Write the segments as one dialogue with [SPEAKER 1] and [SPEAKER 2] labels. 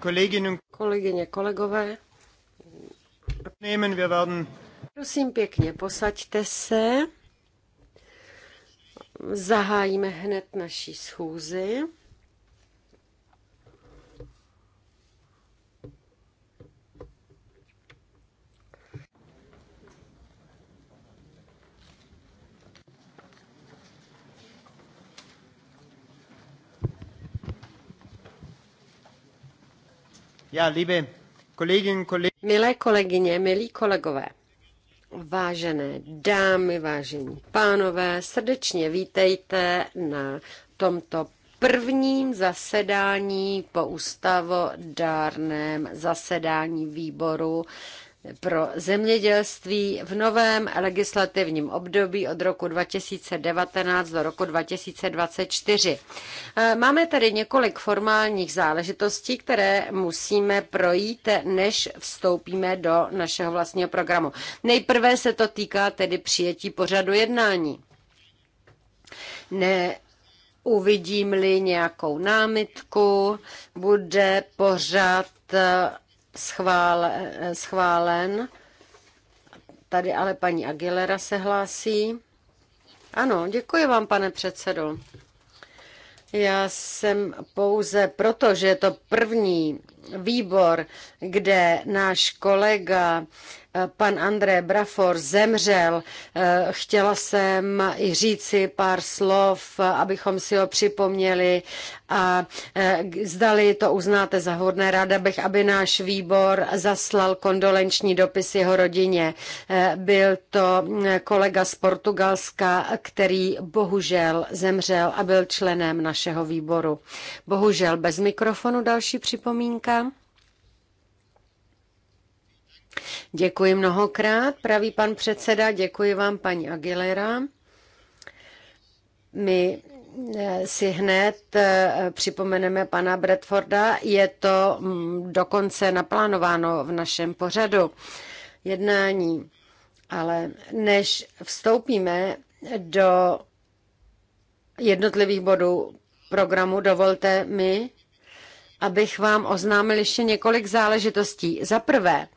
[SPEAKER 1] Kolegyně, kolegové, prosím pěkně, posaďte se. Zahájíme hned naší schůzi. Milé kolegyně, milí kolegové, vážené dámy, vážení pánové, srdečně vítejte na tomto prvním zasedání po ústavodárném zasedání výboru pro zemědělství v novém legislativním období od roku 2019 do roku 2024. E, máme tady několik formálních záležitostí, které musíme projít, než vstoupíme do našeho vlastního programu. Nejprve se to týká tedy přijetí pořadu jednání. Ne, uvidím-li nějakou námitku, bude pořád schválen, schválen. Tady ale paní Aguilera se hlásí. Ano, děkuji vám, pane předsedo. Já jsem pouze proto, že je to první výbor, kde náš kolega eh, pan André Brafor zemřel, eh, chtěla jsem i říci pár slov, abychom si ho připomněli a eh, zdali to uznáte za hodné, ráda bych, aby náš výbor zaslal kondolenční dopis jeho rodině. Byl to mm, kolega z Portugalska, který bohužel zemřel a byl členem našeho výboru. Bohužel bez mikrofonu další připomínka. Zpravodajka. Děkuji mnohokrát, pravý pan předseda, děkuji vám, paní Aguilera. My eh, si hned eh, připomeneme pana Bradforda, je to mm, dokonce naplánováno v našem pořadu jednání. Ale než vstoupíme do jednotlivých bodů programu, dovolte mi, abych vám oznámil ještě několik záležitostí. Za prvé,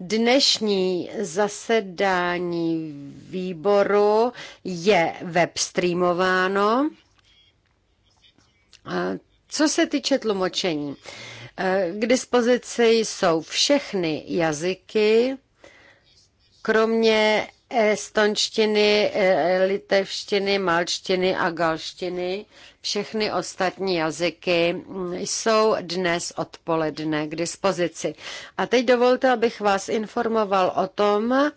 [SPEAKER 1] dnešní zasedání výboru je webstreamováno. Co se týče tlumočení, eh, k dispozici jsou všechny jazyky, kromě estonštiny, eh, litevštiny, malštiny a galštiny všechny ostatní jazyky jsou dnes odpoledne k dispozici. A teď dovolte, abych vás informoval o tom,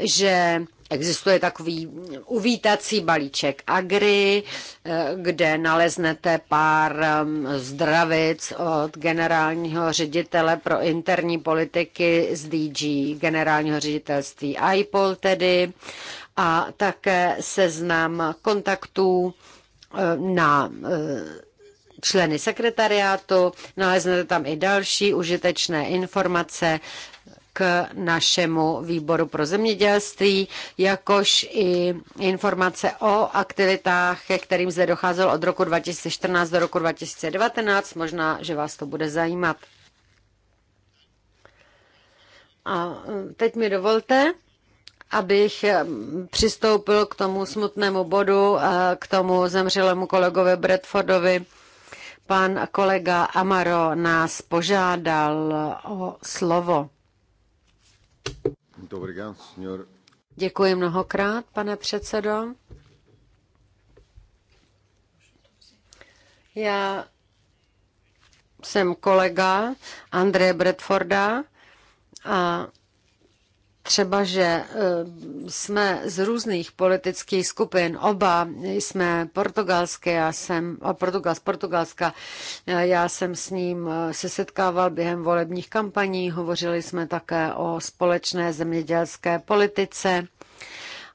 [SPEAKER 1] že Existuje takový uvítací balíček Agri, kde naleznete pár um, zdravic od generálního ředitele pro interní politiky z DG, generálního ředitelství IPOL tedy, a také seznam kontaktů Eh, na eh, členy sekretariátu, naleznete tam i další užitečné informace k našemu výboru pro zemědělství, jakož i informace o aktivitách, ke kterým zde docházelo od roku 2014 do roku 2019. Možná, že vás to bude zajímat. A eh, teď mi dovolte, abych eh, přistoupil k tomu smutnému bodu, eh, k tomu zemřelému kolegovi Bradfordovi. Pan kolega Amaro nás požádal o slovo. Děkuji mnohokrát, pane předsedo. Já jsem kolega Andreje Bradforda a třeba, že eh, jsme z různých politických skupin, oba jsme portugalské, já jsem, a Portugal z Portugalska, eh, já jsem s ním eh, se setkával během volebních kampaní, hovořili jsme také o společné zemědělské politice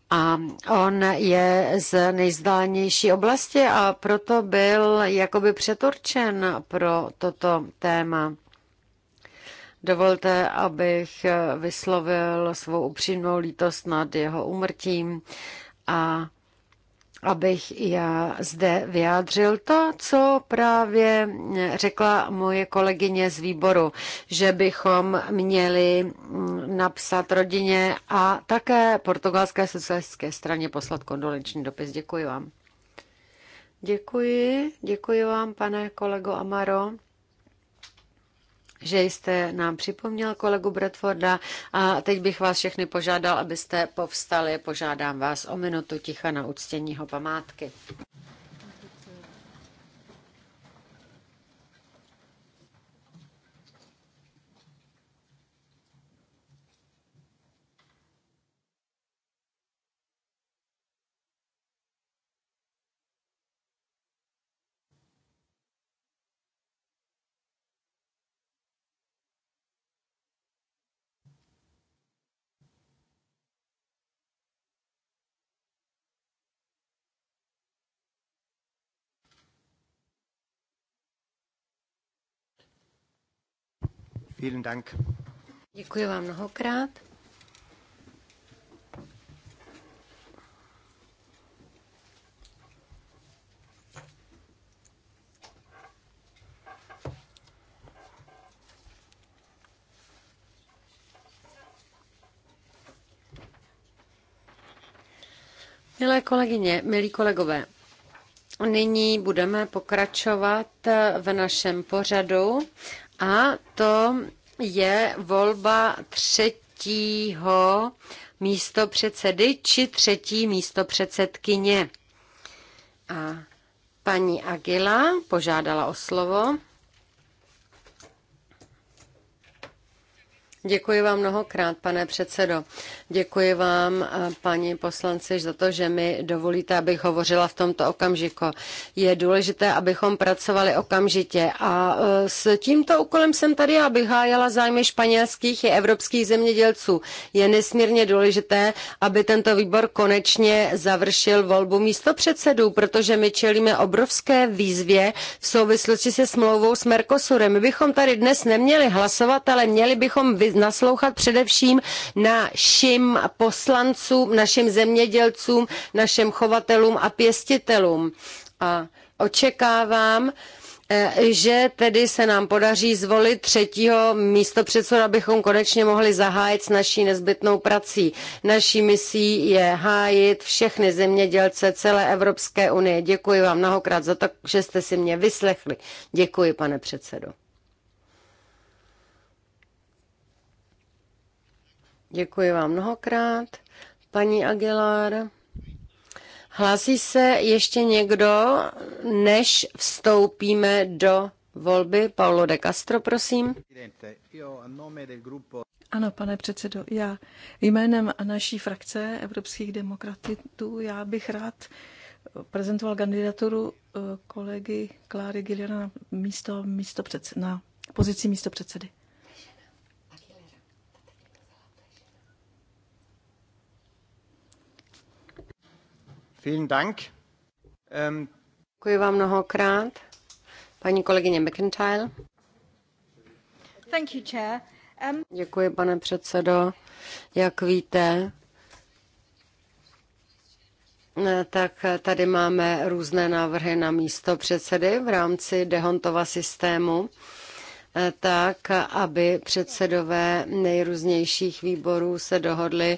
[SPEAKER 1] a on je z nejzdálnější oblasti a proto byl jakoby přetorčen pro toto téma. Dovolte, abych vyslovil svou upřímnou lítost nad jeho umrtím a abych já zde vyjádřil to, co právě řekla moje kolegyně z výboru, že bychom měli mm, napsat rodině a také portugalské socialistické straně poslat kondolenční dopis. Děkuji vám. Děkuji, děkuji vám, pane kolego Amaro že jste nám připomněl kolegu Bradforda a teď bych vás všechny požádal, abyste povstali. Požádám vás o minutu ticha na uctění jeho památky. Vielen Dank. Děkuji vám mnohokrát. Milé kolegyně, milí kolegové, nyní budeme pokračovat v našem pořadu a to je volba třetího místo předsedy či třetí místo předsedkyně. A paní Agila požádala o slovo. Děkuji vám mnohokrát, pane předsedo. Děkuji vám, eh, paní poslanci, za to, že mi dovolíte, abych hovořila v tomto okamžiku. Je důležité, abychom pracovali okamžitě a eh, s tímto úkolem jsem tady, abych hájela zájmy španělských i evropských zemědělců. Je nesmírně důležité, aby tento výbor konečně završil volbu místo předsedů, protože my čelíme obrovské výzvě v souvislosti se smlouvou s Mercosurem. My bychom tady dnes neměli hlasovat, ale měli bychom vy naslouchat především našim poslancům, našim zemědělcům, našim chovatelům a pěstitelům. A očekávám, eh, že tedy se nám podaří zvolit třetího místopředsedu, abychom konečně mohli zahájit s naší nezbytnou prací. Naší misí je hájit všechny zemědělce celé Evropské unie. Děkuji vám mnohokrát za to, že jste si mě vyslechli. Děkuji, pane předsedo. Děkuji vám mnohokrát. Paní Aguilar, hlásí se ještě někdo, než vstoupíme do volby? Paulo de Castro, prosím.
[SPEAKER 2] Ano, pane předsedo, já jménem naší frakce Evropských demokratů, já bych rád prezentoval kandidaturu eh, kolegy Kláry Giliana místo, místo před, na pozici místo předsedy.
[SPEAKER 1] Vielen Dank. Ähm, Děkuji vám mnohokrát. Paní kolegyně McIntyre.
[SPEAKER 3] Thank you, chair.
[SPEAKER 1] Um... Děkuji, pane předsedo. Jak víte, tak tady máme různé návrhy na místo předsedy v rámci Dehontova systému, tak aby předsedové nejrůznějších výborů se dohodli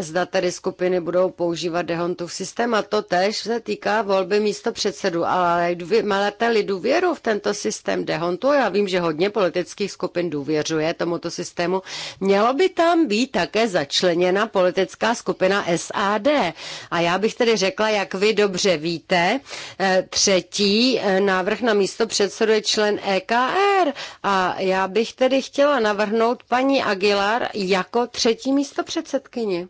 [SPEAKER 1] zda tedy skupiny budou používat Dehontův systém a to tež se týká volby místo předsedu, ale máte-li důvěru v tento systém Dehontu, já vím, že hodně politických skupin důvěřuje tomuto systému, mělo by tam být také začleněna politická skupina SAD. A já bych tedy řekla, jak vy dobře víte, eh, třetí eh, návrh na místo předsedu je člen EKR a já bych tedy chtěla navrhnout paní Aguilar jako třetí místo předsedkyni.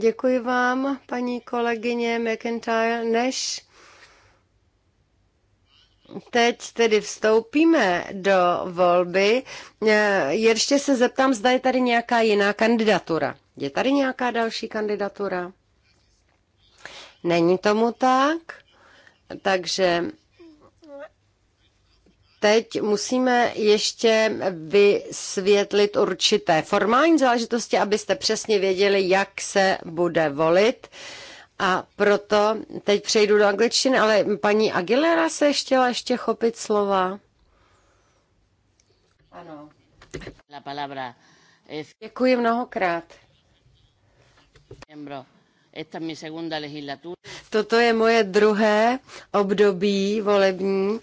[SPEAKER 1] Děkuji vám, paní kolegyně McIntyre, než Teď tedy vstoupíme do volby. Eh, ještě se zeptám, zda je tady nějaká jiná kandidatura. Je tady nějaká další kandidatura? Není tomu tak? Takže teď musíme ještě vysvětlit určité formální záležitosti, abyste přesně věděli, jak se bude volit. A proto teď přejdu do angličtiny, ale paní Aguilera se chtěla ještě chopit slova. Ano. La palabra. Děkuji mnohokrát. Toto je moje druhé období volební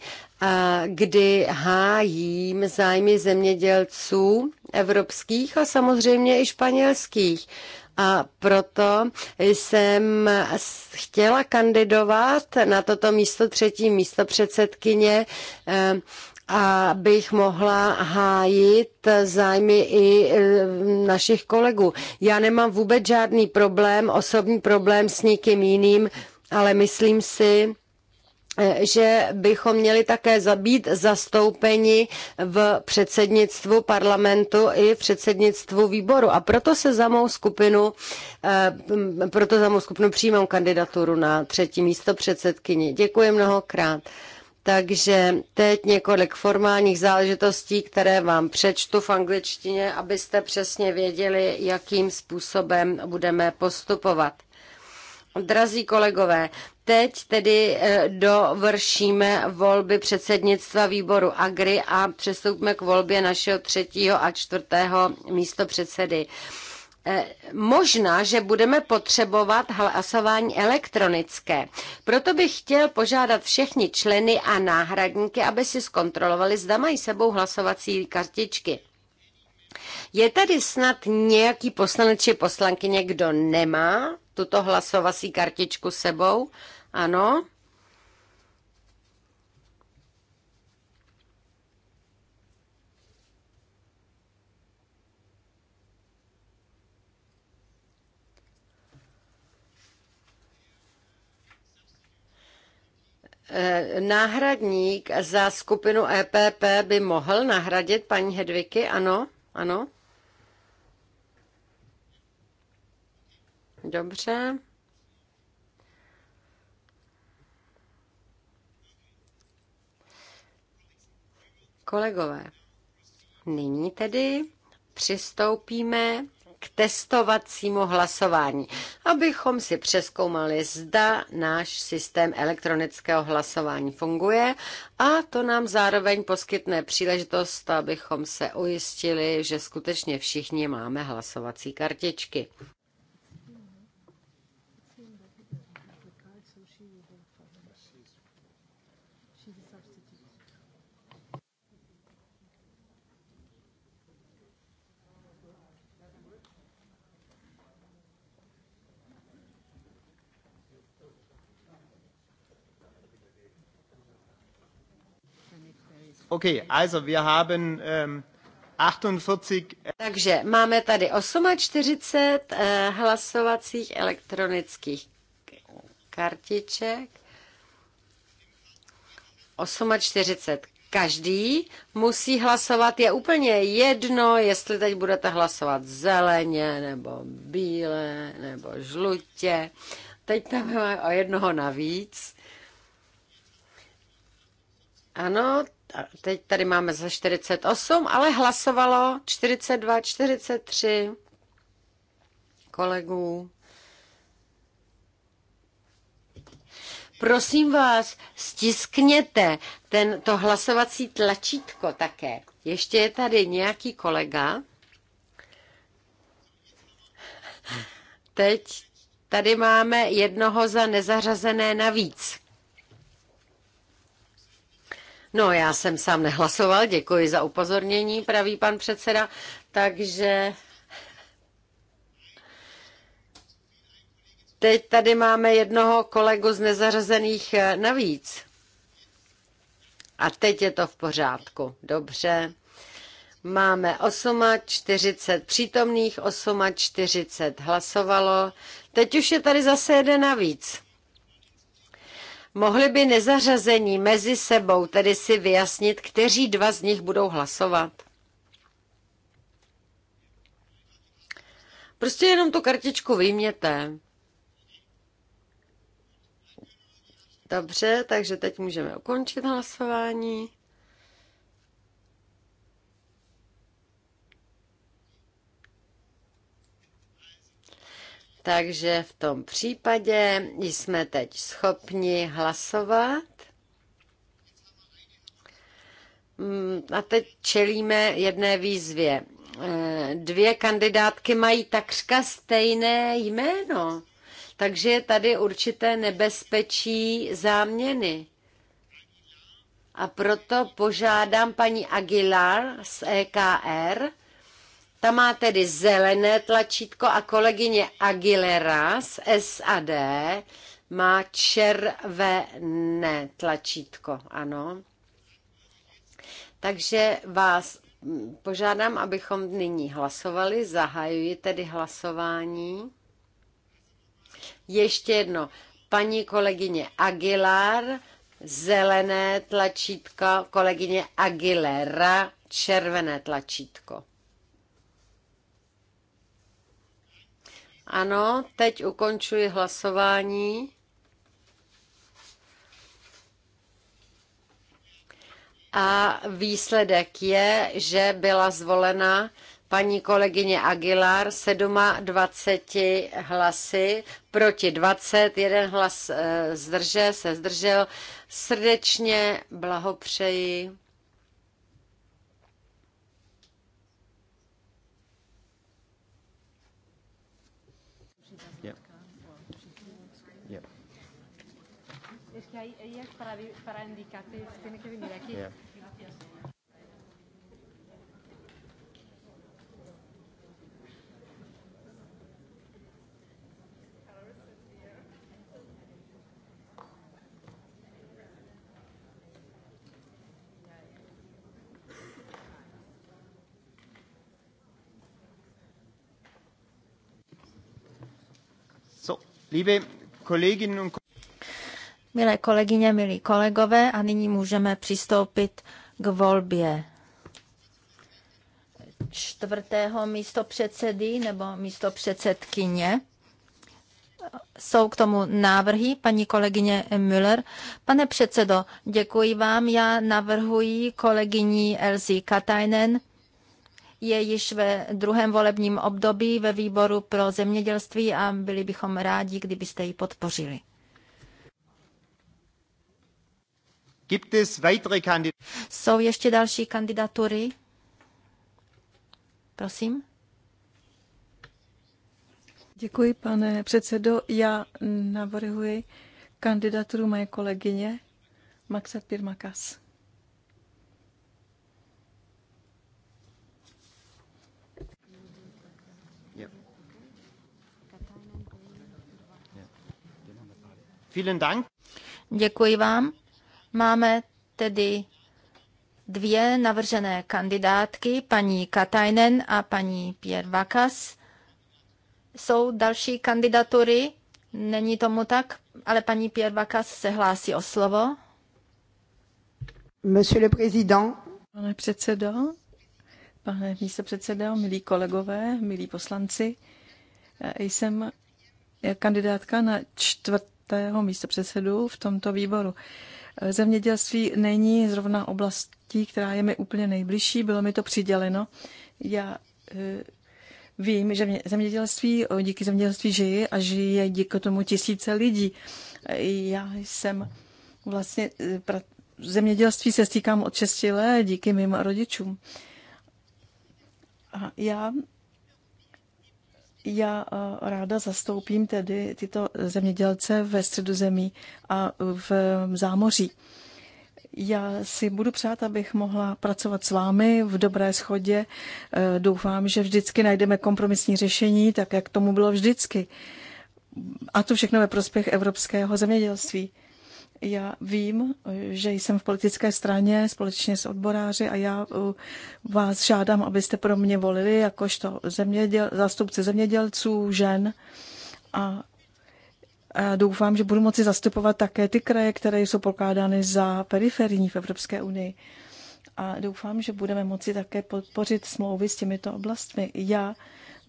[SPEAKER 1] kdy hájím zájmy zemědělců evropských a samozřejmě i španělských. A proto jsem chtěla kandidovat na toto místo třetí místo předsedkyně eh, abych mohla hájit zájmy i eh, našich kolegů. Já nemám vůbec žádný problém, osobní problém s nikým jiným, ale myslím si, že bychom měli také být zastoupeni v předsednictvu parlamentu i v předsednictvu výboru. A proto se za mou skupinu, eh, proto za mou skupinu přijímám kandidaturu na třetí místo předsedkyni. Děkuji mnohokrát. Takže teď několik formálních záležitostí, které vám přečtu v angličtině, abyste přesně věděli, jakým způsobem budeme postupovat. Drazí kolegové, Teď tedy eh, dovršíme volby předsednictva výboru Agri a přestoupíme k volbě našeho třetího a čtvrtého místo předsedy. Eh, možná, že budeme potřebovat hlasování elektronické. Proto bych chtěl požádat všechny členy a náhradníky, aby si zkontrolovali, zda mají sebou hlasovací kartičky. Je tady snad nějaký poslanec či poslankyně, kdo nemá tuto hlasovací kartičku sebou? Ano. E, náhradník za skupinu EPP by mohl nahradit paní Hedviky? Ano, ano. Dobře. Kolegové, nyní tedy přistoupíme k testovacímu hlasování, abychom si přeskoumali, zda náš systém elektronického hlasování funguje a to nám zároveň poskytne příležitost, abychom se ujistili, že skutečně všichni máme hlasovací kartičky.
[SPEAKER 4] Okay, also wir haben um, ähm, 48...
[SPEAKER 1] Äh, Takže máme tady 48 uh, äh, hlasovacích elektronických kartiček. 48 každý musí hlasovat. Je úplně jedno, jestli teď budete hlasovat zeleně, nebo bíle, nebo žlutě. Teď tam máme o jednoho navíc. Ano, teď tady máme za 48, ale hlasovalo 42, 43 kolegů. Prosím vás, stiskněte ten, to hlasovací tlačítko také. Ještě je tady nějaký kolega. Teď tady máme jednoho za nezařazené navíc. No, já jsem sám nehlasoval, děkuji za upozornění, pravý pan předseda, takže Teď tady máme jednoho kolegu z nezařazených eh, navíc. A teď je to v pořádku. Dobře. Máme 40 přítomných, 40 hlasovalo. Teď už je tady zase jeden navíc. Mohli by nezařazení mezi sebou tedy si vyjasnit, kteří dva z nich budou hlasovat? Prostě jenom tu kartičku vyměte. Dobře, takže teď můžeme ukončit hlasování. Takže v tom případě jsme teď schopni hlasovat. Mm, a teď čelíme jedné výzvě. Eh, dvě kandidátky mají takřka stejné jméno, takže je tady určité nebezpečí záměny. A proto požádám paní Aguilar z EKR, ta má tedy zelené tlačítko a kolegyně Aguilera z SAD má červené tlačítko, ano. Takže vás požádám, abychom nyní hlasovali. Zahajuji tedy hlasování. Ještě jedno. Paní kolegyně Aguilar, zelené tlačítko, kolegyně Aguilera, červené tlačítko. Ano, teď ukončuji hlasování. A výsledek je, že byla zvolena paní kolegyně Aguilar 27 hlasy proti 20, jeden hlas eh, zdrže, se zdržel. Srdečně blahopřeji. farà indicate,
[SPEAKER 2] tiene che venire aquí. Yeah.
[SPEAKER 4] Liebe Kolleginnen und
[SPEAKER 3] Milé kolegyně, milí kolegové, a nyní můžeme přistoupit k volbě čtvrtého místo předsedy nebo místo předsedkyně. Jsou k tomu návrhy, paní kolegyně Müller. Pane předsedo, děkuji vám. Já navrhuji kolegyni Elzi Katajnen je již ve druhém volebním období ve výboru pro zemědělství a byli bychom rádi, kdybyste ji podpořili.
[SPEAKER 4] Gibt es weitere
[SPEAKER 3] Jsou ještě další kandidatury?
[SPEAKER 2] Prosím. Děkuji, pane předsedo. Já navrhuji kandidaturu mé kolegyně Maxa Pirmakas.
[SPEAKER 3] Děkuji vám. Máme tedy dvě navržené kandidátky, paní Katajnen a paní Vakas. Jsou další kandidatury? Není tomu tak, ale paní Vakas se hlásí o slovo.
[SPEAKER 2] Monsieur le président. Pane předsedo, pane místopředsedo, milí kolegové, milí poslanci, jsem kandidátka na čtvrtého místopředsedu v tomto výboru. Zemědělství není zrovna oblastí, která je mi úplně nejbližší, bylo mi to přiděleno. Já eh, vím, že zemědělství, díky zemědělství žije a žije díky tomu tisíce lidí. Já jsem vlastně eh, zemědělství se stýkám od 6 let díky mým rodičům. A já já eh, ráda zastoupím tedy tyto zemědělce ve středozemí a eh, v eh, zámoří. Já si budu přát, abych mohla pracovat s vámi v dobré schodě. Doufám, že vždycky najdeme kompromisní řešení, tak jak tomu bylo vždycky. A to všechno ve prospěch evropského zemědělství. Já vím, že jsem v politické straně společně s odboráři a já uh, vás žádám, abyste pro mě volili jakožto zeměděl, zastupce zemědělců, žen a a doufám, že budu moci zastupovat také ty kraje, které jsou pokládány za periferní v Evropské unii. A doufám, že budeme moci také podpořit smlouvy s těmito oblastmi. Já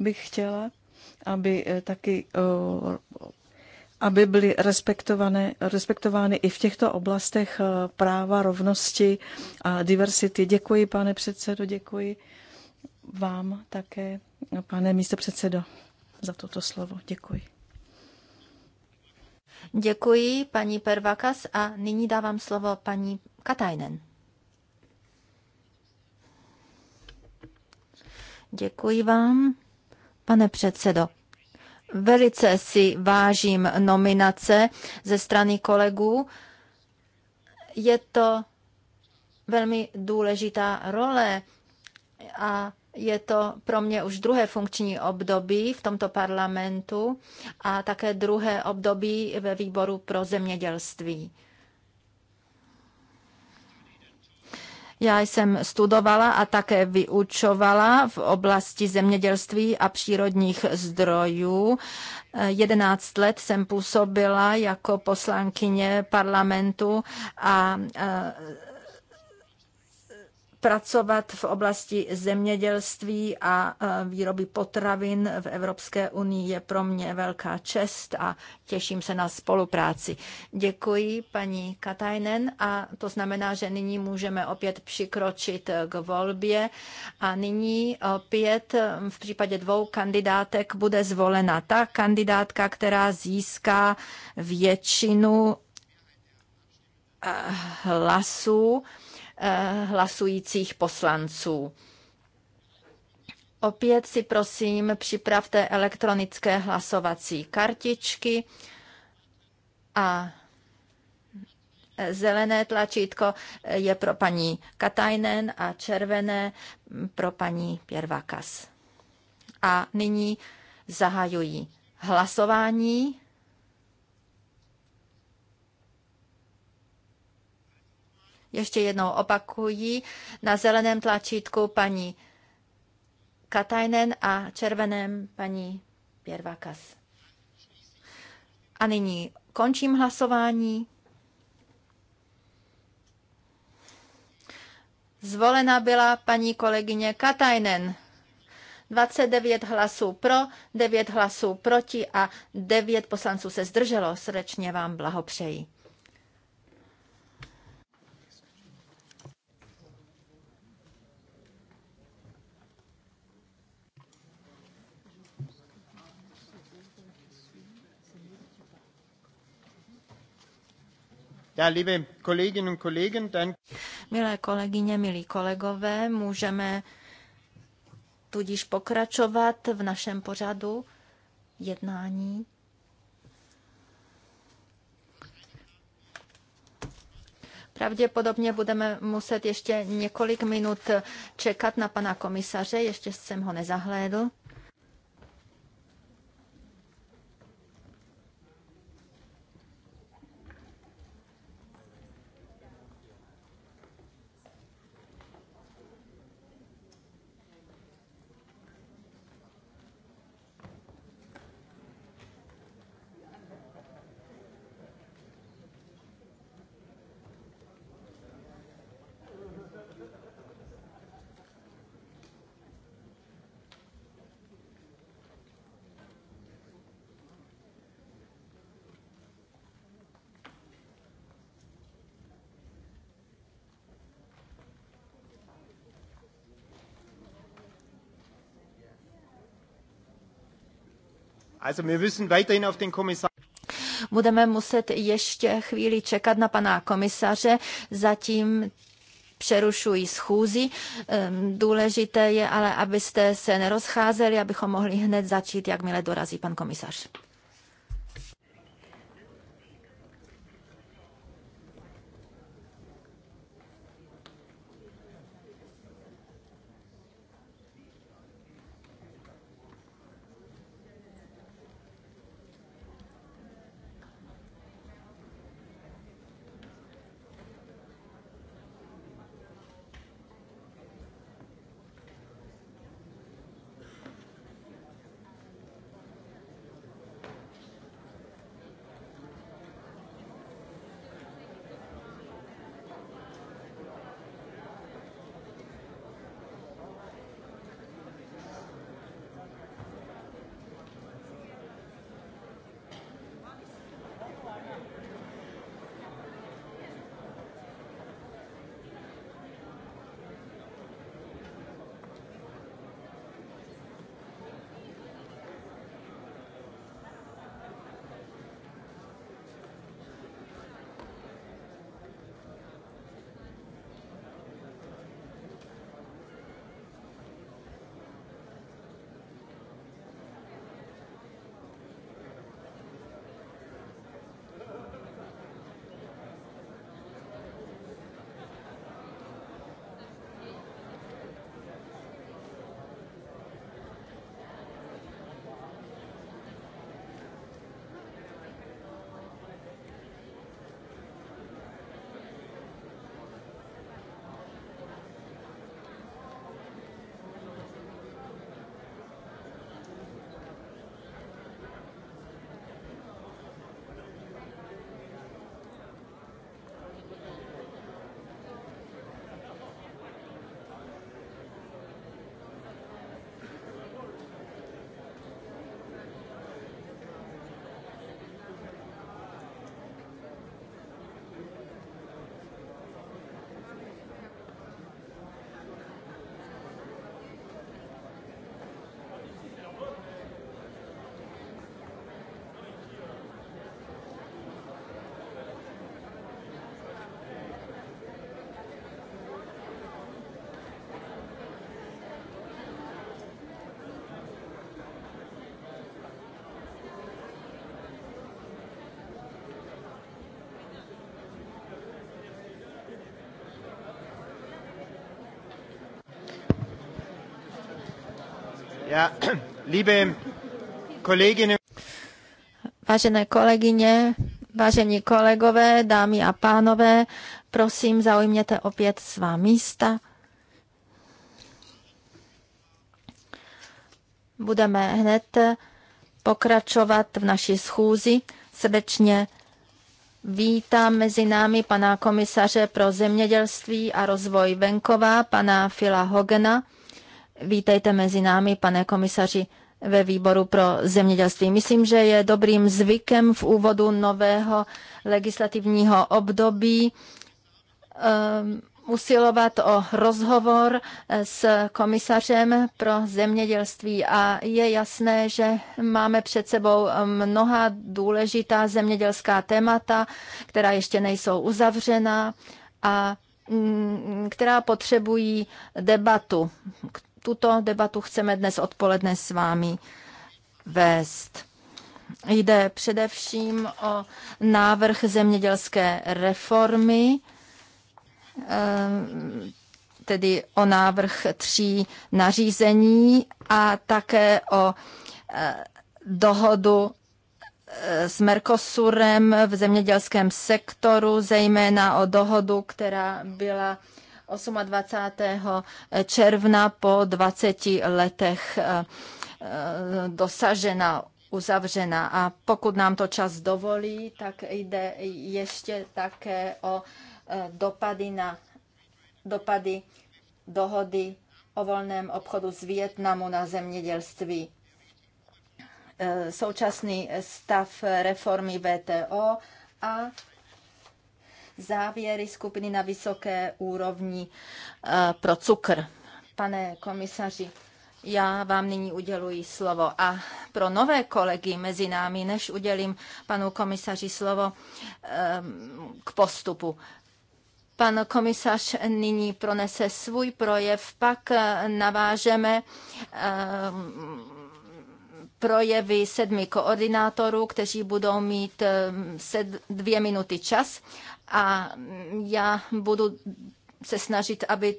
[SPEAKER 2] bych chtěla, aby eh, taky eh, aby byly respektované, respektovány i v těchto oblastech eh, práva, rovnosti a diversity. Děkuji, pane předsedo, děkuji vám také, pane místopředsedo, za toto slovo. Děkuji.
[SPEAKER 3] Děkuji, paní Pervakas, a nyní dávám slovo paní Katajnen. Děkuji vám, pane předsedo. Velice si vážím nominace ze strany kolegů. Je to velmi důležitá role a je to pro mě už druhé funkční období v tomto parlamentu a také druhé období ve výboru pro zemědělství. Já jsem studovala a také vyučovala v oblasti zemědělství a přírodních zdrojů. 11 let jsem působila jako poslankyně parlamentu a eh, pracovat v oblasti zemědělství a e, výroby potravin v Evropské unii je pro mě velká čest a těším se na spolupráci. Děkuji paní Katajnen a to znamená, že nyní můžeme opět přikročit k volbě a nyní opět v případě dvou kandidátek bude zvolena ta kandidátka, která získá většinu e, hlasů Eh, hlasujících poslanců. Opět si prosím připravte elektronické hlasovací kartičky a zelené tlačítko je pro paní Katajnen a červené pro paní Pěrvakas. A nyní zahajují hlasování. Ještě jednou opakuji, na zeleném tlačítku paní Katajnen a červeném paní Pěrvakas. A nyní končím hlasování. Zvolena byla paní kolegyně Katajnen. 29 hlasů pro, 9 hlasů proti a 9 poslanců se zdrželo. Srdečně vám blahopřeji.
[SPEAKER 4] Ja, liebe Kolleginnen und Kollegen, dann...
[SPEAKER 3] Milé kolegyně, milí kolegové, můžeme tudíž pokračovat v našem pořadu jednání. Pravděpodobně budeme muset ještě několik minut čekat na pana komisaře, ještě jsem ho nezahlédl.
[SPEAKER 4] Also wir müssen weiterhin auf den Kommissar
[SPEAKER 3] Budeme muset ještě chvíli čekat na pana komisaře. Zatím přerušují schůzi. Ehm, důležité je ale, abyste se nerozcházeli, abychom mohli hned začít, jakmile dorazí pan komisař. Vážené kolegyně, vážení kolegové, dámy a pánové, prosím, zaujměte opět svá místa. Budeme hned pokračovat v naší schůzi. Srdečně Vítám mezi námi pana komisaře pro zemědělství a rozvoj venkova, pana Fila Hogena. Vítejte mezi námi, pane komisaři, ve výboru pro zemědělství. Myslím, že je dobrým zvykem v úvodu nového legislativního období um, usilovat o rozhovor eh, s komisařem pro zemědělství a je jasné, že máme před sebou eh, mnoha důležitá zemědělská témata, která ještě nejsou uzavřena a mm, která potřebují debatu, tuto debatu chceme dnes odpoledne s vámi vést. Jde především o návrh zemědělské reformy, ehm, tedy o návrh tří nařízení a také o eh, dohodu eh, s Mercosurem v zemědělském sektoru, zejména o dohodu, která byla 28. června po 20 letech eh, eh, dosažena uzavřena. A pokud nám to čas dovolí, tak jde ještě také o eh, dopady na dopady dohody o volném obchodu z Vietnamu na zemědělství. Současný stav reformy VTO a závěry skupiny na vysoké úrovni eh, pro cukr. Pane komisaři, já vám nyní uděluji slovo. A pro nové kolegy mezi námi, než udělím panu komisaři slovo eh, k postupu, Pan komisař nyní pronese svůj projev, pak eh, navážeme projevy sedmi koordinátorů, kteří budou mít dvě minuty čas a já budu se snažit, aby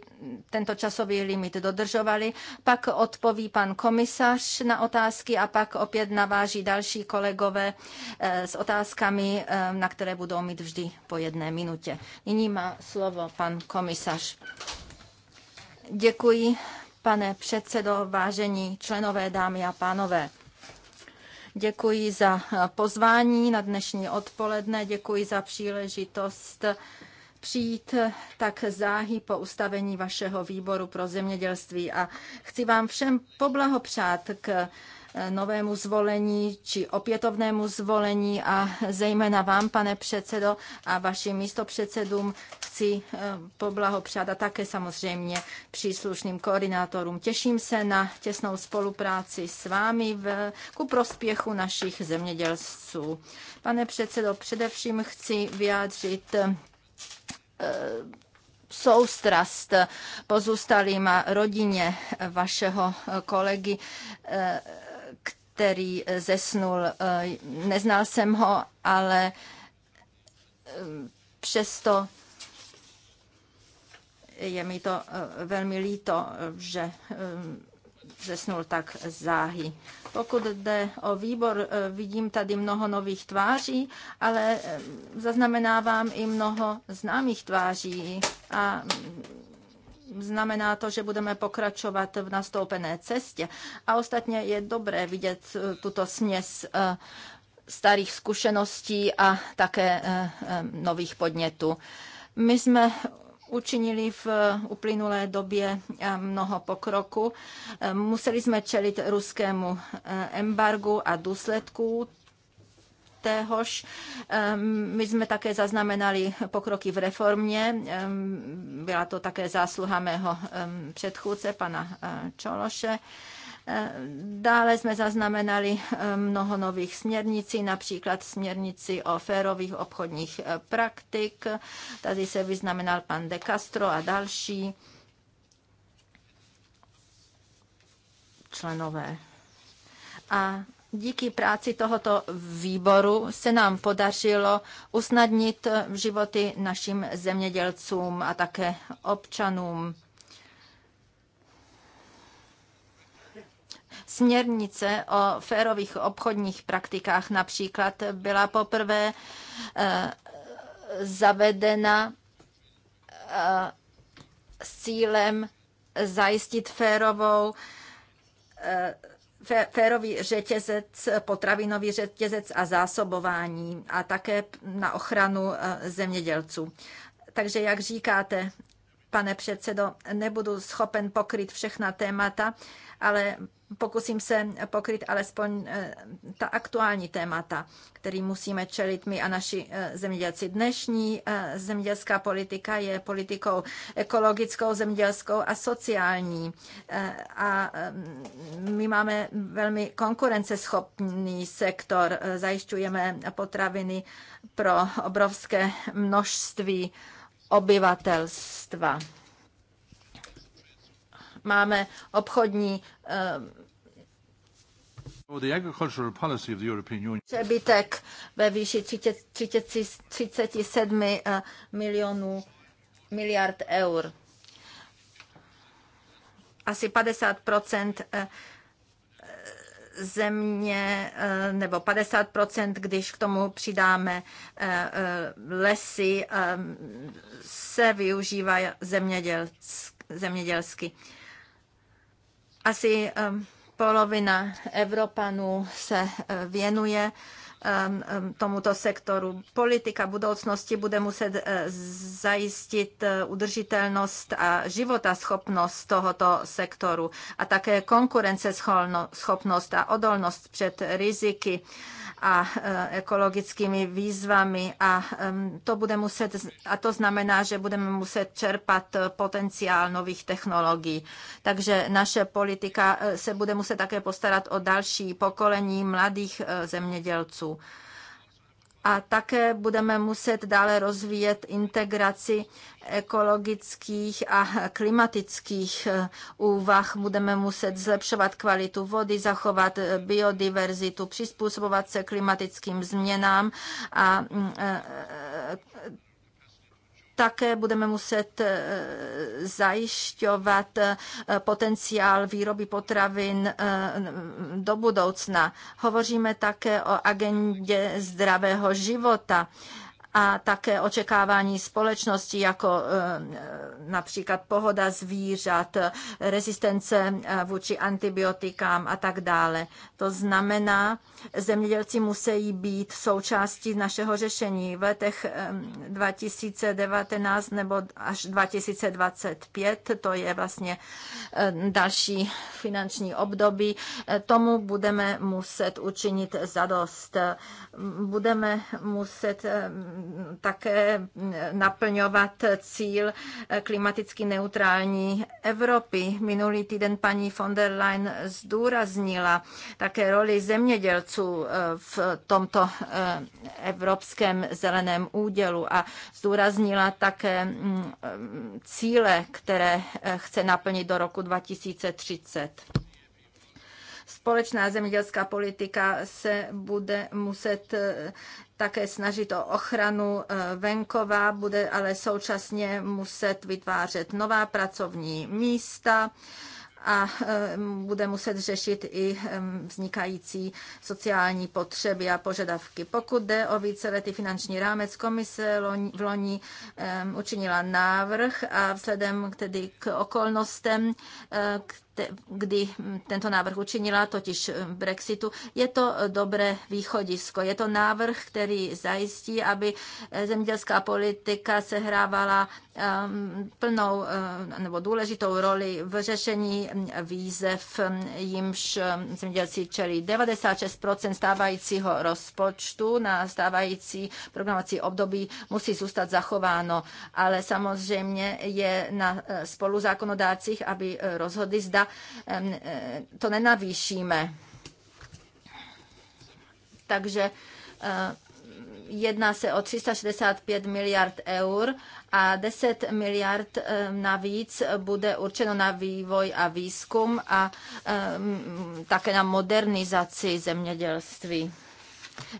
[SPEAKER 3] tento časový limit dodržovali. Pak odpoví pan komisař na otázky a pak opět naváží další kolegové eh, s otázkami, eh, na které budou mít vždy po jedné minutě. Nyní má slovo pan komisař. Děkuji, pane předsedo, vážení členové, dámy a pánové. Děkuji za eh, pozvání na dnešní odpoledne, děkuji za příležitost eh, přijít eh, tak záhy po ustavení vašeho výboru pro zemědělství a chci vám všem poblahopřát k Eh, novému zvolení či opětovnému zvolení a zejména vám, pane předsedo, a vašim místopředsedům chci eh, poblahopřát a také samozřejmě příslušným koordinátorům. Těším se na těsnou spolupráci s vámi v, ku prospěchu našich zemědělců. Pane předsedo, především chci vyjádřit eh, soustrast pozůstalým rodině vašeho kolegy který eh, zesnul. Eh, neznal jsem ho, ale eh, přesto je mi to velmi líto, že zesnul tak záhy. Pokud jde o výbor, vidím tady mnoho nových tváří, ale zaznamenávám i mnoho známých tváří a znamená to, že budeme pokračovat v nastoupené cestě. A ostatně je dobré vidět eh, tuto směs eh, starých zkušeností a také eh, nových podnětů. My jsme učinili v uplynulé době mnoho pokroku. Museli jsme čelit ruskému embargu a důsledků téhož. Ehm, my jsme také zaznamenali pokroky v reformě. Ehm, byla to také zásluha mého ehm, předchůdce, pana eh, Čološe. Eh, dále jsme zaznamenali mnoho nových směrnicí, například směrnici o férových obchodních eh, praktik. Tady se vyznamenal pan De Castro a další členové. A Díky práci tohoto výboru se nám podařilo usnadnit životy našim zemědělcům a také občanům. Směrnice o férových obchodních praktikách například byla poprvé eh, zavedena eh, s cílem zajistit férovou eh, férový řetězec, potravinový řetězec a zásobování a také na ochranu eh, zemědělců. Takže, jak říkáte, pane předsedo, nebudu schopen pokryt všechna témata, ale pokusím se pokryt alespoň eh, ta aktuální témata, který musíme čelit my a naši eh, zemědělci. Dnešní eh, zemědělská politika je politikou ekologickou, zemědělskou a sociální. A mm, my máme velmi konkurenceschopný sektor. Zajišťujeme potraviny pro obrovské množství obyvatelstva máme obchodní eh, přebytek ve výši 37 eh, milionů miliard eur. Asi 50 eh, země, nebo 50 když k tomu přidáme lesy, se využívá zemědělsky. Asi um, polovina Evropanů se uh, věnuje um, um, tomuto sektoru. Politika budoucnosti bude muset uh, zajistit uh, udržitelnost a životaschopnost tohoto sektoru a také konkurenceschopnost a odolnost před riziky a e, ekologickými výzvami a e, to bude muset, a to znamená, že budeme muset čerpat potenciál nových technologií. Takže naše politika e, se bude muset také postarat o další pokolení mladých zemědělců a také budeme muset dále rozvíjet integraci ekologických a klimatických eh, úvah. Budeme muset zlepšovat kvalitu vody, zachovat eh, biodiverzitu, přizpůsobovat se klimatickým změnám a mm, eh, také budeme muset eh, zajišťovat eh, potenciál výroby potravin eh, do budoucna. Hovoříme také o agendě zdravého života a také očekávání společnosti, jako eh, například pohoda zvířat, rezistence eh, vůči antibiotikám a tak dále. To znamená, zemědělci musí být součástí našeho řešení. V letech 2019 eh, nebo až 2025, to je vlastně další finanční období, tomu budeme muset učinit zadost. Budeme muset také naplňovat cíl klimaticky neutrální Evropy. Minulý týden paní von der Leyen zdůraznila také roli zemědělců eh, v tomto eh, evropském zeleném údělu a zdůraznila také mm, cíle, které eh, chce naplnit do roku 2030 společná zemědělská politika se bude muset také snažit o ochranu eh, venkova, bude ale současně muset vytvářet nová pracovní místa a eh, bude muset řešit i eh, vznikající sociální potřeby a požadavky. Pokud jde o víceletý finanční rámec, komise v loni učinila návrh a vzhledem tedy k okolnostem, k kdy tento návrh učinila, totiž eh, Brexitu. Je to eh, dobré východisko. Je to návrh, který zajistí, aby eh, zemědělská politika sehrávala ehm, plnou nebo důležitou roli v řešení mm, výzev, mm, jimž ehm, zemědělci čelí 96% stávajícího rozpočtu na stávající programovací období musí zůstat zachováno, ale samozřejmě je na spoluzákonodácích, aby rozhodli, zda Eh, to nenavýšíme. Takže eh, jedná se o 365 miliard eur a 10 miliard eh, navíc bude určeno na vývoj a výzkum a také na modernizaci zemědělství.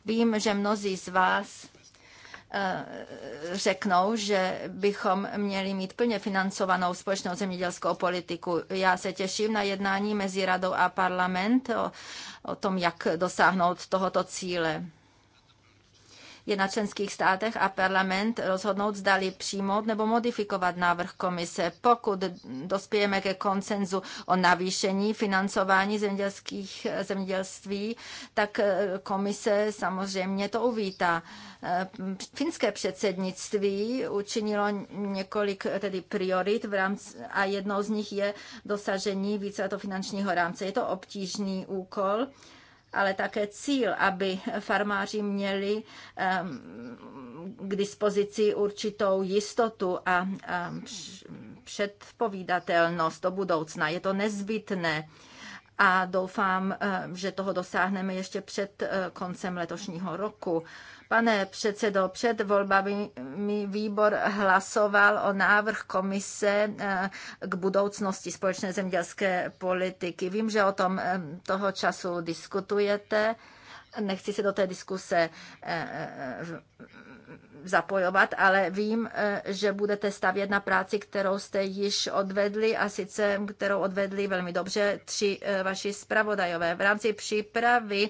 [SPEAKER 3] Vím, že mnozí z vás Eh, řeknou, že bychom měli mít plně financovanou společnou zemědělskou politiku. Já se těším na jednání mezi radou a parlament o, o tom, jak dosáhnout tohoto cíle. Je na členských státech a parlament rozhodnout, zdali přijmout nebo modifikovat návrh komise. Pokud dospějeme ke konsenzu o navýšení financování zemědělských zemědělství, tak eh, komise samozřejmě to uvítá. Eh, finské předsednictví učinilo několik eh, tedy priorit v rámci, a jednou z nich je dosažení více to finančního rámce. Je to obtížný úkol, ale také cíl, aby farmáři měli k dispozici určitou jistotu a předpovídatelnost do budoucna. Je to nezbytné a doufám, že toho dosáhneme ještě před eh, koncem letošního roku. Pane předsedo, před volbami výbor hlasoval o návrh komise eh, k budoucnosti společné zemědělské politiky. Vím, že o tom eh, toho času diskutujete. Nechci se do té diskuse eh, zapojovat, ale vím, eh, že budete stavět na práci, kterou jste již odvedli a sice kterou odvedli velmi dobře tři eh, vaši zpravodajové. V rámci přípravy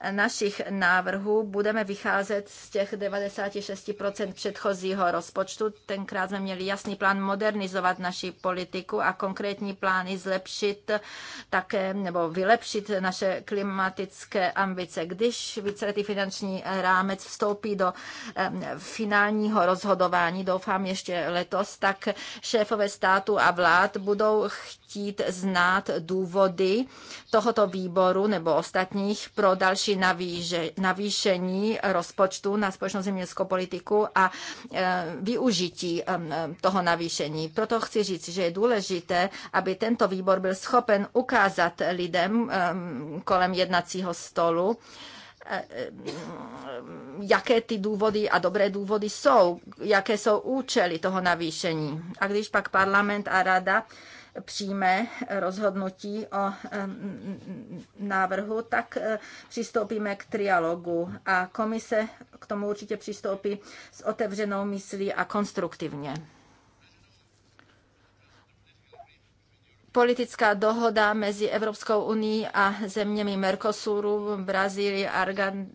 [SPEAKER 3] eh, našich návrhů budeme vycházet z těch 96% předchozího rozpočtu. Tenkrát jsme měli jasný plán modernizovat naši politiku a konkrétní plány zlepšit také nebo vylepšit naše klimatické ambice. Když víceletý finanční rámec vstoupí do finálního rozhodování, doufám ještě letos, tak šéfové státu a vlád budou chtít znát důvody tohoto výboru nebo ostatních pro další navíže, navýšení rozpočtu na společnou zemědělskou politiku a e, využití e, toho navýšení. Proto chci říct, že je důležité, aby tento výbor byl schopen ukázat lidem e, kolem jednacího stolu, Eh, eh, jaké ty důvody a dobré důvody jsou, jaké jsou účely toho navýšení. A když pak parlament a rada přijme rozhodnutí o eh, návrhu, tak přistoupíme k trialogu a komise k tomu určitě přistoupí s otevřenou myslí a konstruktivně. politická dohoda mezi Evropskou unii a zeměmi Mercosuru, Brazílii,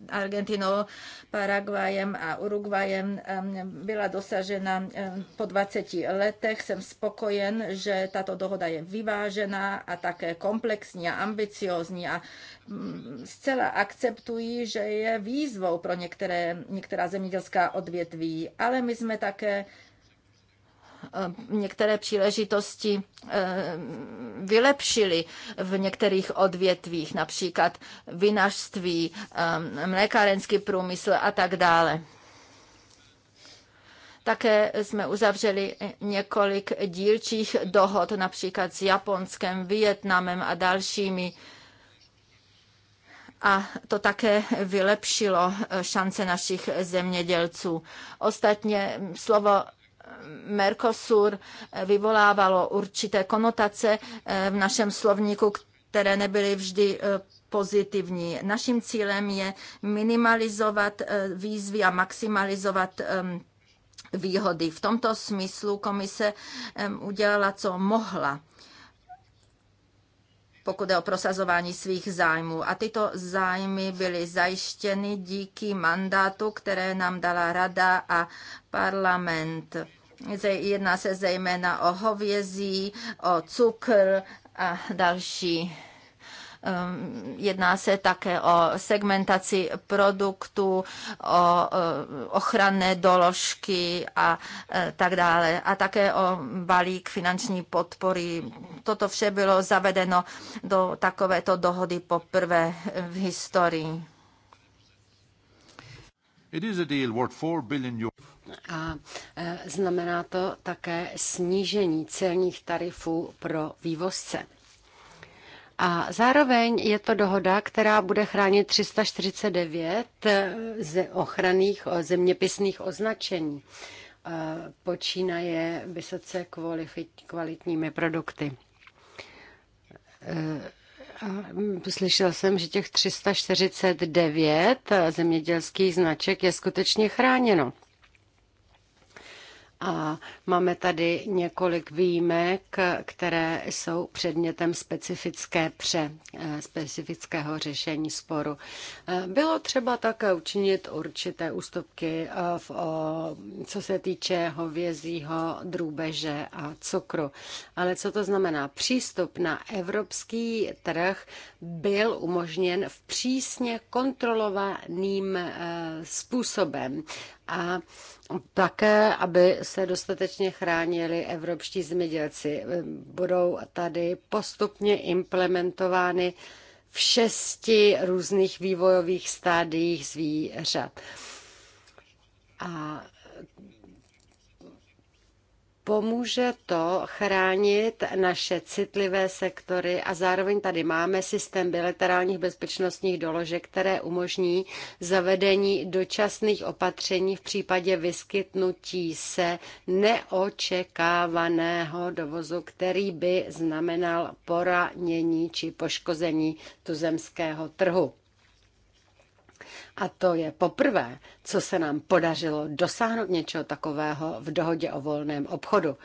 [SPEAKER 3] Argentinou, Paraguajem a Uruguayem byla dosažena po 20 letech. Jsem spokojen, že tato dohoda je vyvážená a také komplexní a ambiciozní a mm, zcela akceptují, že je výzvou pro některé, některá zemědělská odvětví, ale my jsme také Eh, některé příležitosti eh, vylepšili v některých odvětvích, například vinařství, eh, mlékárenský průmysl a tak dále. Také jsme uzavřeli několik dílčích dohod, například s Japonskem, Vietnamem a dalšími. A to také vylepšilo šance našich zemědělců. Ostatně slovo Mercosur vyvolávalo určité konotace eh, v našem slovníku, které nebyly vždy eh, pozitivní. Naším cílem je minimalizovat eh, výzvy a maximalizovat ehm, výhody. V tomto smyslu komise ehm, udělala, co mohla pokud je o prosazování svých zájmů. A tyto zájmy byly zajištěny díky mandátu, které nám dala Rada a parlament. Jedná se zejména o hovězí, o cukr a další Ehm, jedná se také o segmentaci produktů, o eh, ochranné doložky a eh, tak dále. A také o balík finanční podpory. Toto vše bylo zavedeno do takovéto dohody
[SPEAKER 1] poprvé v historii. A eh, znamená to také snížení celních tarifů pro vývozce. A zároveň je to dohoda, která bude chránit 349 eh, z ochranných zeměpisných označení. Eh, počínaje vysoce kvalitními produkty. Eh, mm, slyšel jsem, že těch 349 zemědělských značek je skutečně chráněno. A máme tady několik výjimek, které jsou předmětem specifické pře, eh, specifického řešení sporu. Eh, bylo třeba také učinit určité ústupky, eh, v, co se týče hovězího drůbeže a cukru. Ale co to znamená? Přístup na evropský trh byl umožněn v přísně kontrolovaným způsobem. A také, aby se dostatečně chránili evropští zemědělci. Budou tady postupně implementovány v šesti různých vývojových stádiích zvířat. A Pomůže to chránit naše citlivé sektory a zároveň tady máme systém bilaterálních bezpečnostních doložek, které umožní zavedení dočasných opatření v případě vyskytnutí se neočekávaného dovozu, který by znamenal poranění či poškození tuzemského trhu. A to je poprvé, co se nám podařilo dosáhnout něčeho takového v dohodě o volném obchodu.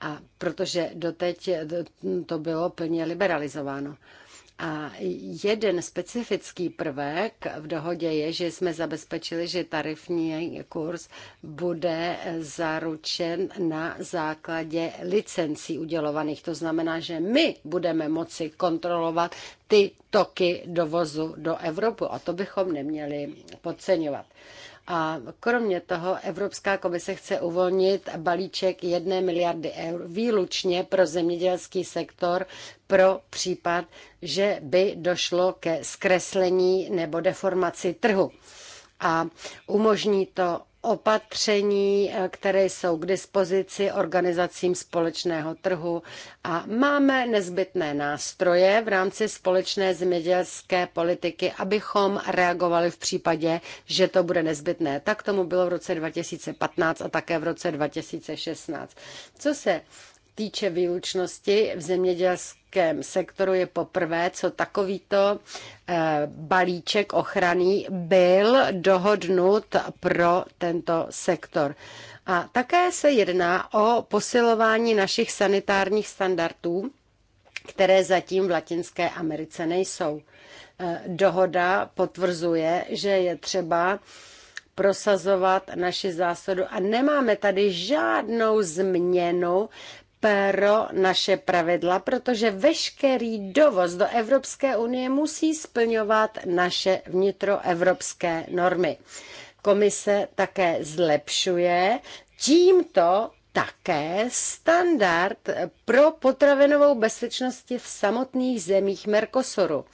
[SPEAKER 1] A protože doteď to bylo plně liberalizováno. A jeden specifický prvek v dohodě je, že jsme zabezpečili, že tarifní kurz bude zaručen na základě licencí udělovaných. To znamená, že my budeme moci kontrolovat ty toky dovozu do Evropy a to bychom neměli podceňovat. A kromě toho Evropská komise chce uvolnit balíček jedné miliardy eur výlučně pro zemědělský sektor pro případ, že by došlo ke zkreslení nebo deformaci trhu. A umožní to opatření, eh, které jsou k dispozici organizacím společného trhu a máme nezbytné nástroje v rámci společné zemědělské politiky, abychom reagovali v případě, že to bude nezbytné. Tak tomu bylo v roce 2015 a také v roce 2016. Co se týče výlučnosti v zemědělské energetickém sektoru je poprvé, co takovýto eh, balíček ochrany byl dohodnut pro tento sektor. A také se jedná o posilování našich sanitárních standardů, které zatím v Latinské Americe nejsou. Eh, dohoda potvrzuje, že je třeba prosazovat naši zásadu a nemáme tady žádnou změnu pro naše pravidla, protože veškerý dovoz do Evropské unie musí splňovat naše vnitroevropské normy. Komise také zlepšuje tímto také standard pro potravinovou bezpečnost v samotných zemích Mercosuru.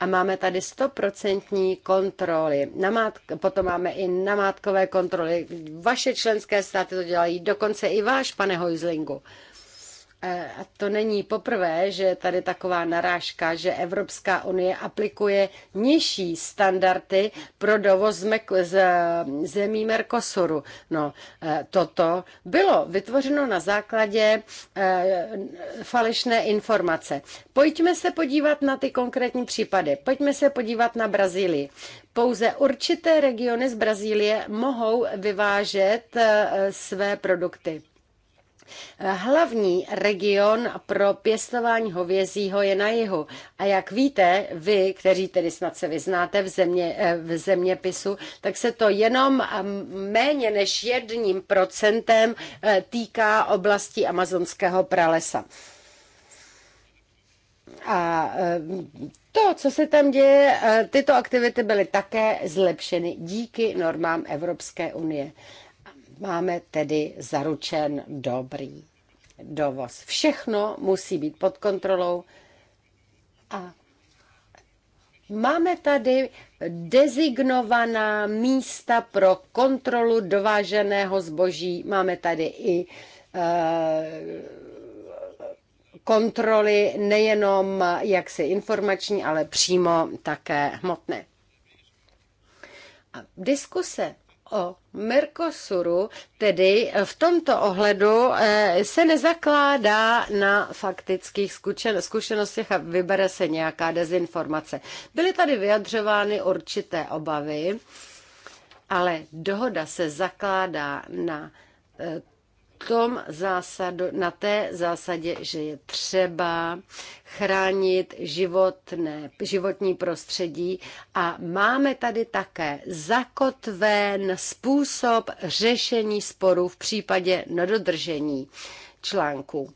[SPEAKER 1] A máme tady stoprocentní kontroly. Namátk, potom máme i namátkové kontroly. Vaše členské státy to dělají, dokonce i váš, pane Hojzlingu. E, a to není poprvé, že je tady taková narážka, že Evropská unie aplikuje nižší standardy pro dovoz z zemí Mercosuru. No, e, toto bylo vytvořeno na základě e, falešné informace. Pojďme se podívat na ty konkrétní případy. Pojďme se podívat na Brazílii. Pouze určité regiony z Brazílie mohou vyvážet své produkty Hlavní region pro pěstování hovězího je na jihu. A jak víte, vy, kteří tedy snad se vyznáte v, země, eh, v zeměpisu, tak se to jenom eh, méně než jedním procentem eh, týká oblasti amazonského pralesa. A to, co se tam děje, tyto aktivity byly také zlepšeny díky normám Evropské unie. Máme tedy zaručen dobrý dovoz. Všechno musí být pod kontrolou a Máme tady dezignovaná místa pro kontrolu dováženého zboží. Máme tady i eh, kontroly nejenom jaksi informační, ale přímo také hmotné. A diskuse o Mercosuru, tedy v tomto ohledu eh, se nezakládá na faktických zkušenostech a vybere se nějaká dezinformace. Byly tady vyjadřovány určité obavy, ale dohoda se zakládá na eh, tom zásadu, na té zásadě, že je třeba chránit životné, životní prostředí a máme tady také zakotven způsob řešení sporů v případě nedodržení článku.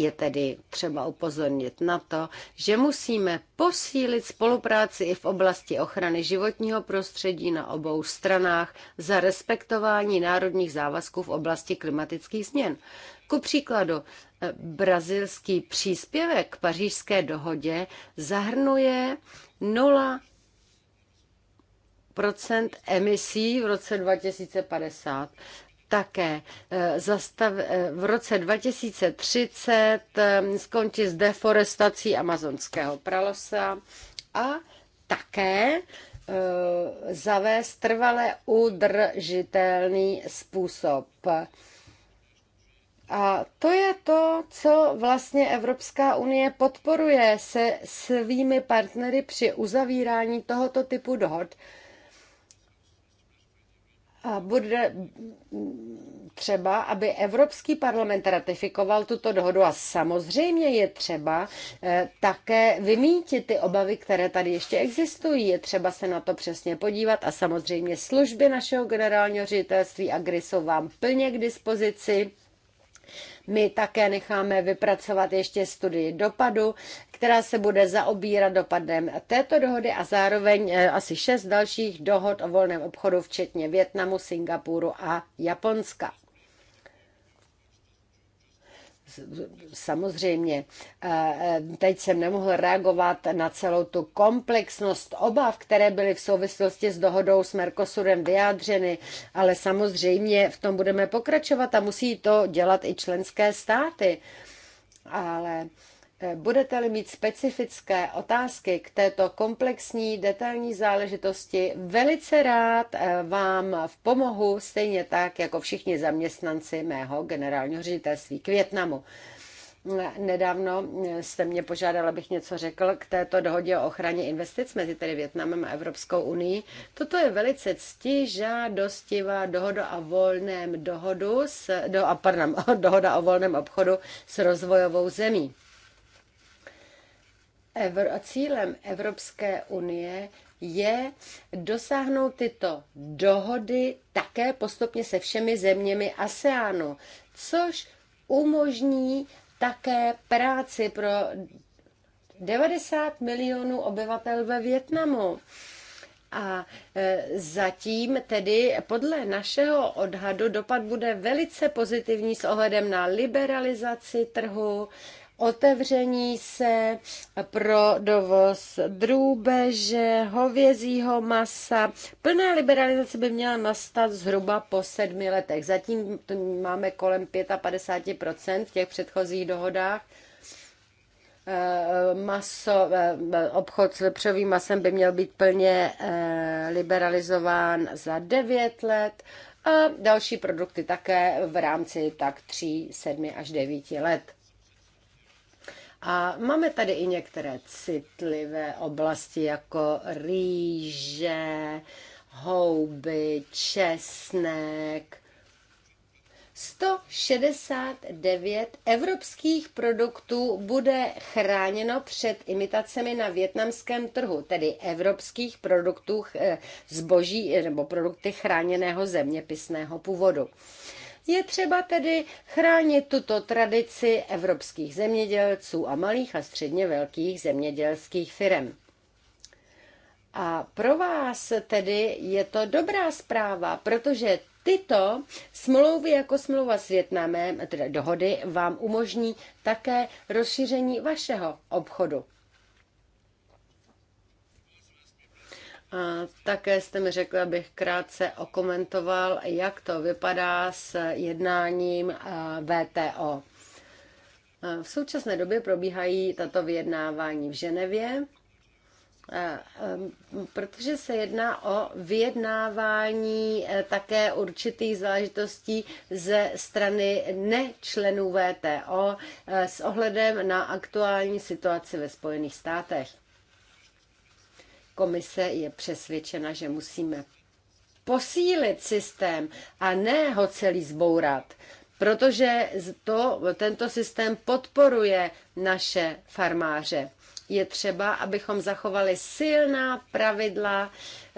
[SPEAKER 1] Je tedy třeba upozornit na to, že musíme posílit spolupráci i v oblasti ochrany životního prostředí na obou stranách za respektování národních závazků v oblasti klimatických změn. Ku příkladu, eh, brazilský příspěvek k pařížské dohodě zahrnuje 0 emisí v roce 2050 také eh, zastav, eh, v roce 2030 eh, skončit s deforestací amazonského pralosa a také zavést trvale udržitelný způsob. A to je to, co vlastně Evropská unie podporuje se svými partnery při uzavírání tohoto typu dohod bude třeba, aby Evropský parlament ratifikoval tuto dohodu a samozřejmě je třeba eh, také vymítit ty obavy, které tady ještě existují. Je třeba se na to přesně podívat a samozřejmě služby našeho generálního ředitelství a jsou vám plně k dispozici my také necháme vypracovat ještě studii dopadu, která se bude zaobírat dopadem této dohody a zároveň eh, asi šest dalších dohod o volném obchodu, včetně Větnamu, Singapuru a Japonska. Samozřejmě, teď jsem nemohl reagovat na celou tu komplexnost obav, které byly v souvislosti s dohodou s Mercosurem vyjádřeny, ale samozřejmě v tom budeme pokračovat a musí to dělat i členské státy. Ale Budete-li mít specifické otázky k této komplexní detailní záležitosti, velice rád eh, vám v pomohu, stejně tak jako všichni zaměstnanci mého generálního ředitelství k Větnamu. Nedávno eh, jste mě požádal, abych něco řekl k této dohodě o ochraně investic mezi tedy Větnamem a Evropskou unii. Toto je velice ctižádostivá dohoda o volném dohodu s, do, a pardon, dohoda o volném obchodu s rozvojovou zemí a cílem Evropské unie je dosáhnout tyto dohody také postupně se všemi zeměmi ASEANu, což umožní také práci pro 90 milionů obyvatel ve Větnamu. A e, zatím tedy podle našeho odhadu dopad bude velice pozitivní s ohledem na liberalizaci trhu, otevření se pro dovoz drůbeže, hovězího masa. Plná liberalizace by měla nastat zhruba po sedmi letech. Zatím máme kolem 55% v těch předchozích dohodách eh, maso, eh, obchod s vepřovým masem by měl být plně eh, liberalizován za 9 let a další produkty také v rámci tak 3, 7 až 9 let. A máme tady i některé citlivé oblasti, jako rýže, houby, česnek. 169 evropských produktů bude chráněno před imitacemi na větnamském trhu, tedy evropských produktů eh, zboží eh, nebo produkty chráněného zeměpisného původu. Je třeba tedy chránit tuto tradici evropských zemědělců a malých a středně velkých zemědělských firm. A pro vás tedy je to dobrá zpráva, protože tyto smlouvy jako smlouva s Větnamem, tedy dohody, vám umožní také rozšíření vašeho obchodu. Také jste mi řekl, abych krátce okomentoval, jak to vypadá s jednáním VTO. V současné době probíhají tato vyjednávání v Ženevě, protože se jedná o vyjednávání e, také určitých záležitostí ze strany nečlenů VTO e, s ohledem na aktuální situaci ve Spojených státech. Komise je přesvědčena, že musíme posílit systém a ne ho celý zbourat, protože to, tento systém podporuje naše farmáře. Je třeba, abychom zachovali silná pravidla,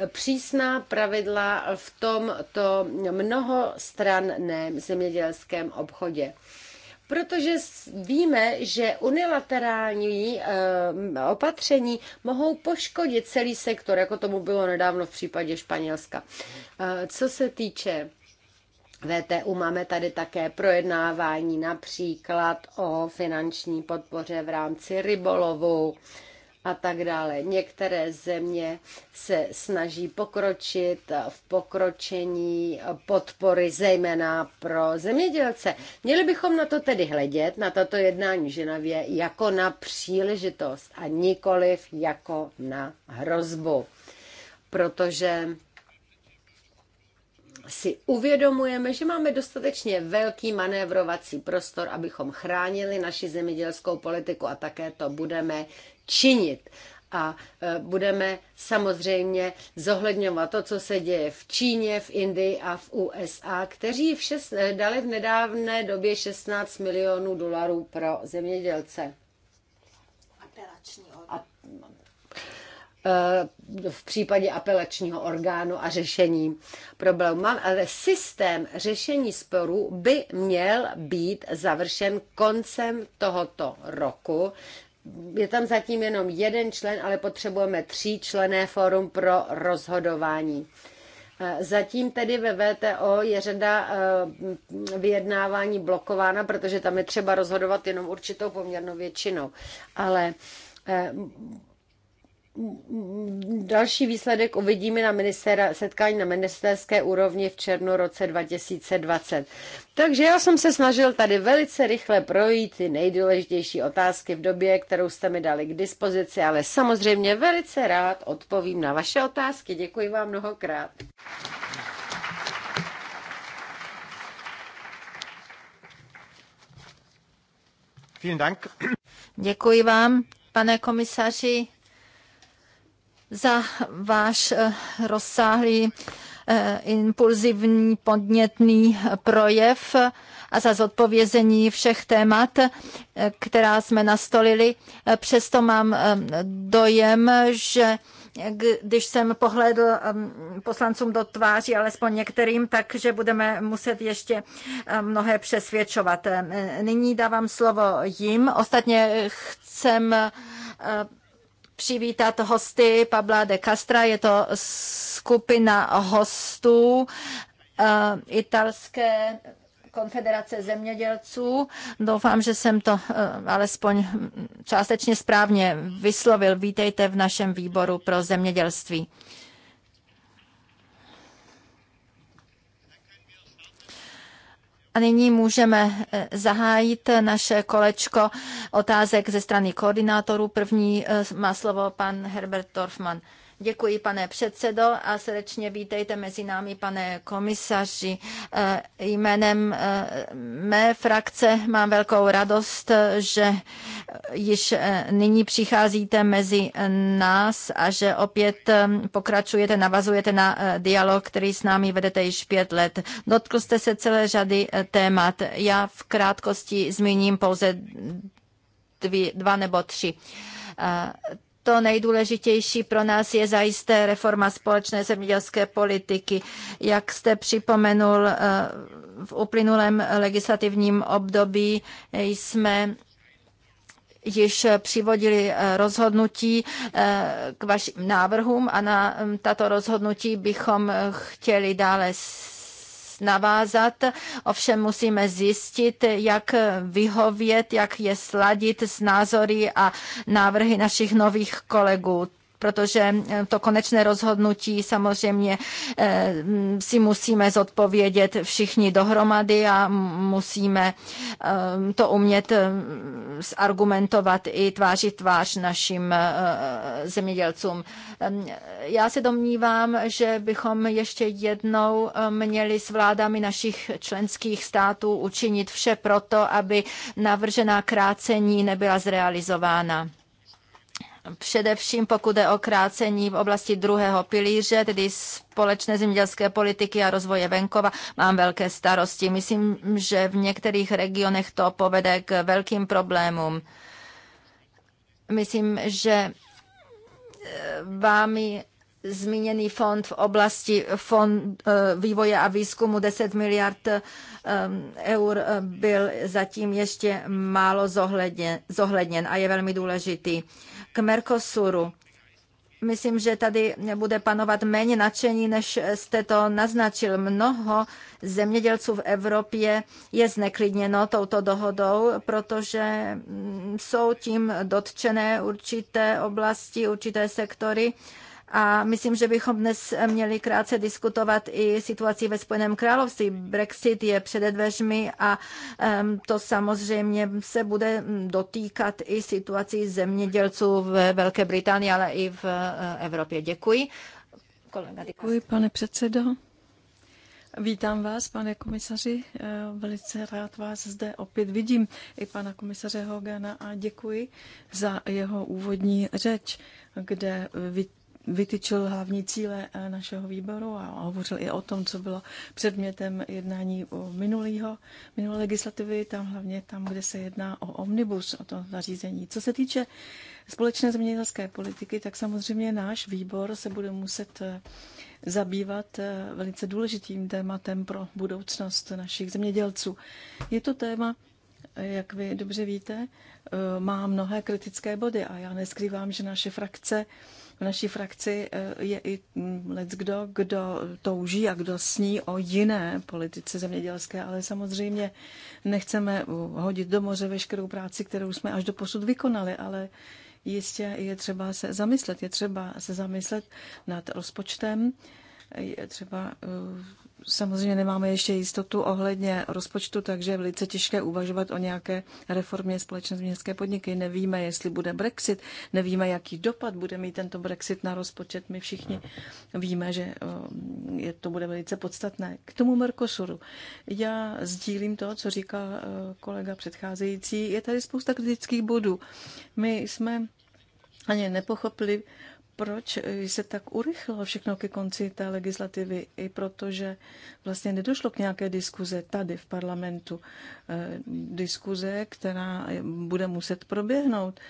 [SPEAKER 1] přísná pravidla v tomto mnohostranném zemědělském obchodě protože víme, že unilaterální eh, opatření mohou poškodit celý sektor, jako tomu bylo nedávno v případě Španělska. Eh, co se týče VTU máme tady také projednávání například o finanční podpoře v rámci rybolovu a tak dále. Některé země se snaží pokročit v pokročení podpory, zejména pro zemědělce. Měli bychom na to tedy hledět, na tato jednání Ženavě, jako na příležitost a nikoliv jako na hrozbu. Protože si uvědomujeme, že máme dostatečně velký manévrovací prostor, abychom chránili naši zemědělskou politiku a také to budeme činit. A e, budeme samozřejmě zohledňovat to, co se děje v Číně, v Indii a v USA, kteří v šest, e, dali v nedávné době 16 milionů dolarů pro zemědělce. E, v případě apelačního orgánu a řešení problémů. Ale systém řešení sporů by měl být završen koncem tohoto roku je tam zatím jenom jeden člen, ale potřebujeme tří člené fórum pro rozhodování. Eh, zatím tedy ve VTO je řada eh, vyjednávání blokována, protože tam je třeba rozhodovat jenom určitou poměrnou většinou. Ale eh, Další výsledek uvidíme na minister, setkání na ministerské úrovni v červnu roce 2020. Takže já jsem se snažil tady velice rychle projít ty nejdůležitější otázky v době, kterou jste mi dali k dispozici, ale samozřejmě velice rád odpovím na vaše otázky. Děkuji vám mnohokrát.
[SPEAKER 3] Děkuji vám, pane komisaři za váš eh, rozsáhlý eh, impulzivní podnětný eh, projev a za zodpovězení všech témat, která jsme nastolili. Přesto mám dojem, že když jsem pohledl poslancům do tváří, alespoň některým, takže budeme muset ještě mnohé přesvědčovat. Nyní dávám slovo jim. Ostatně chcem přivítat hosty Pabla de Castra. Je to skupina hostů eh, italské Konfederace zemědělců. Doufám, že jsem to eh, alespoň částečně správně vyslovil. Vítejte v našem výboru pro zemědělství. A nyní můžeme eh, zahájit naše kolečko otázek ze strany koordinátorů. První eh, má slovo pan Herbert Dorfman. Děkuji, pane předsedo, a srdečně vítejte mezi námi, pane komisaři. Eh, jménem eh, mé frakce mám velkou radost, že již eh, nyní přicházíte mezi nás a že opět pokračujete, navazujete na dialog, který s námi vedete již pět let. Dotkl jste se celé řady témat. Já v krátkosti zmíním pouze dvě, dva nebo tři to nejdůležitější pro nás je zajisté reforma společné zemědělské politiky. Jak jste připomenul, eh, v uplynulém legislativním období jsme již přivodili eh, rozhodnutí eh, k vašim návrhům a na mm, tato rozhodnutí bychom chtěli dále navázat, ovšem musíme zjistit, jak vyhovět, jak je sladit s názory a návrhy našich nových kolegů protože eh, to konečné rozhodnutí samozřejmě eh, si musíme zodpovědět všichni dohromady a musíme eh, to umět zargumentovat i tváří tvář našim zemědělcům. Ehm, já se domnívám, že bychom ještě jednou měli s vládami našich členských států učinit vše proto, aby navržená krácení nebyla zrealizována. Především pokud je o krácení v oblasti druhého pilíře, tedy společné zemědělské politiky a rozvoje venkova, mám velké starosti. Myslím, že v některých regionech to povede k velkým problémům. Myslím, že eh, vámi zmíněný fond v oblasti fond eh, vývoje a výzkumu 10 miliard eh, eur byl zatím ještě málo zohledněn a je velmi důležitý k Mercosuru. Myslím, že tady bude panovat méně nadšení, než jste to naznačil. Mnoho zemědělců v Evropě je zneklidněno touto dohodou, protože mm, jsou tím dotčené určité oblasti, určité sektory a myslím, že bychom dnes měli krátce diskutovat i situaci ve Spojeném království. Brexit je přede dveřmi a to samozřejmě se bude dotýkat i situací zemědělců v Velké Británii, ale i v
[SPEAKER 2] e, Evropě. Děkuji. Kolega Děkuji, pane předsedo. Vítám vás, pane komisaři. E, velice rád vás zde opět vidím. I pana komisaře Hogana a děkuji za jeho úvodní řeč, kde vidíte, vytyčil hlavní cíle eh, našeho výboru a hovořil i o tom, co bylo předmětem jednání minulého, minulé legislativy, tam hlavně tam, kde se jedná o omnibus, o to zařízení. Co se týče společné zemědělské politiky, tak samozřejmě náš výbor se bude muset eh, zabývat eh, velice důležitým tématem pro budoucnost našich zemědělců. Je to téma, jak vy dobře víte, má mnohé kritické body a já neskrývám, že naše frakce v naší frakci eh, je i mm, kdo, kdo touží a kdo sní o jiné politice zemědělské, ale samozřejmě nechceme hodit do moře veškerou práci, kterou jsme až do posud vykonali, ale jistě je třeba se zamyslet. Je třeba se zamyslet nad rozpočtem, je třeba eh, Samozřejmě nemáme ještě jistotu ohledně rozpočtu, takže je velice těžké uvažovat o nějaké reformě společné městské podniky. Nevíme, jestli bude Brexit, nevíme, jaký dopad bude mít tento Brexit na rozpočet. My všichni víme, že eh, je, to bude velice podstatné. K tomu Mercosuru. Já sdílím to, co říká eh, kolega předcházející. Je tady spousta kritických bodů. My jsme ani nepochopili, proč se tak urychlilo všechno ke konci té legislativy, i protože vlastně nedošlo k nějaké diskuze tady v parlamentu. Eh, diskuze, která bude muset proběhnout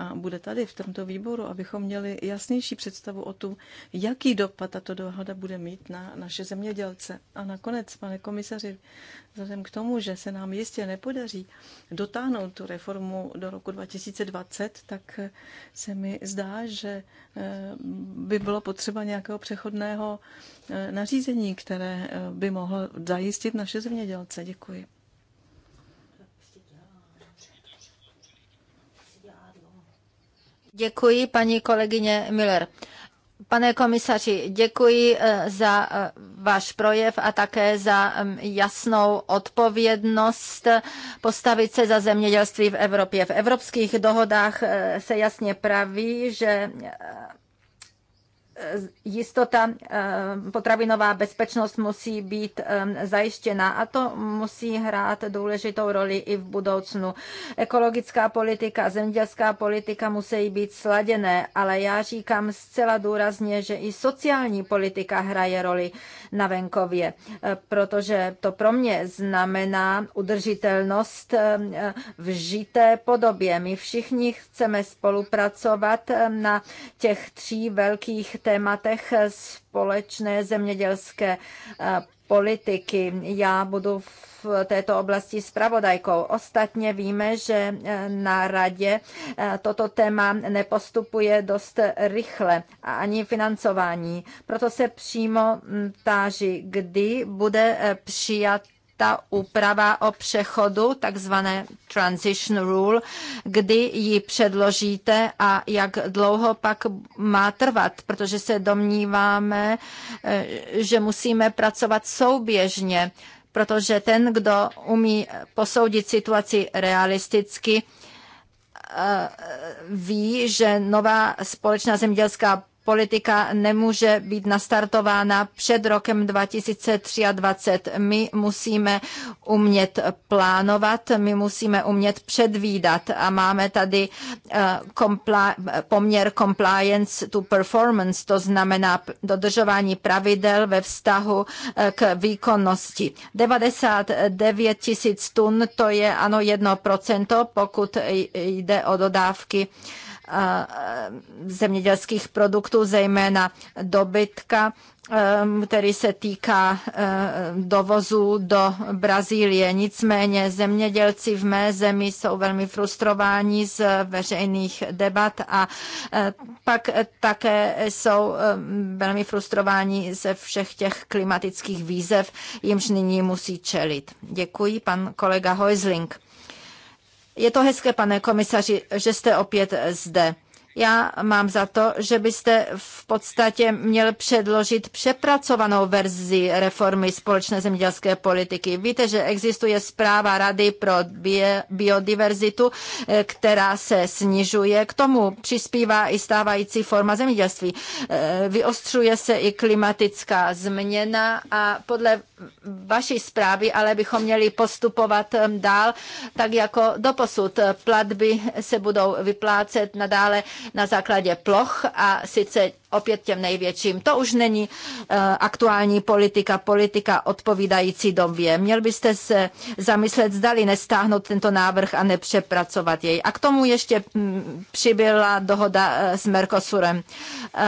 [SPEAKER 2] a bude tady v tomto výboru, abychom měli jasnější představu o tom, jaký dopad tato dohoda bude mít na naše zemědělce. A nakonec, pane komisaři, vzhledem k tomu, že se nám jistě nepodaří dotáhnout tu reformu do roku 2020, tak se mi zdá, že eh, by bylo potřeba nějakého přechodného eh, nařízení, které eh, by mohlo zajistit naše zemědělce. Děkuji.
[SPEAKER 3] Děkuji, paní kolegyně Miller. Pane komisaři, děkuji eh, za eh, váš projev a také za mm, jasnou odpovědnost postavit se za zemědělství v Evropě. V evropských dohodách eh, se jasně praví, že jistota, eh, potravinová bezpečnost musí být eh, zajištěna a to musí hrát důležitou roli i v budoucnu. Ekologická politika a zemědělská politika musí být sladěné, ale já říkám zcela důrazně, že i sociální politika hraje roli na venkově, eh, protože to pro mě znamená udržitelnost eh, v žité podobě. My všichni chceme spolupracovat eh, na těch tří velkých tématech společné zemědělské politiky. Já budu v v této oblasti spravodajkou. Ostatně víme, že eh, na radě eh, toto téma nepostupuje dost rychle a ani financování. Proto se přímo mm, táži, kdy bude eh, přijat ta úprava o přechodu, takzvané transition rule, kdy ji předložíte a jak dlouho pak má trvat, protože se domníváme, eh, že musíme pracovat souběžně, protože ten, kdo umí posoudit situaci realisticky, eh, ví, že nová společná zemědělská politika nemůže být nastartována před rokem 2023. My musíme umět plánovat, my musíme umět předvídat a máme tady eh, poměr compliance to performance, to znamená dodržování pravidel ve vztahu eh, k výkonnosti. 99 tisíc tun, to je ano jedno procento, pokud jde o dodávky Eh, zemědělských produktů, zejména dobytka, eh, který se týká eh, dovozu do Brazílie. Nicméně zemědělci v mé zemi jsou velmi frustrováni z veřejných debat a pak také jsou velmi frustrováni ze všech těch klimatických výzev, jimž nyní musí čelit. Děkuji, pan kolega Heusling. Je to hezké, pane komisaři, že jste opět zde. Já mám za to, že byste v podstatě měl předložit přepracovanou verzi reformy společné zemědělské politiky. Víte, že existuje zpráva Rady pro biodiverzitu, eh, která se snižuje. K tomu přispívá i stávající forma zemědělství. Eh, vyostřuje se i klimatická změna a podle vaší zprávy ale bychom měli postupovat eh, dál, tak jako doposud. Platby se budou vyplácet nadále na základě ploch a sice opět těm největším. To už není uh, aktuální politika, politika odpovídající době. Měl byste se zamyslet, zdali nestáhnout tento návrh a nepřepracovat jej. A k tomu ještě mm, přibyla dohoda eh, s Mercosurem. Uh,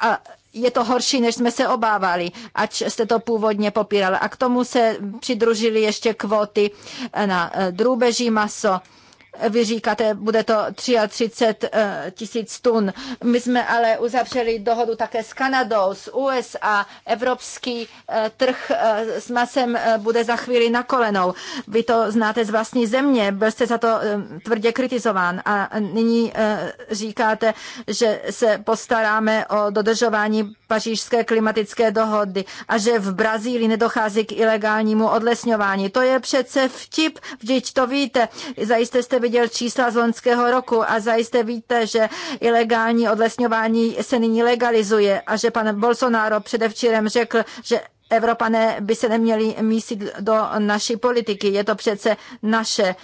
[SPEAKER 3] a je to horší, než jsme se obávali, ač jste to původně popírali. A k tomu se přidružili ještě kvóty na drůbeží maso vy říkáte, bude to 33 eh, tisíc tun. My jsme ale uzavřeli dohodu také s Kanadou, s USA. Evropský eh, trh eh, s masem bude za chvíli na kolenou. Vy to znáte z vlastní země, byl jste za to tvrdě kritizován a nyní říkáte, že se postaráme o dodržování pařížské klimatické dohody a že v Brazílii nedochází k ilegálnímu odlesňování. To je přece vtip, vždyť to víte. Zajisté jste viděl čísla z loňského roku a zajisté víte, že ilegální odlesňování se nyní legalizuje a že pan Bolsonaro předevčírem řekl, že Evropané by se neměli mísit do naší politiky. Je to přece naše,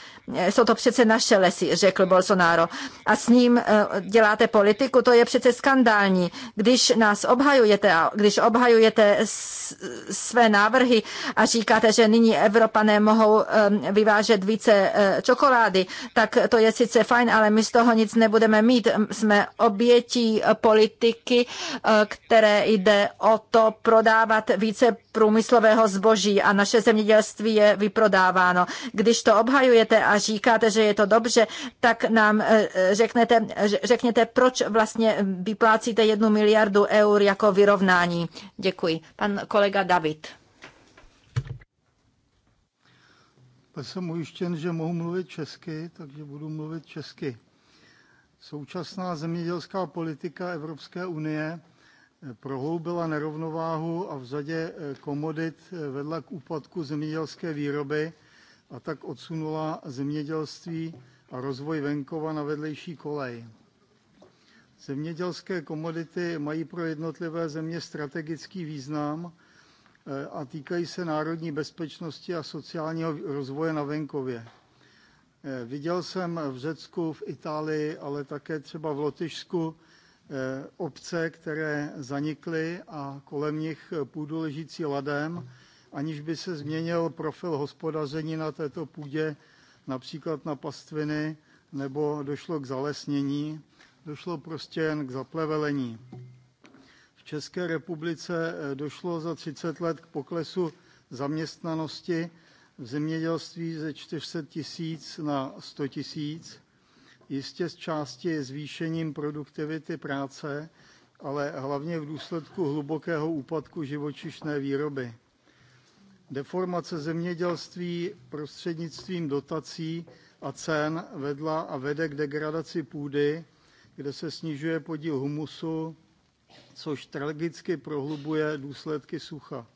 [SPEAKER 3] jsou to přece naše lesy, řekl Bolsonaro. A s ním eh, děláte politiku, to je přece skandální. Když nás obhajujete a když obhajujete své návrhy a říkáte, že nyní Evropané mohou eh, vyvážet více eh, čokolády, tak to je sice fajn, ale my z toho nic nebudeme mít. Jsme obětí politiky, které jde o to prodávat více průmyslového zboží a naše zemědělství je vyprodáváno. Když to obhajujete a říkáte, že je to dobře, tak nám eh, řeknete, řekněte, proč vlastně vyplácíte jednu miliardu eur jako vyrovnání. Děkuji. Pan kolega David.
[SPEAKER 5] jsem ujištěn, že mohu mluvit česky, takže budu mluvit česky. Současná zemědělská politika Evropské unie prohloubila nerovnováhu a v řadě eh, komodit eh, vedla k úpadku zemědělské výroby a tak odsunula zemědělství a rozvoj venkova na vedlejší kolej. Zemědělské komodity mají pro jednotlivé země strategický význam eh, a týkají se národní bezpečnosti a sociálního rozvoje na venkově. Viděl jsem v Řecku, v Itálii, ale také třeba v Lotyšsku Eh, obce, které zanikly a kolem nich půdu ležící ladem, aniž by se změnil profil hospodaření na této půdě, například na pastviny, nebo došlo k zalesnění, došlo prostě jen k zaplevelení. V České republice eh, došlo za 30 let k poklesu zaměstnanosti v zemědělství ze 400 tisíc na 100 tisíc jistě z části je zvýšením produktivity práce, ale hlavně v důsledku hlubokého úpadku živočišné výroby. Deformace zemědělství prostřednictvím dotací a cen vedla a vede k degradaci půdy, kde se snižuje podíl humusu, což tragicky prohlubuje důsledky sucha.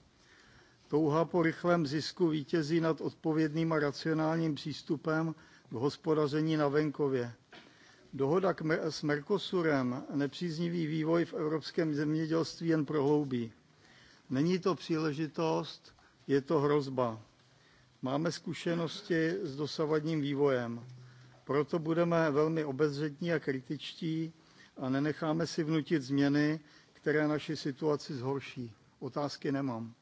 [SPEAKER 5] Touha po rychlém zisku vítězí nad odpovědným a racionálním přístupem k hospodaření na venkově. Dohoda s Mercosurem nepříznivý vývoj v evropském zemědělství jen prohloubí. Není to příležitost, je to hrozba. Máme zkušenosti s dosavadním vývojem. Proto budeme velmi obezřetní a kritičtí a nenecháme si vnutit změny, které naši situaci zhorší. Otázky nemám.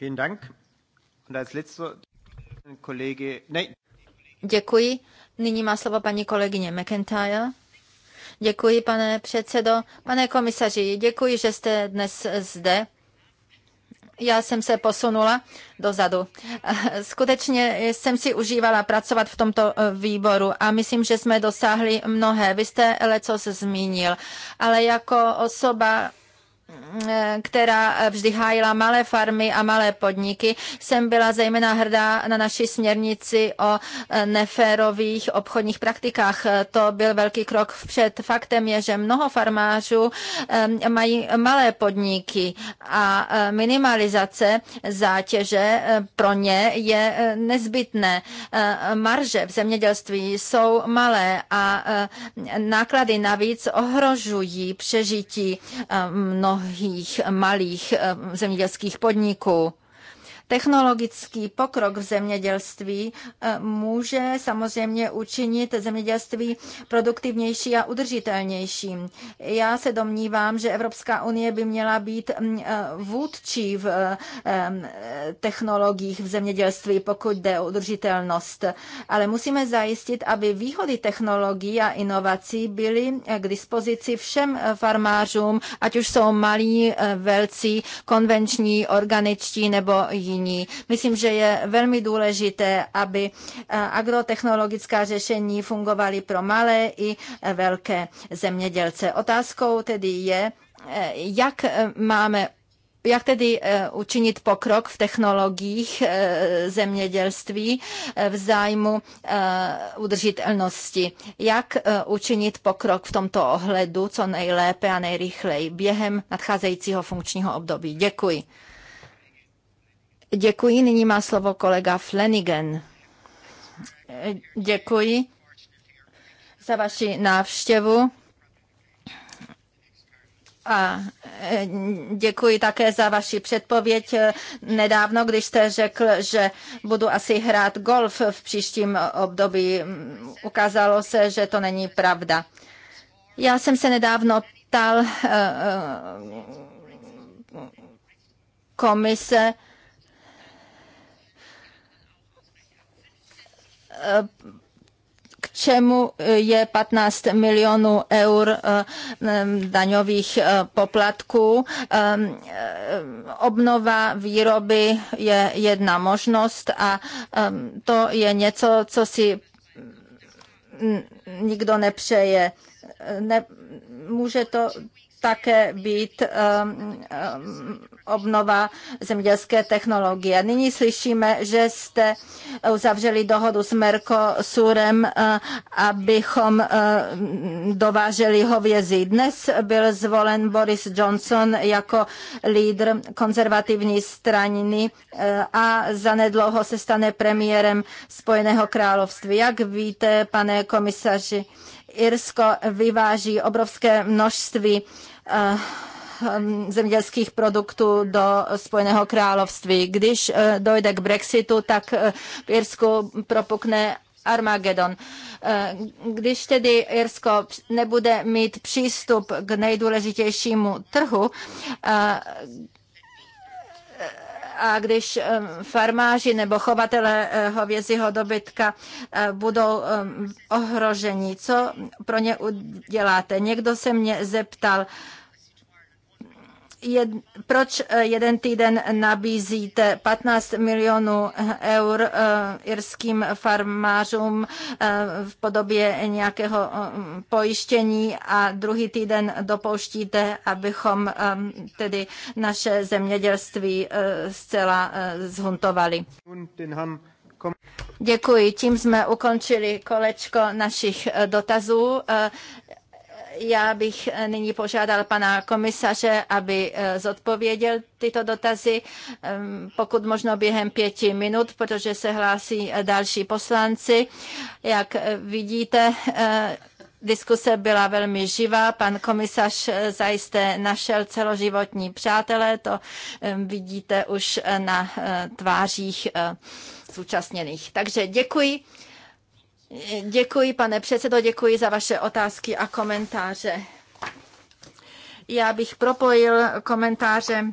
[SPEAKER 5] Vielen
[SPEAKER 4] Dank. Und als letzter
[SPEAKER 3] Děkuji. Nyní má slovo paní kolegyně McIntyre. Děkuji, pane předsedo. Pane komisaři, děkuji, že jste dnes zde. Já jsem se posunula dozadu. Skutečně jsem si užívala pracovat v tomto eh, výboru a myslím, že jsme dosáhli mnohé. Vy jste leco zmínil, ale jako osoba která vždy hájila malé farmy a malé podniky. Jsem byla zejména hrdá na naší směrnici o eh, neférových obchodních praktikách. To byl velký krok vpřed. Faktem je, že mnoho farmářů eh, mají malé podniky a eh, minimalizace zátěže pro ně je nezbytné. Marže v zemědělství jsou malé a náklady navíc ohrožují přežití mnoho mnohých malých eh, zemědělských podniků. Technologický pokrok v zemědělství eh, může samozřejmě učinit zemědělství produktivnější a udržitelnější. Já se domnívám, že Evropská unie by měla být mm, eh, vůdčí v eh, technologiích v zemědělství, pokud jde o udržitelnost. Ale musíme zajistit, aby výhody technologií a inovací byly k dispozici všem farmářům, ať už jsou malí, velcí, konvenční, organičtí nebo jiní jiní. Myslím, že je velmi důležité, aby eh, agrotechnologická řešení fungovaly pro malé i eh, velké zemědělce. Otázkou tedy je, eh, jak máme jak tedy učinit pokrok v technologiích zemědělství v zájmu udržitelnosti? Jak učinit pokrok v tomto ohledu co nejlépe a nejrychleji během nadcházejícího funkčního období? Děkuji. Děkuji. Nyní má slovo kolega Flanagan. Děkuji za vaši návštěvu. A děkuji také za vaši předpověď nedávno, když jste řekl, že budu asi hrát golf v příštím období. Ukázalo se, že to není pravda. Já jsem se nedávno ptal eh, eh, komise, k čemu eh, je 15 milionů eur eh, mm, daňových eh, poplatků. Obnova výroby je jedna možnost a to je něco, co si mm, nikdo nepřeje. Ne, může to také být um, um, obnova zemědělské technologie. Nyní slyšíme, že jste uzavřeli dohodu s Mercosurem, uh, abychom uh, dováželi hovězí. Dnes byl zvolen Boris Johnson jako lídr konzervativní strany uh, a zanedlouho se stane premiérem Spojeného království. Jak víte, pane komisaři, Irsko vyváží obrovské množství uh, Eh, zemědělských produktů do Spojeného království. Když eh, dojde k Brexitu, tak eh, v Irsku propukne Armagedon. Když tedy Irsko nebude mít přístup k nejdůležitějšímu trhu, a když farmáři nebo chovatele eh, hovězího dobytka eh, budou ohroženi, co pro ně uděláte? Někdo se mě zeptal, jed, proč eh, jeden týden nabízíte 15 milionů eur uh, irským farmářům uh, v podobě nějakého uh, pojištění a druhý týden dopouštíte, abychom um, tedy naše zemědělství uh, zcela uh, zhuntovali? Děkuji, tím jsme ukončili kolečko našich dotazů. Já bych eh, nyní požádal pana komisaře, aby eh, zodpověděl tyto dotazy, ehm, pokud možno během pěti minut, protože se hlásí eh, další poslanci. Jak vidíte, Diskuse byla velmi živá, pan komisař zajisté našel celoživotní přátelé, to ehm, vidíte už na tvářích zúčastněných. Takže děkuji. Děkuji, pane předsedo, děkuji za vaše otázky a komentáře. Já bych propojil komentáře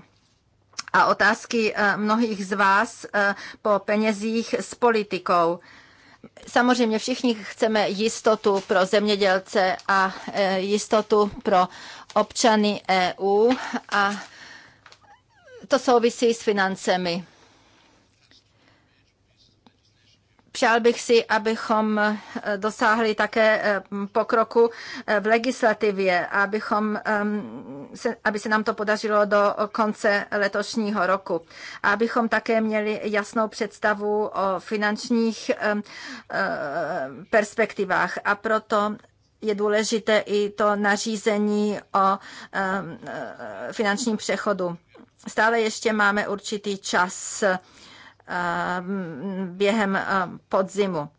[SPEAKER 3] a otázky eh, mnohých z vás eh, po penězích s politikou. Samozřejmě všichni chceme jistotu pro zemědělce a eh, jistotu pro občany EU a to souvisí s financemi. Přál bych si, abychom eh, dosáhli také eh, pokroku eh, v legislativě, abychom, ehm, se, aby se nám to podařilo do konce letošního roku. Abychom také měli jasnou představu o finančních ehm, perspektivách. A proto je důležité i to nařízení o ehm, finančním přechodu. Stále ještě máme určitý čas během podzimu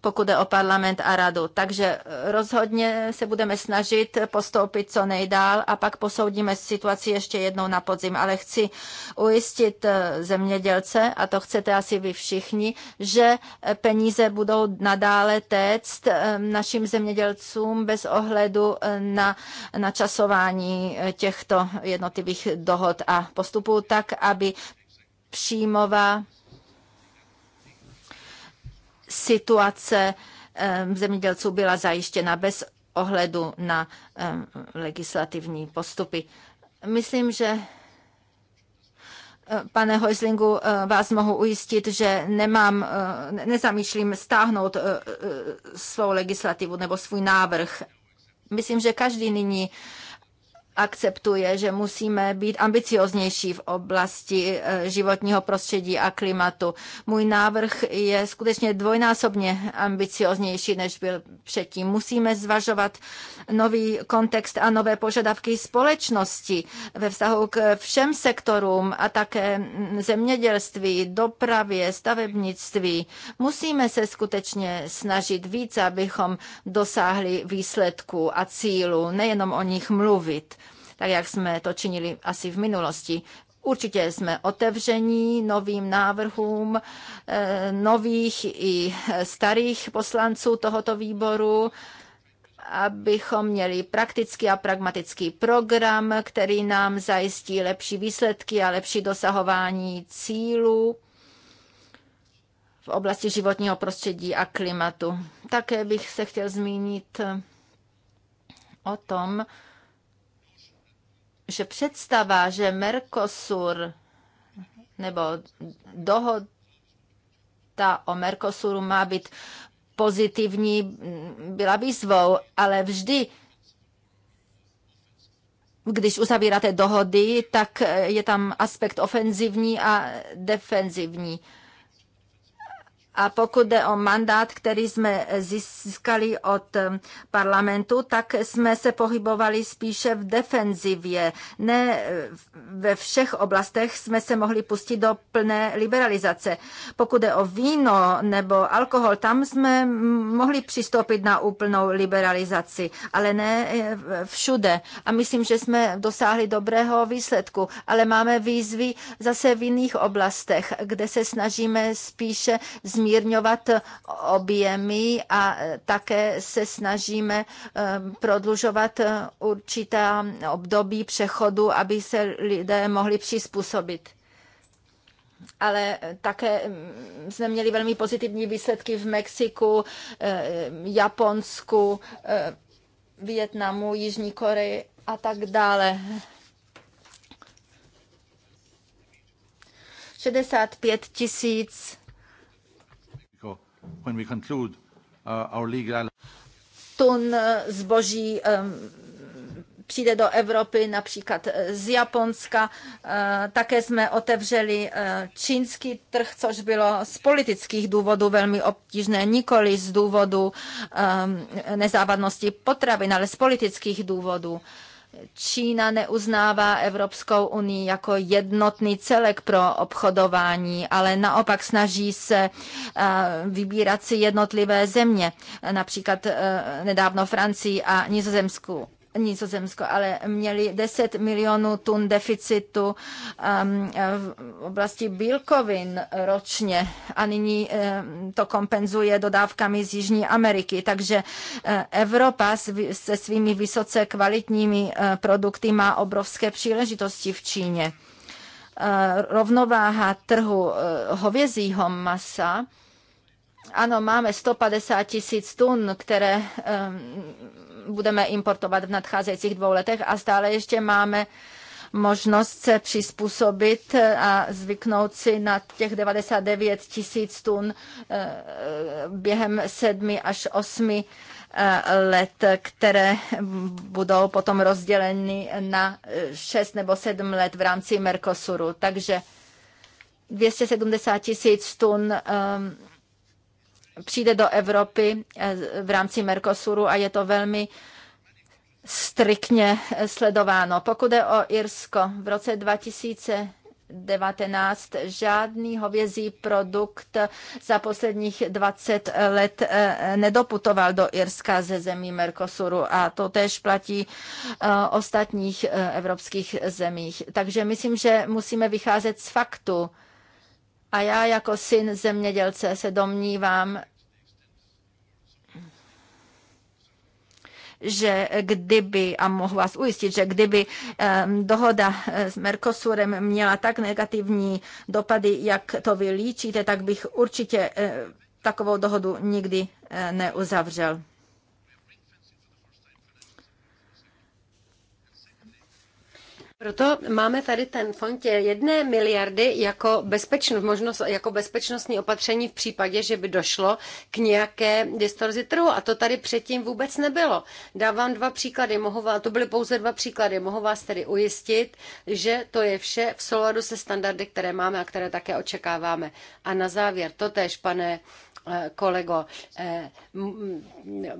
[SPEAKER 3] pokud je o parlament a radu. Takže rozhodně se budeme snažit postoupit co nejdál a pak posoudíme situaci ještě jednou na podzim. Ale chci ujistit e, zemědělce, a to chcete asi vy všichni, že peníze budou nadále téct e, našim zemědělcům bez ohledu e, na načasování těchto jednotlivých dohod a postupů tak, aby příjmová situace zemědělců byla zajištěna bez ohledu na legislativní postupy. Myslím, že e, Pane Hojzlingu, e, vás mohu ujistit, že nemám, e, nezamýšlím stáhnout svou legislativu nebo svůj návrh. Myslím, že každý nyní akceptuje, že musíme být ambicioznější v oblasti eh, životního prostředí a klimatu. Můj návrh je skutečně dvojnásobně ambicioznější, než byl předtím. Musíme zvažovat nový kontext a nové požadavky společnosti ve vztahu k všem sektorům a také zemědělství, dopravě, stavebnictví. Musíme se skutečně snažit více, abychom dosáhli výsledků a cílů, nejenom o nich mluvit tak jak jsme to činili asi v minulosti. Určitě jsme otevření novým návrhům eh, nových i starých poslanců tohoto výboru abychom měli praktický a pragmatický program, který nám zajistí lepší výsledky a lepší dosahování cílů v oblasti životního prostředí a klimatu. Také bych se chtěl zmínit o tom, že představa, že Mercosur nebo dohoda o Mercosuru má být pozitivní, byla výzvou, ale vždy když uzavíráte dohody, tak je tam aspekt ofenzivní a defenzivní. A pokud jde o mandát, který jsme získali od eh, parlamentu, tak jsme se pohybovali spíše v defenzivě. Ne eh, ve všech oblastech jsme se mohli pustit do plné liberalizace. Pokud jde o víno nebo alkohol, tam jsme mohli přistoupit na úplnou liberalizaci, ale ne eh, všude. A myslím, že jsme dosáhli dobrého výsledku, ale máme výzvy zase v jiných oblastech, kde se snažíme spíše změnit zmírňovat objemy a také se snažíme eh, prodlužovat eh, určitá období přechodu, aby se lidé mohli přizpůsobit ale také mm, jsme měli velmi pozitivní výsledky v Mexiku, eh, Japonsku, Vietnamu, Jižní Koreji a tak dále. 65 tisíc
[SPEAKER 5] when we conclude uh, our legal
[SPEAKER 3] tun uh, zboží um, přijde do Evropy, například uh, z Japonska. Také jsme otevřeli čínský trh, což bylo z politických důvodů velmi obtížné, nikoli z důvodu um, nezávadnosti potravin, ale z politických důvodů. Čína neuznává Evropskou unii jako jednotný celek pro obchodování, ale naopak snaží se eh, vybírat si jednotlivé země, například eh, nedávno Francii a Nizozemsku. Nizozemsko, ale měli 10 milionů tun deficitu um, v oblasti bílkovin ročně a nyní um, to kompenzuje dodávkami z Jižní Ameriky. Takže uh, Evropa se svými vysoce kvalitními uh, produkty má obrovské příležitosti v Číně. Uh, rovnováha trhu hovězího masa ano, máme 150 tisíc tun, které budeme importovat v nadcházejících dvou letech a stále ještě máme možnost se přizpůsobit a zvyknout si na těch 99 tisíc tun eh, během sedmi až osmi eh, let, které budou potom rozděleny na eh, šest nebo sedm let v rámci Mercosuru. Takže 270 tisíc tun přijde do Evropy eh, v rámci Mercosuru a je to velmi striktně eh, sledováno. Pokud je o Irsko, v roce
[SPEAKER 1] 2019
[SPEAKER 3] žádný hovězí produkt za posledních 20 let eh, nedoputoval do Irska ze zemí Mercosuru a to tež platí ostatních evropských zemích. Takže myslím, že musíme vycházet z faktu. A já jako syn zemědělce se domnívám, že kdyby, a mohu vás ujistit, že kdyby dohoda eh, s Mercosurem měla tak negativní dopady, jak to vy líčíte, tak bych určitě eh, takovou dohodu nikdy eh, neuzavřel.
[SPEAKER 1] Proto máme tady ten fond jedné miliardy jako, bezpečnost, možnost, jako bezpečnostní opatření v případě, že by došlo k nějaké distorzi trhu. A to tady předtím vůbec nebylo. Dávám dva příklady, mohu vás, to byly pouze dva příklady, mohu vás tedy ujistit, že to je vše v souladu se standardy, které máme a které také očekáváme. A na závěr, totež, pane Eh, kolego, eh,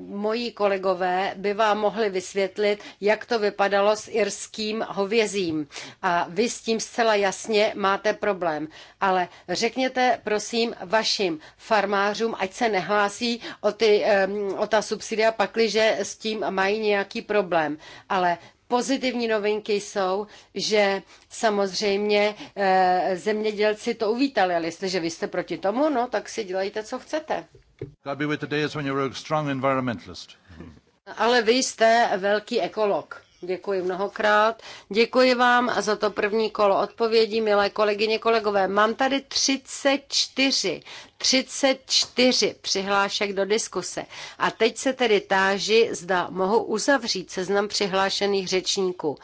[SPEAKER 1] moji kolegové by vám mohli vysvětlit, jak to vypadalo s irským hovězím. A vy s tím zcela jasně máte problém. Ale řekněte prosím vašim farmářům, ať se nehlásí o, ty, eh, o ta subsidia pakliže s tím mají nějaký problém. Ale Pozitivní novinky jsou, že samozřejmě eh, zemědělci to uvítali, ale jestliže vy jste proti tomu, no tak si dělejte, co chcete. Ale vy jste velký ekolog. Děkuji mnohokrát. Děkuji vám za to první kolo odpovědí, milé kolegyně, kolegové. Mám tady 34, 34 přihlášek do diskuse. A teď se tedy táži, zda mohu uzavřít seznam přihlášených řečníků.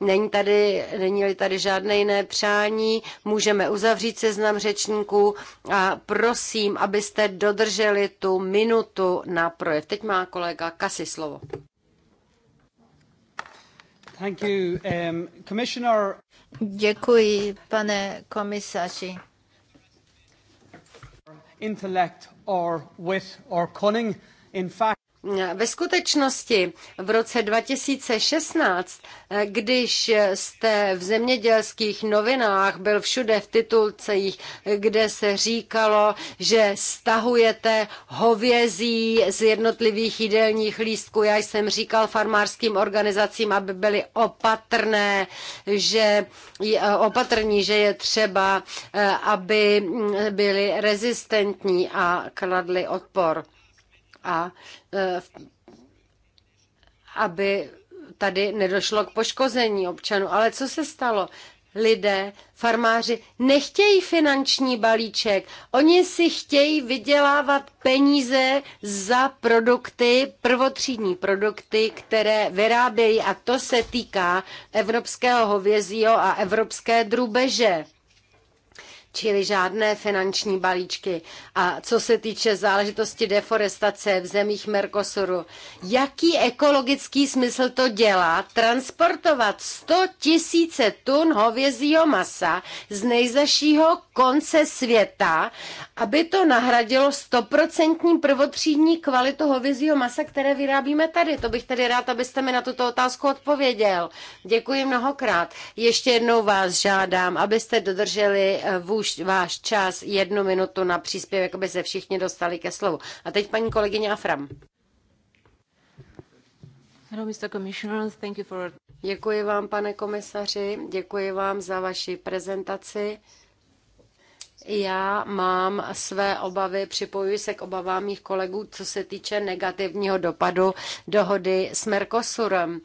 [SPEAKER 1] Není tady, není tady žádné jiné přání, můžeme uzavřít seznam řečníků a prosím, abyste dodrželi tu minutu na projev. Teď má kolega Kasi slovo.
[SPEAKER 5] Um,
[SPEAKER 3] Děkuji, pane komisaři.
[SPEAKER 1] Intellect or wit or cunning. In fact, ve skutečnosti v roce 2016, když jste v zemědělských novinách byl všude v titulcích, kde se říkalo, že stahujete hovězí z jednotlivých jídelních lístků, já jsem říkal farmářským organizacím, aby byly opatrné, že opatrní, že je třeba, eh, aby byli rezistentní a kladly odpor a eh, aby tady nedošlo k poškození občanů. Ale co se stalo? lidé, farmáři, nechtějí finanční balíček. Oni si chtějí vydělávat peníze za produkty, prvotřídní produkty, které vyrábějí. A to se týká evropského hovězího a evropské drubeže čili žádné finanční balíčky. A co se týče záležitosti deforestace v zemích Mercosuru, jaký ekologický smysl to dělá transportovat 100 tisíce tun hovězího masa z nejzašího konce světa, aby to nahradilo 100% prvotřídní kvalitu hovězího masa, které vyrábíme tady. To bych tedy rád, abyste mi na tuto otázku odpověděl. Děkuji mnohokrát. Ještě jednou vás žádám, abyste dodrželi eh, vůz už váš čas jednu minutu na příspěvek, aby se všichni dostali ke slovu. A teď paní kolegyně Afram. thank you for. Děkuji vám, pane komisaři, děkuji vám za vaši prezentaci. Já mám své obavy, připojuji se k obavám mých kolegů, co se týče negativního dopadu dohody s Mercosurem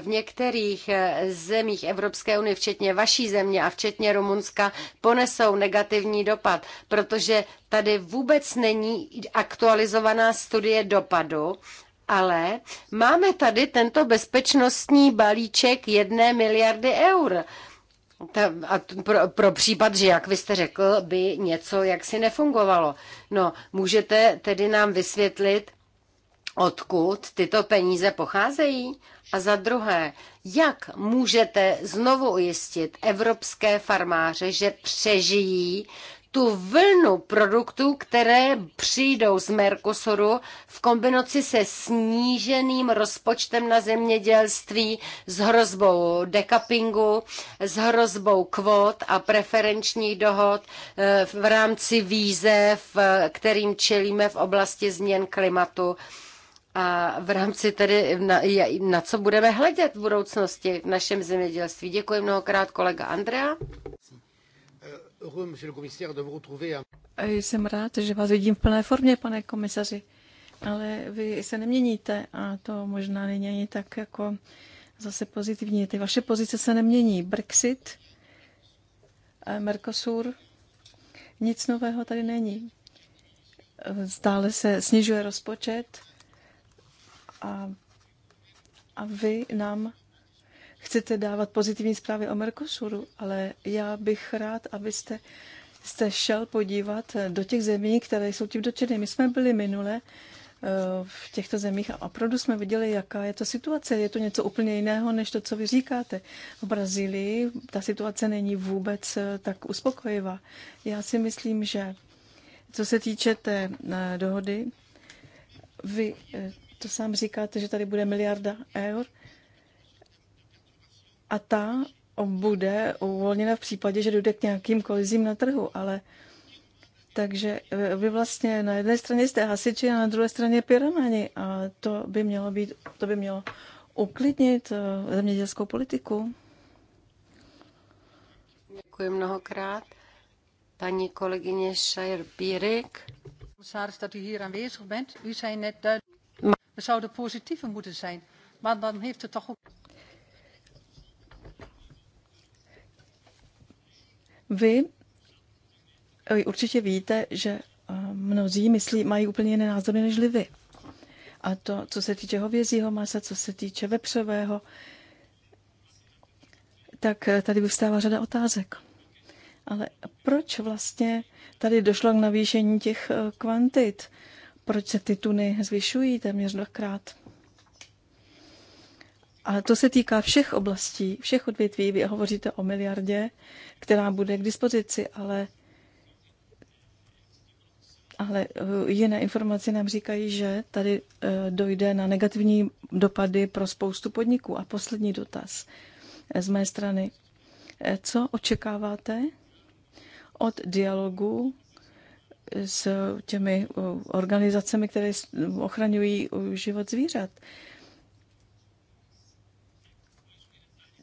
[SPEAKER 1] v některých eh, zemích Evropské unie, včetně vaší země a včetně Rumunska, ponesou negativní dopad, protože tady vůbec není aktualizovaná studie dopadu ale máme tady tento bezpečnostní balíček jedné miliardy eur. Ta, a pro, pro případ, že jak vy jste řekl, by něco jaksi nefungovalo. No, můžete tedy nám vysvětlit, odkud tyto peníze pocházejí? A za druhé, jak můžete znovu ujistit evropské farmáře, že přežijí tu vlnu produktů, které přijdou z Mercosuru v kombinaci se sníženým rozpočtem na zemědělství, s hrozbou dekapingu, s hrozbou kvot a preferenčních dohod eh, v rámci výzev, eh, kterým čelíme v oblasti změn klimatu a v rámci tedy, na, na co budeme hledět v budoucnosti v našem zemědělství. Děkuji mnohokrát kolega Andrea.
[SPEAKER 2] Jsem rád, že vás vidím v plné formě, pane komisaři, ale vy se neměníte a to možná není ani tak jako zase pozitivní. Ty vaše pozice se nemění. Brexit, eh, Mercosur, nic nového tady není. Zdále se snižuje rozpočet, a, a vy nám chcete dávat pozitivní zprávy o Mercosuru, ale já bych rád, abyste jste šel podívat do těch zemí, které jsou tím dotčeny. My jsme byli minule eh, v těchto zemích a opravdu jsme viděli, jaká je to situace. Je to něco úplně jiného, než to, co vy říkáte. V Brazílii ta situace není vůbec eh, tak uspokojivá. Já si myslím, že co se týče té eh, dohody, vy to sám říkáte, že tady bude miliarda eur a ta bude uvolněna v případě, že dojde k nějakým kolizím na trhu, ale takže eh, vy vlastně na jedné straně jste hasiči a na druhé straně pyromani a to by mělo být, to by mělo uklidnit eh, zemědělskou politiku.
[SPEAKER 1] Děkuji mnohokrát. Paní kolegyně Šajr Pírik. We er zouden positiever moeten zijn. Maar dan heeft het toch ook.
[SPEAKER 2] Vy eh, určitě víte, že eh, mnozí myslí, mají úplně jiné názory než vy. A to, co se týče hovězího masa, co se týče vepřového, tak eh, tady vyvstává řada otázek. Ale proč vlastně tady došlo k navýšení těch kvantit? proč se ty tuny zvyšují téměř dvakrát. A to se týká všech oblastí, všech odvětví. Vy hovoříte o miliardě, která bude k dispozici, ale, ale eh, jiné informace nám říkají, že tady eh, dojde na negativní dopady pro spoustu podniků. A poslední dotaz eh, z mé strany. Co očekáváte od dialogu s těmi organizacemi, které ochraňují život zvířat.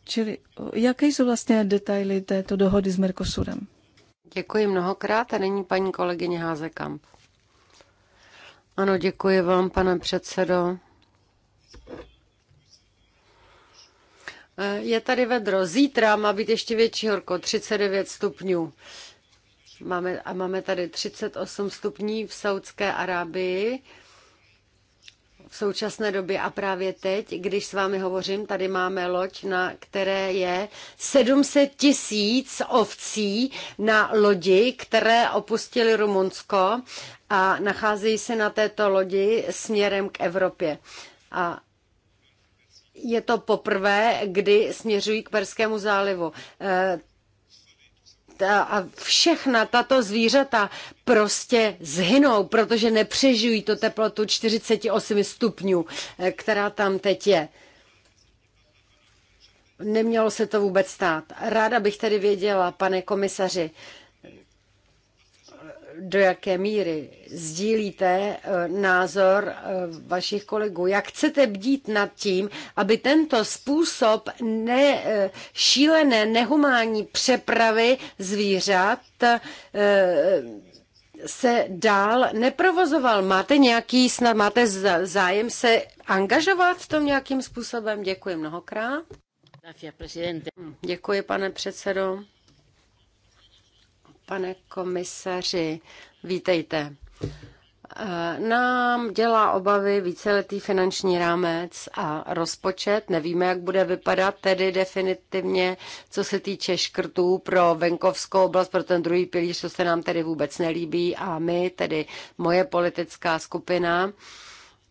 [SPEAKER 2] Čili jaké jsou vlastně detaily této dohody s Mercosurem?
[SPEAKER 1] Děkuji mnohokrát a není paní kolegyně Házekamp. Ano, děkuji vám, pane předsedo. E, je tady vedro. Zítra má být ještě větší horko, 39 stupňů. Máme, a máme tady 38 stupní v Saudské Arábii v současné době a právě teď, když s vámi hovořím, tady máme loď, na které je 700 tisíc ovcí na lodi, které opustili Rumunsko a nacházejí se na této lodi směrem k Evropě. A je to poprvé, kdy směřují k Perskému zálivu. Eh, a všechna tato zvířata prostě zhynou, protože nepřežijí tu teplotu 48 stupňů, e, která tam teď je. Nemělo se to vůbec stát. Ráda bych tedy věděla, pane komisaři, do jaké míry sdílíte eh, názor eh, vašich kolegů. Jak chcete bdít nad tím, aby tento způsob ne, eh, šílené, nehumánní přepravy zvířat se dál neprovozoval. Máte nějaký, snad máte zájem se angažovat v tom nějakým způsobem? Děkuji mnohokrát. Děkuji, pane předsedo. Pane komisaři, vítejte. Eh, nám dělá obavy víceletý finanční rámec a rozpočet. Nevíme, jak bude vypadat tedy definitivně, co se týče škrtů pro venkovskou oblast, pro ten druhý pilíř, co se nám tedy vůbec nelíbí. A my, tedy moje politická skupina,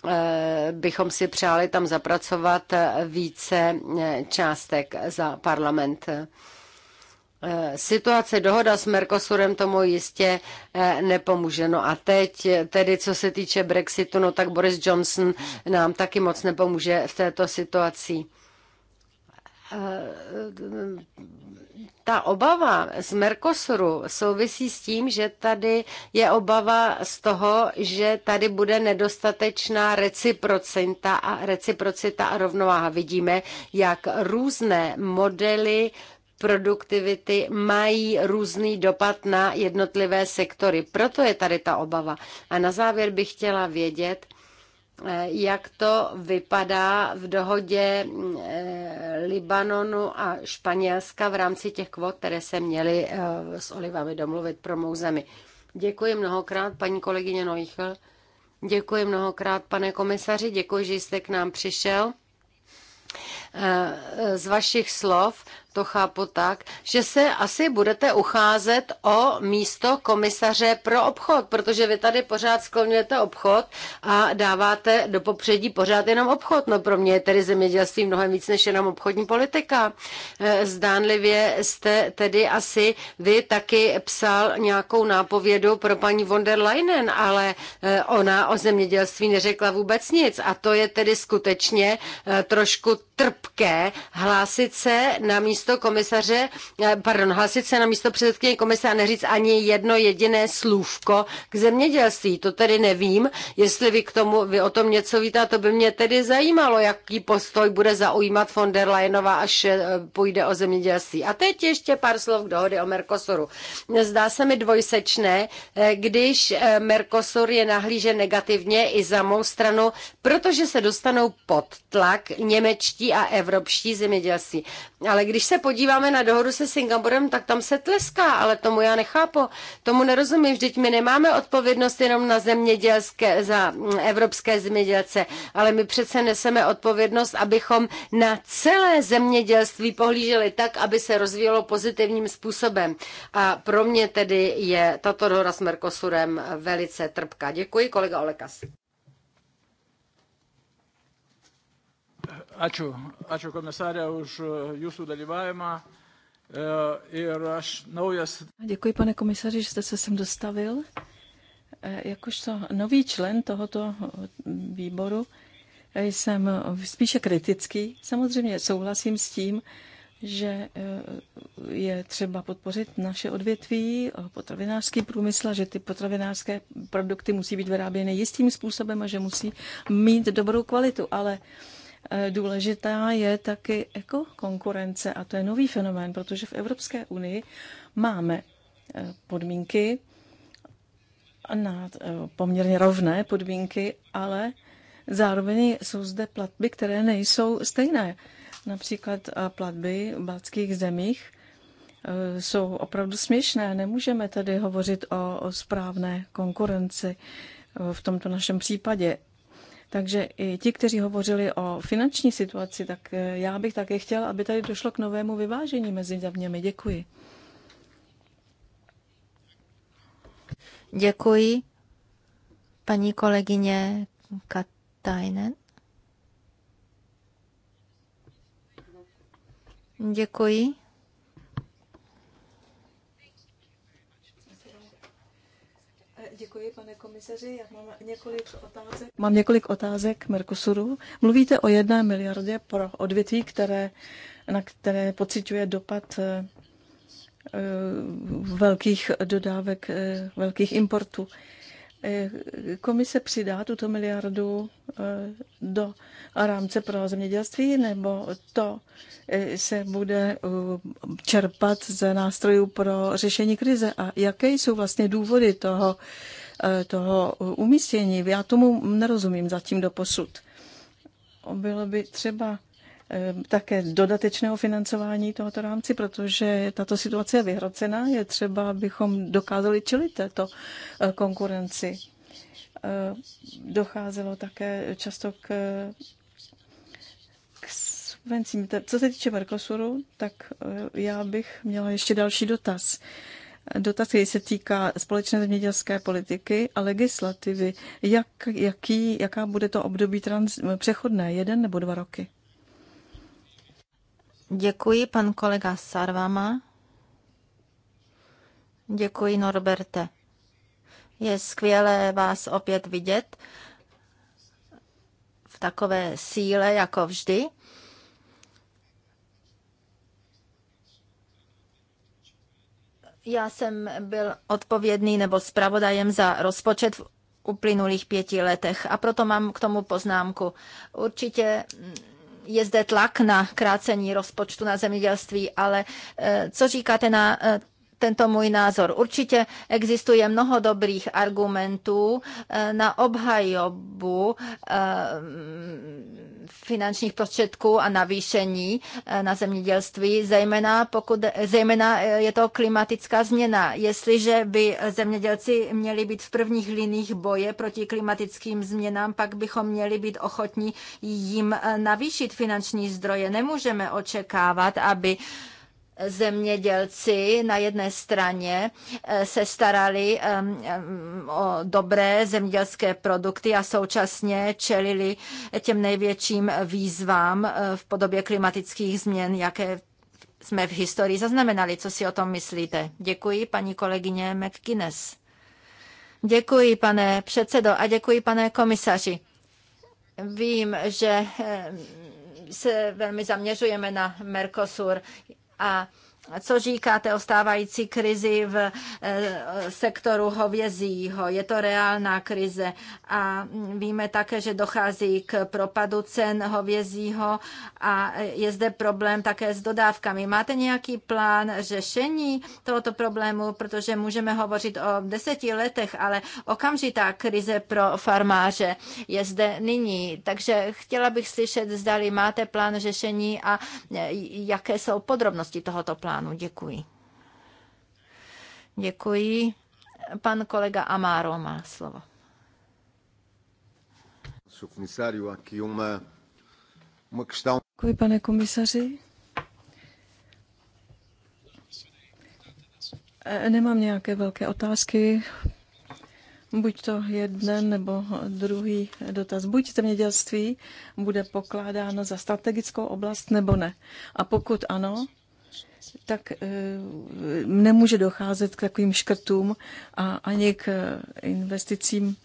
[SPEAKER 1] eh, bychom si přáli tam zapracovat více eh, částek za parlament. Eh, situace dohoda s Mercosurem tomu jistě eh, nepomůže. No a teď, tedy co se týče Brexitu, no tak Boris Johnson nám taky moc nepomůže v této situaci. Eh, ta obava z Mercosuru souvisí s tím, že tady je obava z toho, že tady bude nedostatečná reciprocita a, reciprocita a rovnováha. Vidíme, jak různé modely produktivity mají různý dopad na jednotlivé sektory. Proto je tady ta obava. A na závěr bych chtěla vědět, eh, jak to vypadá v dohodě eh, Libanonu a Španělska v rámci těch kvot, které se měly eh, s olivami domluvit pro mou zemi. Děkuji mnohokrát, paní kolegyně Noichl. Děkuji mnohokrát, pane komisaři. Děkuji, že jste k nám přišel. Z vašich slov to chápu tak, že se asi budete ucházet o místo komisaře pro obchod, protože vy tady pořád sklonujete obchod a dáváte do popředí pořád jenom obchod. No pro mě je tedy zemědělství mnohem víc než jenom obchodní politika. E, zdánlivě jste tedy asi vy taky psal nějakou nápovědu pro paní von der Leinen, ale e, ona o zemědělství neřekla vůbec nic a to je tedy skutečně e, trošku trpké hlásit se na místo místo komisaře, eh, pardon, hlasit se na místo předsedkyně komise a neříct ani jedno jediné slůvko k zemědělství. To tedy nevím, jestli vy, k tomu, vy o tom něco víte, a to by mě tedy zajímalo, jaký postoj bude zaujímat von der Leyenová, až eh, půjde o zemědělství. A teď ještě pár slov k dohody o Mercosuru. Zdá se mi dvojsečné, eh, když Mercosur je nahlížen negativně i za mou stranu, protože se dostanou pod tlak němečtí a evropští zemědělství. Ale když se podíváme na dohodu se Singapurem, tak tam se tleská, ale tomu já nechápu. Tomu nerozumím, vždyť my nemáme odpovědnost jenom na zemědělské, za mm, evropské zemědělce, ale my přece neseme odpovědnost, abychom na celé zemědělství pohlíželi tak, aby se rozvíjelo pozitivním způsobem. A pro mě tedy je tato dohoda s Mercosurem velice trpká. Děkuji, kolega Olekas.
[SPEAKER 5] Ačiū, ačiū komisarė už e, jūsų dalyvavimą. E,
[SPEAKER 2] děkuji, pane komisaři, že jste se sem dostavil. E, jakožto nový člen tohoto výboru jsem spíše kritický. Samozřejmě souhlasím s tím, že je třeba podpořit naše odvětví, potravinářský průmysl, že ty potravinářské produkty musí být vyráběny jistým způsobem a že musí mít dobrou kvalitu. Ale Eh, důležitá je taky jako konkurence a to je nový fenomén, protože v Evropské unii máme eh, podmínky na eh, poměrně rovné podmínky, ale zároveň jsou zde platby, které nejsou stejné. Například platby v baltských zemích jsou opravdu směšné. Nemůžeme tady hovořit o správné konkurenci v tomto našem případě. Takže i ti, kteří hovořili o finanční situaci, tak eh, já bych také chtěl, aby tady došlo k novému vyvážení mezi zeměmi. Děkuji.
[SPEAKER 3] Děkuji, paní kolegyně Katajnen. Děkuji,
[SPEAKER 2] komisaři, já mám několik otázek. Mám několik otázek Mercosuru. Mluvíte o jedné miliardě pro odvětví, které, na které pociťuje dopad eh, eh, velkých dodávek, eh, velkých importů. Komise přidá tuto miliardu do rámce pro zemědělství, nebo to se bude čerpat ze nástrojů pro řešení krize? A jaké jsou vlastně důvody toho Eh, toho umístění. Já tomu nerozumím zatím do posud. Bylo by třeba eh, také dodatečného financování tohoto rámci, protože tato situace je vyhrocená. Je třeba, abychom dokázali čelit této eh, konkurenci. Docházelo také často k, k subvencím. Co se týče Mercosuru, tak já bych měla ještě další dotaz dotaz, který se týká společné zemědělské politiky a legislativy. Jak, jaký, jaká bude to období trans, přechodné, jeden nebo dva roky? Děkuji, pan kolega Sarvama.
[SPEAKER 3] Děkuji, Norberte. Je skvělé vás opět vidět v takové síle, jako vždy. Já jsem byl odpovědný nebo zpravodajem za rozpočet v uplynulých pěti letech a proto mám k tomu poznámku. Určitě je zde tlak na krácení rozpočtu na zemědělství, ale eh, co říkáte na eh, tento můj názor. Určitě existuje mnoho dobrých argumentů eh, na obhajobu eh, finančních prostředků a navýšení eh, na zemědělství, zejména, pokud, zejména je to klimatická změna. Jestliže by zemědělci měli být v prvních liních boje proti klimatickým změnám, pak bychom měli být ochotní jim navýšit finanční zdroje. Nemůžeme očekávat, aby zemědělci na jedné straně eh, se starali ehm, ehm, o dobré zemědělské produkty a současně čelili těm největším výzvám eh, v podobě klimatických změn, jaké jsme v historii zaznamenali. Co si o tom myslíte? Děkuji, paní kolegyně McGuinness. Děkuji, pane předsedo, a děkuji, pane komisaři. Vím, že eh, se velmi zaměřujeme na Mercosur a co říkáte o stávající krizi v eh, sektoru hovězího? Je to reálná krize a víme také, že dochází k propadu cen hovězího a je zde problém také s dodávkami. Máte nějaký plán řešení tohoto problému, protože můžeme hovořit o deseti letech, ale okamžitá krize pro farmáře je zde nyní. Takže chtěla bych slyšet, zdali máte plán řešení a jaké jsou podrobnosti tohoto plánu plánu. Děkuji. Děkuji. Pan kolega Amaro
[SPEAKER 2] má slovo. Děkuji, pane komisaři. Nemám nějaké velké otázky, buď to jeden nebo druhý dotaz. Buď zemědělství bude pokládáno za strategickou oblast nebo ne. A pokud ano, tak eh, nemůže docházet k takovým škrtům a ani k eh, investicím,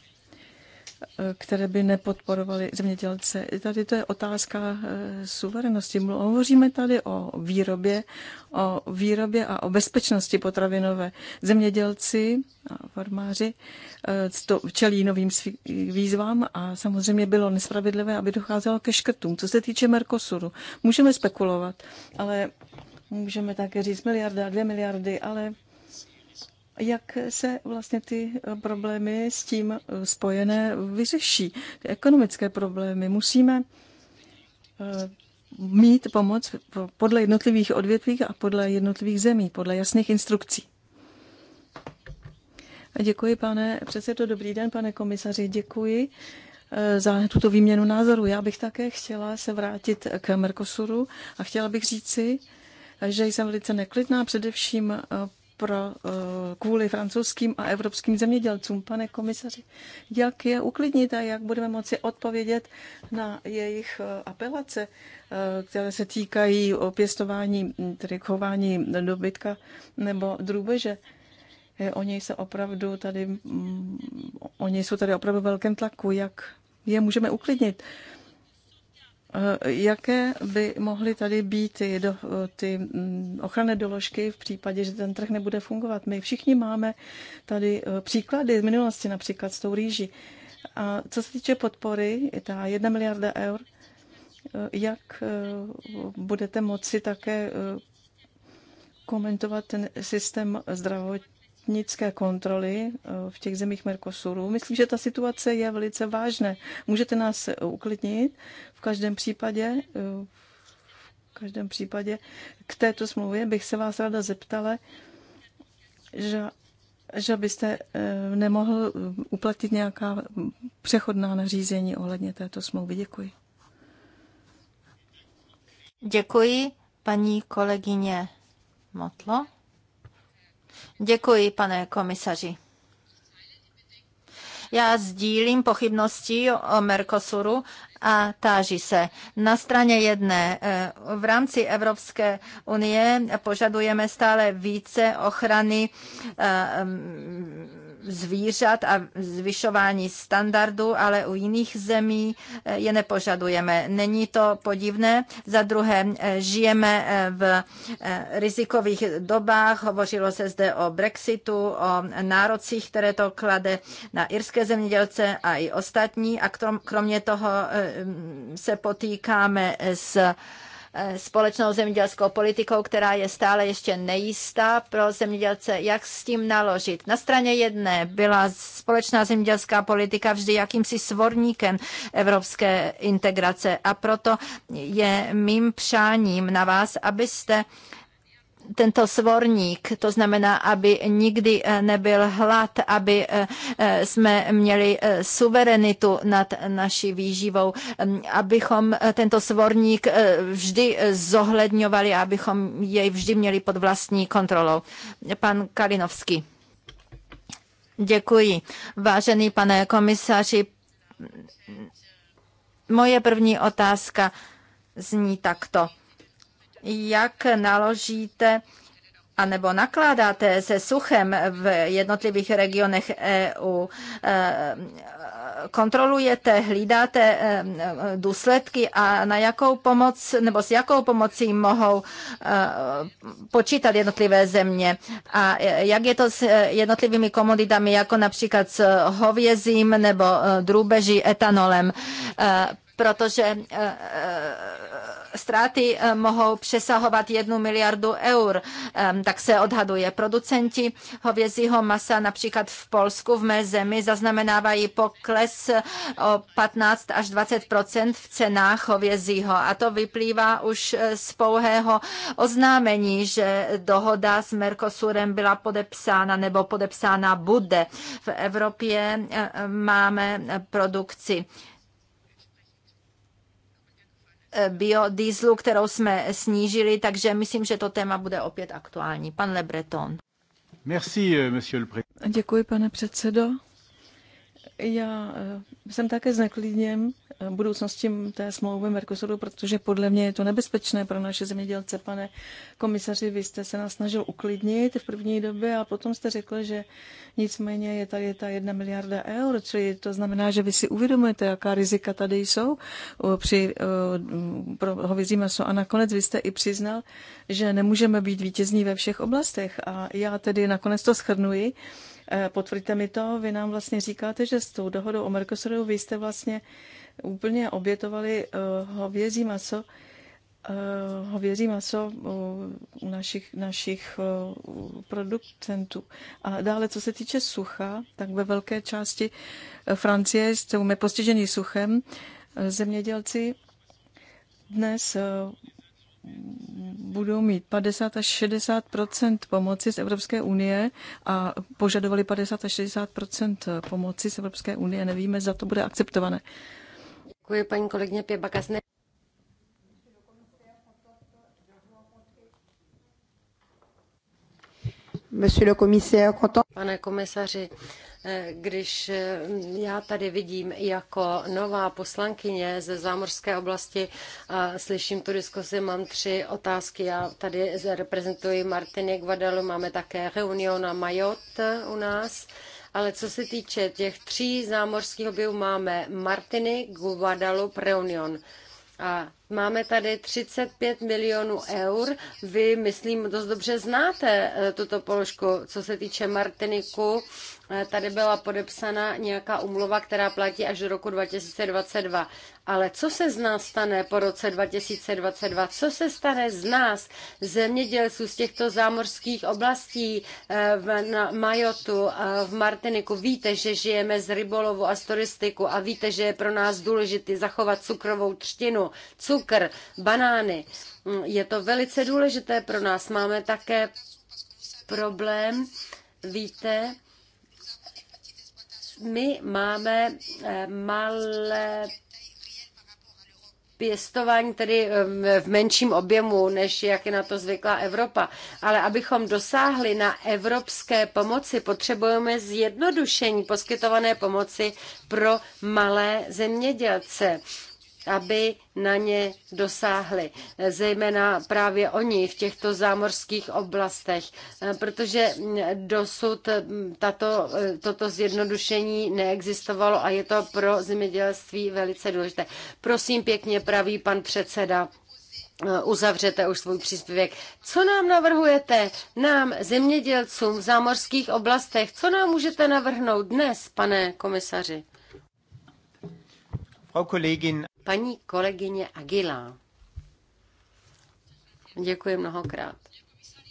[SPEAKER 2] eh, které by nepodporovaly zemědělce. Tady to je otázka suverenosti. Hovoříme tady o výrobě, o výrobě a o bezpečnosti potravinové. Zemědělci a farmáři to čelí novým výzvám a samozřejmě bylo nespravedlivé, aby docházelo ke škrtům. Co se týče Mercosuru, můžeme spekulovat, ale Můžeme také říct miliarda, dvě miliardy, ale jak se vlastně ty problémy s tím spojené vyřeší? Ty ekonomické problémy musíme eh, mít pomoc podle jednotlivých odvětví a podle jednotlivých zemí, podle jasných instrukcí. Děkuji, pane předsedo. Dobrý den, pane komisaři. Děkuji eh, za tuto výměnu názoru. Já bych také chtěla se vrátit k Mercosuru a chtěla bych říci, si že jsem velice neklidná, především eh, pro, eh, kvůli francouzským a evropským zemědělcům. Pane komisaři, jak je uklidnit a jak budeme moci odpovědět na jejich eh, apelace, které se týkají pěstování, tedy chování dobytka nebo drůbeže? Oni se opravdu tady, mm, oni jsou tady opravdu v velkém tlaku. Jak je můžeme uklidnit? Eh, jaké by mohly tady být ty, do, ty mm, ochranné doložky v případě, že ten trh nebude fungovat? My všichni máme tady eh, příklady z minulosti, například s tou rýží. A co se týče podpory, ta jedna miliarda eur, eh, jak budete moci také komentovat ten systém zdravot, hraničnické kontroly eh, v těch zemích Mercosuru. Myslím, že ta situace je velice vážná. Můžete nás eh, uklidnit v každém případě. Eh, v každém případě k této smlouvě bych se vás ráda zeptala, že, že byste nemohl uplatit nějaká přechodná nařízení ohledně této smlouvy. Děkuji. Děkuji, paní kolegyně
[SPEAKER 3] Motlo. Děkuji, pane komisaři. Já sdílím pochybnosti o Mercosuru a táží se. Na straně jedné eh, v rámci Evropské unie požadujeme stále více ochrany eh, zvířat a zvyšování standardů, ale u jiných zemí eh, je nepožadujeme. Není to podivné. Za druhé, eh, žijeme eh, v rizikových dobách. Hovořilo se zde o Brexitu, o nárocích, které to klade na irské zemědělce a i ostatní. A kromě toho se potýkáme s Eh, společnou zemědělskou politikou, která je stále ještě nejistá pro zemědělce. Jak s tím naložit? Na straně jedné byla společná zemědělská politika vždy jakýmsi svorníkem evropské integrace a proto je mým přáním na vás, abyste tento svorník, to znamená, aby nikdy eh, nebyl hlad, aby eh, eh, jsme měli suverenitu nad naší výživou, mm, abychom tento svorník vždy zohledňovali a abychom jej vždy měli pod vlastní kontrolou. Pan Kalinovský. Děkuji. Vážený pane komisaři, mm, moje první otázka zní takto jak naložíte anebo nakládáte se suchem v jednotlivých regionech EU? Eh, kontrolujete, hlídáte eh, důsledky a na jakou pomoc nebo s jakou pomocí mohou eh, počítat jednotlivé země? A jak je to s jednotlivými komoditami, jako například s hovězím nebo drůbeží etanolem? Protože ztráty eh, mohou přesahovat jednu miliardu eur. Tak se odhaduje. Producenti hovězího masa například v Polsku, v mé zemi, zaznamenávají pokles o 15 až 20 v cenách hovězího. A to vyplývá už eh, z pouhého oznámení, že dohoda s Mercosurem byla podepsána nebo podepsána bude. V Evropě eh, máme produkci biodieslu, kterou jsme snížili, takže myslím, že to téma bude opět aktuální.
[SPEAKER 2] Pan Lebreton.
[SPEAKER 5] Merci, euh, monsieur le Děkuji,
[SPEAKER 2] pane předsedo já eh, jsem také zneklidněn eh, budoucností té smlouvy Mercosuru, protože podle mě je to nebezpečné pro naše zemědělce. Pane komisaři, vy jste se nás snažil uklidnit v první době a potom jste řekl, že nicméně je tady ta jedna miliarda eur, čili to znamená, že vy si uvědomujete, jaká rizika tady jsou při pro hovězí maso. A nakonec vy jste i přiznal, že nemůžeme být vítězní ve všech oblastech. A já tedy nakonec to schrnuji Eh, Potvrďte mi to, vy nám vlastně říkáte, že s tou dohodou o Mercosuru vy jste vlastně úplně obětovali eh, hovězí maso, eh, hovězí maso u našich, našich producentů. A dále, co se týče sucha, tak ve velké části Francie jsou postiženi suchem. Zemědělci dnes budou mít 50 až 60 pomoci z Evropské unie a požadovali 50 až 60 pomoci z Evropské unie. Nevíme, za to bude akceptované.
[SPEAKER 1] Děkuji, paní kolegyně Pěbakasne. Pane komisaři, eh, když eh, já tady vidím jako nová poslankyně ze zámořské oblasti a slyším tu diskusi, mám tři otázky. Já tady reprezentuji Martinik, Guadalu, máme také Reunion a Mayotte u nás. Ale co se týče těch tří zámořských objevů, máme Martiny, Guadalupe, Reunion. A Máme tady 35 milionů eur. Vy, myslím, dost dobře znáte eh, tuto položku, co se týče Martiniku Eh, tady byla podepsána nějaká umluva, která platí až do roku 2022. Ale co se z nás stane po roce 2022? Co se stane z nás, zemědělců z těchto zámořských oblastí eh, v na Majotu, v Martiniku? Víte, že žijeme z rybolovu a z turistiku a víte, že je pro nás důležité zachovat cukrovou třtinu, cukr, banány. Mm, je to velice důležité pro nás. Máme také problém, víte, my máme eh, malé pěstování tedy eh, v menším objemu, než jak je na to zvyklá Evropa. Ale abychom dosáhli na evropské pomoci, potřebujeme zjednodušení poskytované pomoci pro malé zemědělce aby na ně dosáhli. Zejména právě oni v těchto zámořských oblastech, eh, protože mm, dosud mm, tato, eh, toto zjednodušení neexistovalo a je to pro zemědělství velice důležité. Prosím pěkně, pravý pan předseda eh, uzavřete už svůj příspěvek. Co nám navrhujete, nám, zemědělcům v zámořských oblastech, co nám můžete navrhnout dnes, pane komisaři?
[SPEAKER 4] Frau Kollegin.
[SPEAKER 1] Paní kolegyně Agila, Děkuji mnohokrát.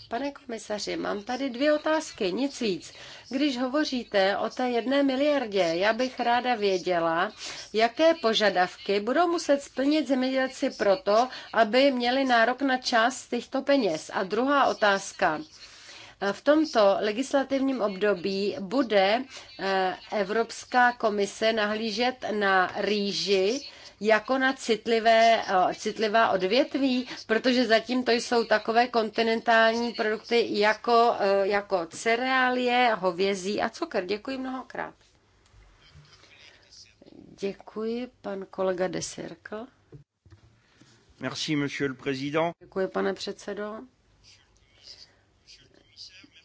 [SPEAKER 1] Pane komisaři, mám tady dvě otázky, nic víc. Když hovoříte o té jedné miliardě, já bych ráda věděla, jaké požadavky budou muset splnit zemědělci proto, aby měli nárok na část těchto peněz. A druhá otázka. V tomto legislativním období bude eh, Evropská komise nahlížet na rýži, jako na citlivé, citlivá odvětví, protože zatím to jsou takové kontinentální produkty jako, jako cereálie, hovězí a cukr. Děkuji mnohokrát. Děkuji, pan kolega Desirkl.
[SPEAKER 4] Merci, monsieur le président.
[SPEAKER 1] Děkuji, pane předsedo.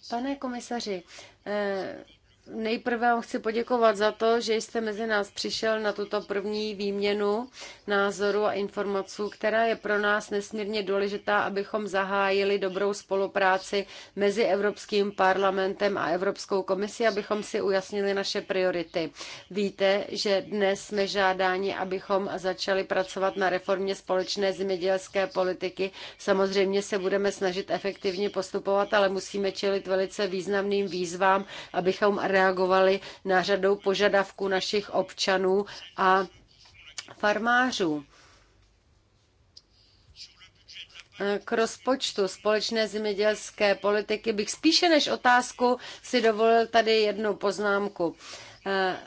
[SPEAKER 1] Pane komisaři, eh... Nejprve vám chci poděkovat za to, že jste mezi nás přišel na tuto první výměnu názoru a informací, která je pro nás nesmírně důležitá, abychom zahájili dobrou spolupráci mezi Evropským parlamentem a Evropskou komisí, abychom si ujasnili naše priority. Víte, že dnes jsme žádáni, abychom začali pracovat na reformě společné zemědělské politiky. Samozřejmě se budeme snažit efektivně postupovat, ale musíme čelit velice významným výzvám, abychom reagovali na řadou požadavků našich občanů a farmářů. K rozpočtu společné zemědělské politiky bych spíše než otázku si dovolil tady jednu poznámku.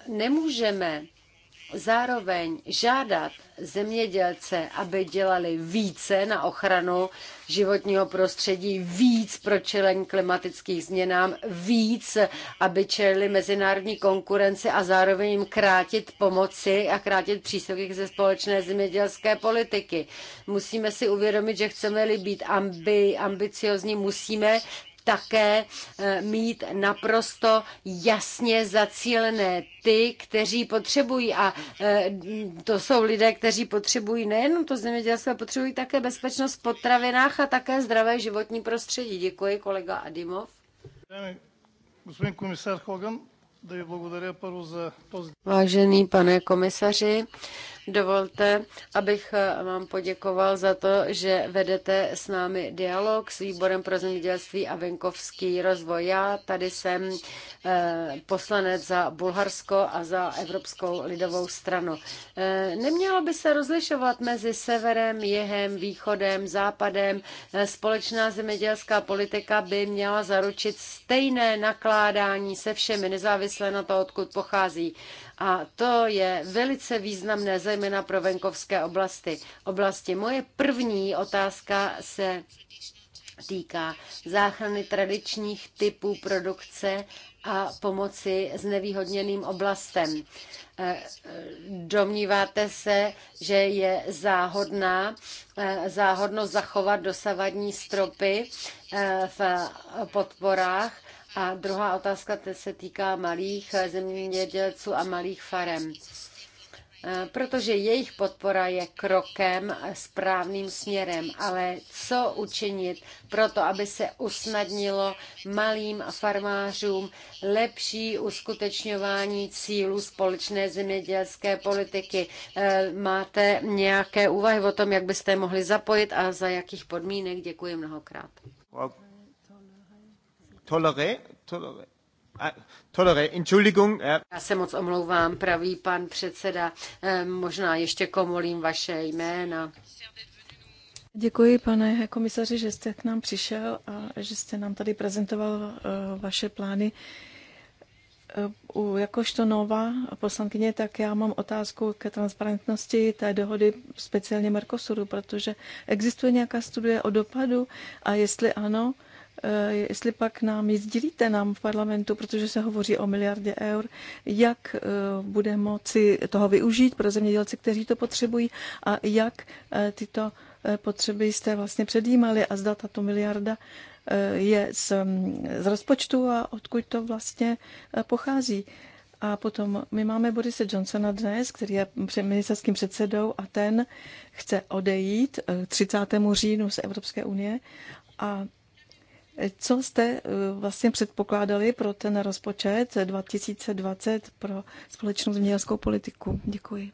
[SPEAKER 1] Nemůžeme zároveň žádat zemědělce, aby dělali více na ochranu životního prostředí, víc pro čelení klimatických změnám, víc, aby čelili mezinárodní konkurenci a zároveň jim krátit pomoci a krátit příspěvky ze společné zemědělské politiky. Musíme si uvědomit, že chceme-li být ambi, ambiciozní, musíme také eh, mít naprosto jasně zacílené ty, kteří potřebují. A eh, to jsou lidé, kteří potřebují nejenom to zemědělství, ale potřebují také bezpečnost v potravinách a také zdravé životní prostředí. Děkuji, kolega Adimov. Vážený pane komisaři, Dovolte, abych eh, vám poděkoval za to, že vedete s námi dialog s Výborem pro zemědělství a venkovský rozvoj. Já tady jsem eh, poslanec za Bulharsko a za Evropskou lidovou stranu. Eh, nemělo by se rozlišovat mezi severem, jihem, východem, západem. Společná zemědělská politika by měla zaručit stejné nakládání se všemi, nezávisle na to, odkud pochází. A to je velice významné, zejména pro venkovské oblasti. oblasti. Moje první otázka se týká záchrany tradičních typů produkce a pomoci znevýhodněným oblastem. Eh, eh, domníváte se, že je záhodná, eh, záhodno zachovat dosavadní stropy v podporách a druhá otázka se týká malých eh, zemědělců a malých farem eh, protože jejich podpora je krokem eh, správným směrem, ale co učinit pro to, aby se usnadnilo malým farmářům lepší uskutečňování cílů společné zemědělské politiky. Máte nějaké úvahy o tom, jak byste mohli zapojit a za jakých podmínek? Děkuji mnohokrát.
[SPEAKER 4] Tolere, tolere. Tolere, entschuldigung.
[SPEAKER 1] Já se moc omlouvám, pravý pan předseda. Eh, možná ještě komolím vaše jména.
[SPEAKER 2] Děkuji, pane komisaři, že jste k nám přišel a že jste nám tady prezentoval eh, vaše plány. Eh, jakožto nová poslankyně, tak já mám otázku ke transparentnosti té dohody speciálně Mercosuru, protože existuje nějaká studie o dopadu a jestli ano, Eh, jestli pak nám ji sdělíte nám v parlamentu, protože se hovoří o miliardě eur, jak eh, bude moci toho využít pro zemědělce, kteří to potřebují a jak eh, tyto potřeby jste vlastně předjímali a zda tato miliarda je z, mm, z rozpočtu a odkud to vlastně pochází. A potom my máme Borise Johnsona dnes, který je ministerským předsedou a ten chce odejít 30. říjnu z Evropské unie a co jste eh, vlastně předpokládali pro ten rozpočet 2020 pro společnou zemědělskou politiku? Děkuji.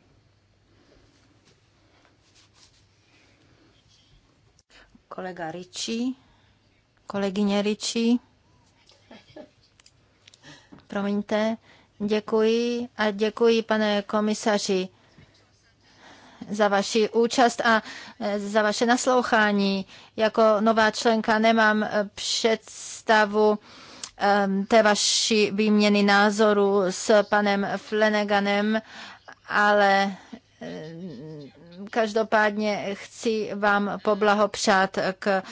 [SPEAKER 3] Kolega Ričí,
[SPEAKER 2] kolegyně Ričí,
[SPEAKER 3] promiňte, děkuji a děkuji, pane komisaři za vaši účast a e, za vaše naslouchání. Jako nová členka nemám e, představu té vaší výměny názoru s panem Flanaganem, ale e, každopádně chci vám poblahopřát k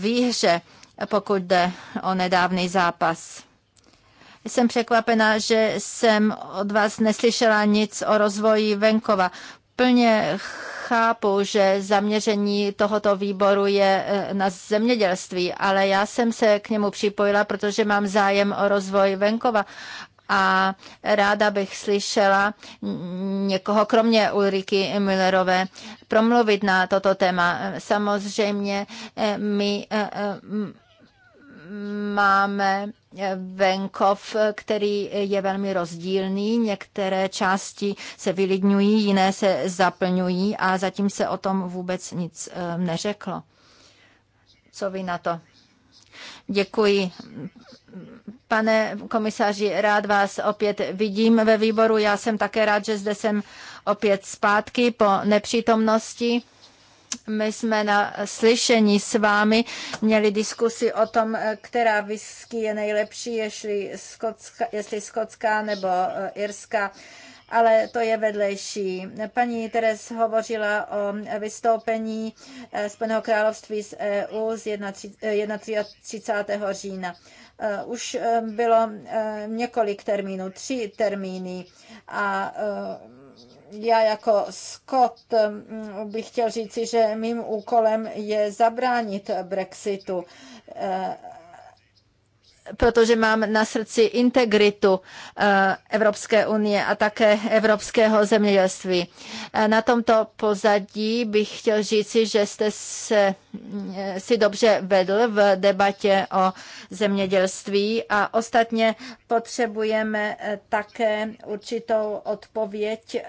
[SPEAKER 3] výhře, pokud jde o nedávný zápas. Jsem překvapena, že jsem od vás neslyšela nic o rozvoji venkova plně chápu, že zaměření tohoto výboru je eh, na zemědělství, ale já jsem se k němu připojila, protože mám zájem o rozvoj venkova a ráda bych slyšela někoho, kromě Ulriky Müllerové, promluvit na toto téma. Samozřejmě eh, my eh, máme venkov, který je velmi rozdílný. Některé části se vylidňují, jiné se zaplňují a zatím se o tom vůbec nic eh, neřeklo. Co vy na to? Děkuji. Pane komisaři, rád vás opět vidím ve výboru. Já jsem také rád, že zde jsem opět zpátky po nepřítomnosti. My jsme na slyšení s vámi měli diskusi o tom, eh, která whisky je nejlepší, jestli skotská, jestli skotská nebo eh, irská ale to je vedlejší. Paní Teres hovořila o vystoupení eh, Spojeného království z EU z 31. října. Už bylo několik termínů, tři termíny a já jako Scott mm, bych chtěl říci, že mým úkolem je zabránit Brexitu eh, protože mám na srdci integritu eh, Evropské unie a také evropského zemědělství. Eh, na tomto pozadí bych chtěl říci, že jste se, eh, si dobře vedl v debatě o zemědělství a ostatně potřebujeme také určitou odpověď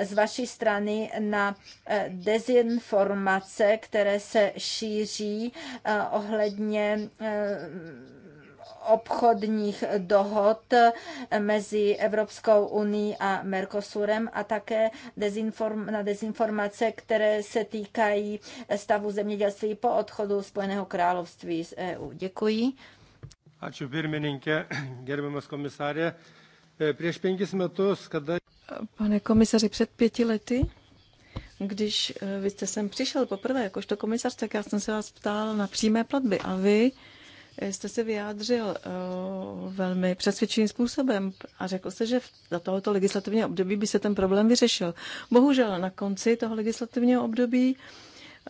[SPEAKER 3] z vaší strany na dezinformace, které se šíří ohledně obchodních dohod mezi Evropskou unii a Mercosurem a také na dezinformace, které se týkají stavu zemědělství po odchodu Spojeného království z EU. Děkuji.
[SPEAKER 5] Ačiū pirmininkė, gerbiamas komisarė. E, prieš penkis metus, kada...
[SPEAKER 2] Pane komisaři, před pěti lety, když e, vy jste sem přišel poprvé jakožto komisař, tak já jsem se vás ptal na přímé platby a vy jste se vyjádřil eh, velmi přesvědčivým způsobem a řekl jste, že za tohoto legislativního období by se ten problém vyřešil. Bohužel na konci toho legislativního období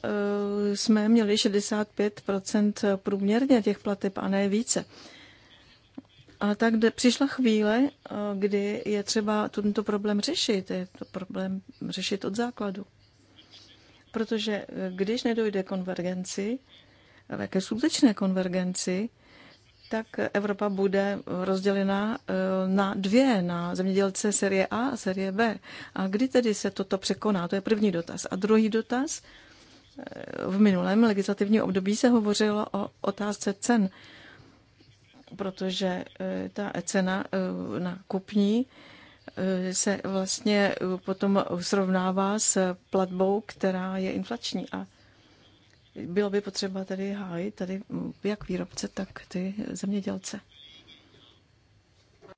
[SPEAKER 2] eh, jsme měli 65 průměrně těch plateb a ne více. A tak přišla chvíle, eh, kdy je třeba tento problém řešit, je to problém řešit od základu. Protože když nedojde konvergenci, jaké skutečné konvergenci, tak Evropa bude rozdělena eh, na dvě, na zemědělce série A a série B. A kdy tedy se toto překoná? To je první dotaz. A druhý dotaz, eh, v minulém legislativním období se hovořilo o otázce cen, protože eh, ta cena na kupní se vlastně potom srovnává s platbou, která je inflační. A bylo by potřeba tady hájit tady mm, jak výrobce, tak ty zemědělce.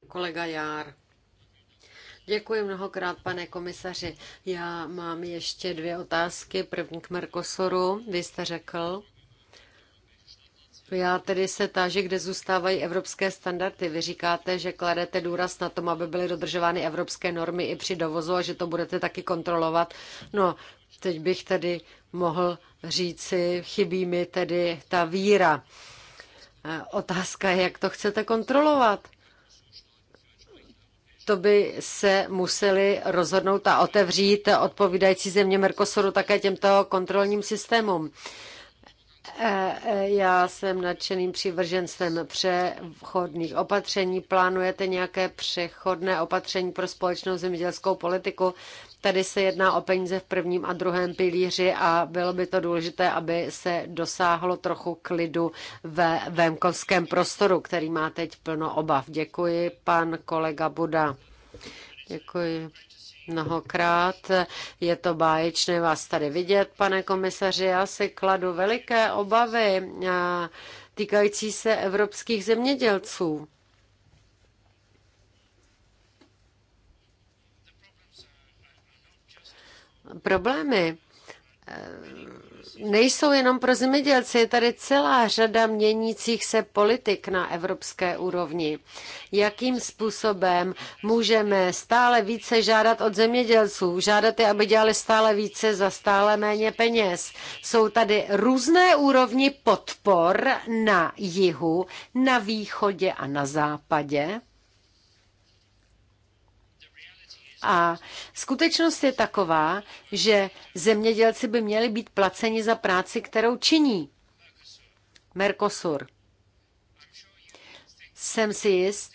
[SPEAKER 1] Kolega Jár. Děkuji mnohokrát, pane komisaři. Já mám ještě dvě otázky. První k Mercosuru. Vy jste řekl, já tedy se táži, kde zůstávají evropské standardy. Vy říkáte, že kladete důraz na tom, aby byly dodržovány evropské normy i při dovozu a že to budete taky kontrolovat. No, Teď bych tady mohl říci, chybí mi tedy ta víra. Eh, otázka je, jak to chcete kontrolovat. To by se museli rozhodnout a otevřít odpovídající země Mercosuru také těmto kontrolním systémům. Eh, eh, já jsem nadšeným přivržencem přechodných opatření. Plánujete nějaké přechodné opatření pro společnou zemědělskou politiku? Tady se jedná o peníze v prvním a druhém pilíři a bylo by to důležité, aby se dosáhlo trochu klidu ve venkovském prostoru, který má teď plno obav. Děkuji, pan kolega Buda. Děkuji mnohokrát. Je to báječné vás tady vidět, pane komisaři. Já si kladu veliké obavy týkající se evropských zemědělců. problémy eh, nejsou jenom pro zemědělce, je tady celá řada měnících se politik na evropské úrovni. Jakým způsobem můžeme stále více žádat od zemědělců, žádat je, aby dělali stále více za stále méně peněz. Jsou tady různé úrovni podpor na jihu, na východě a na západě. A skutečnost je taková, že zemědělci by měli být placeni za práci, kterou činí. Mercosur. Jsem si jist,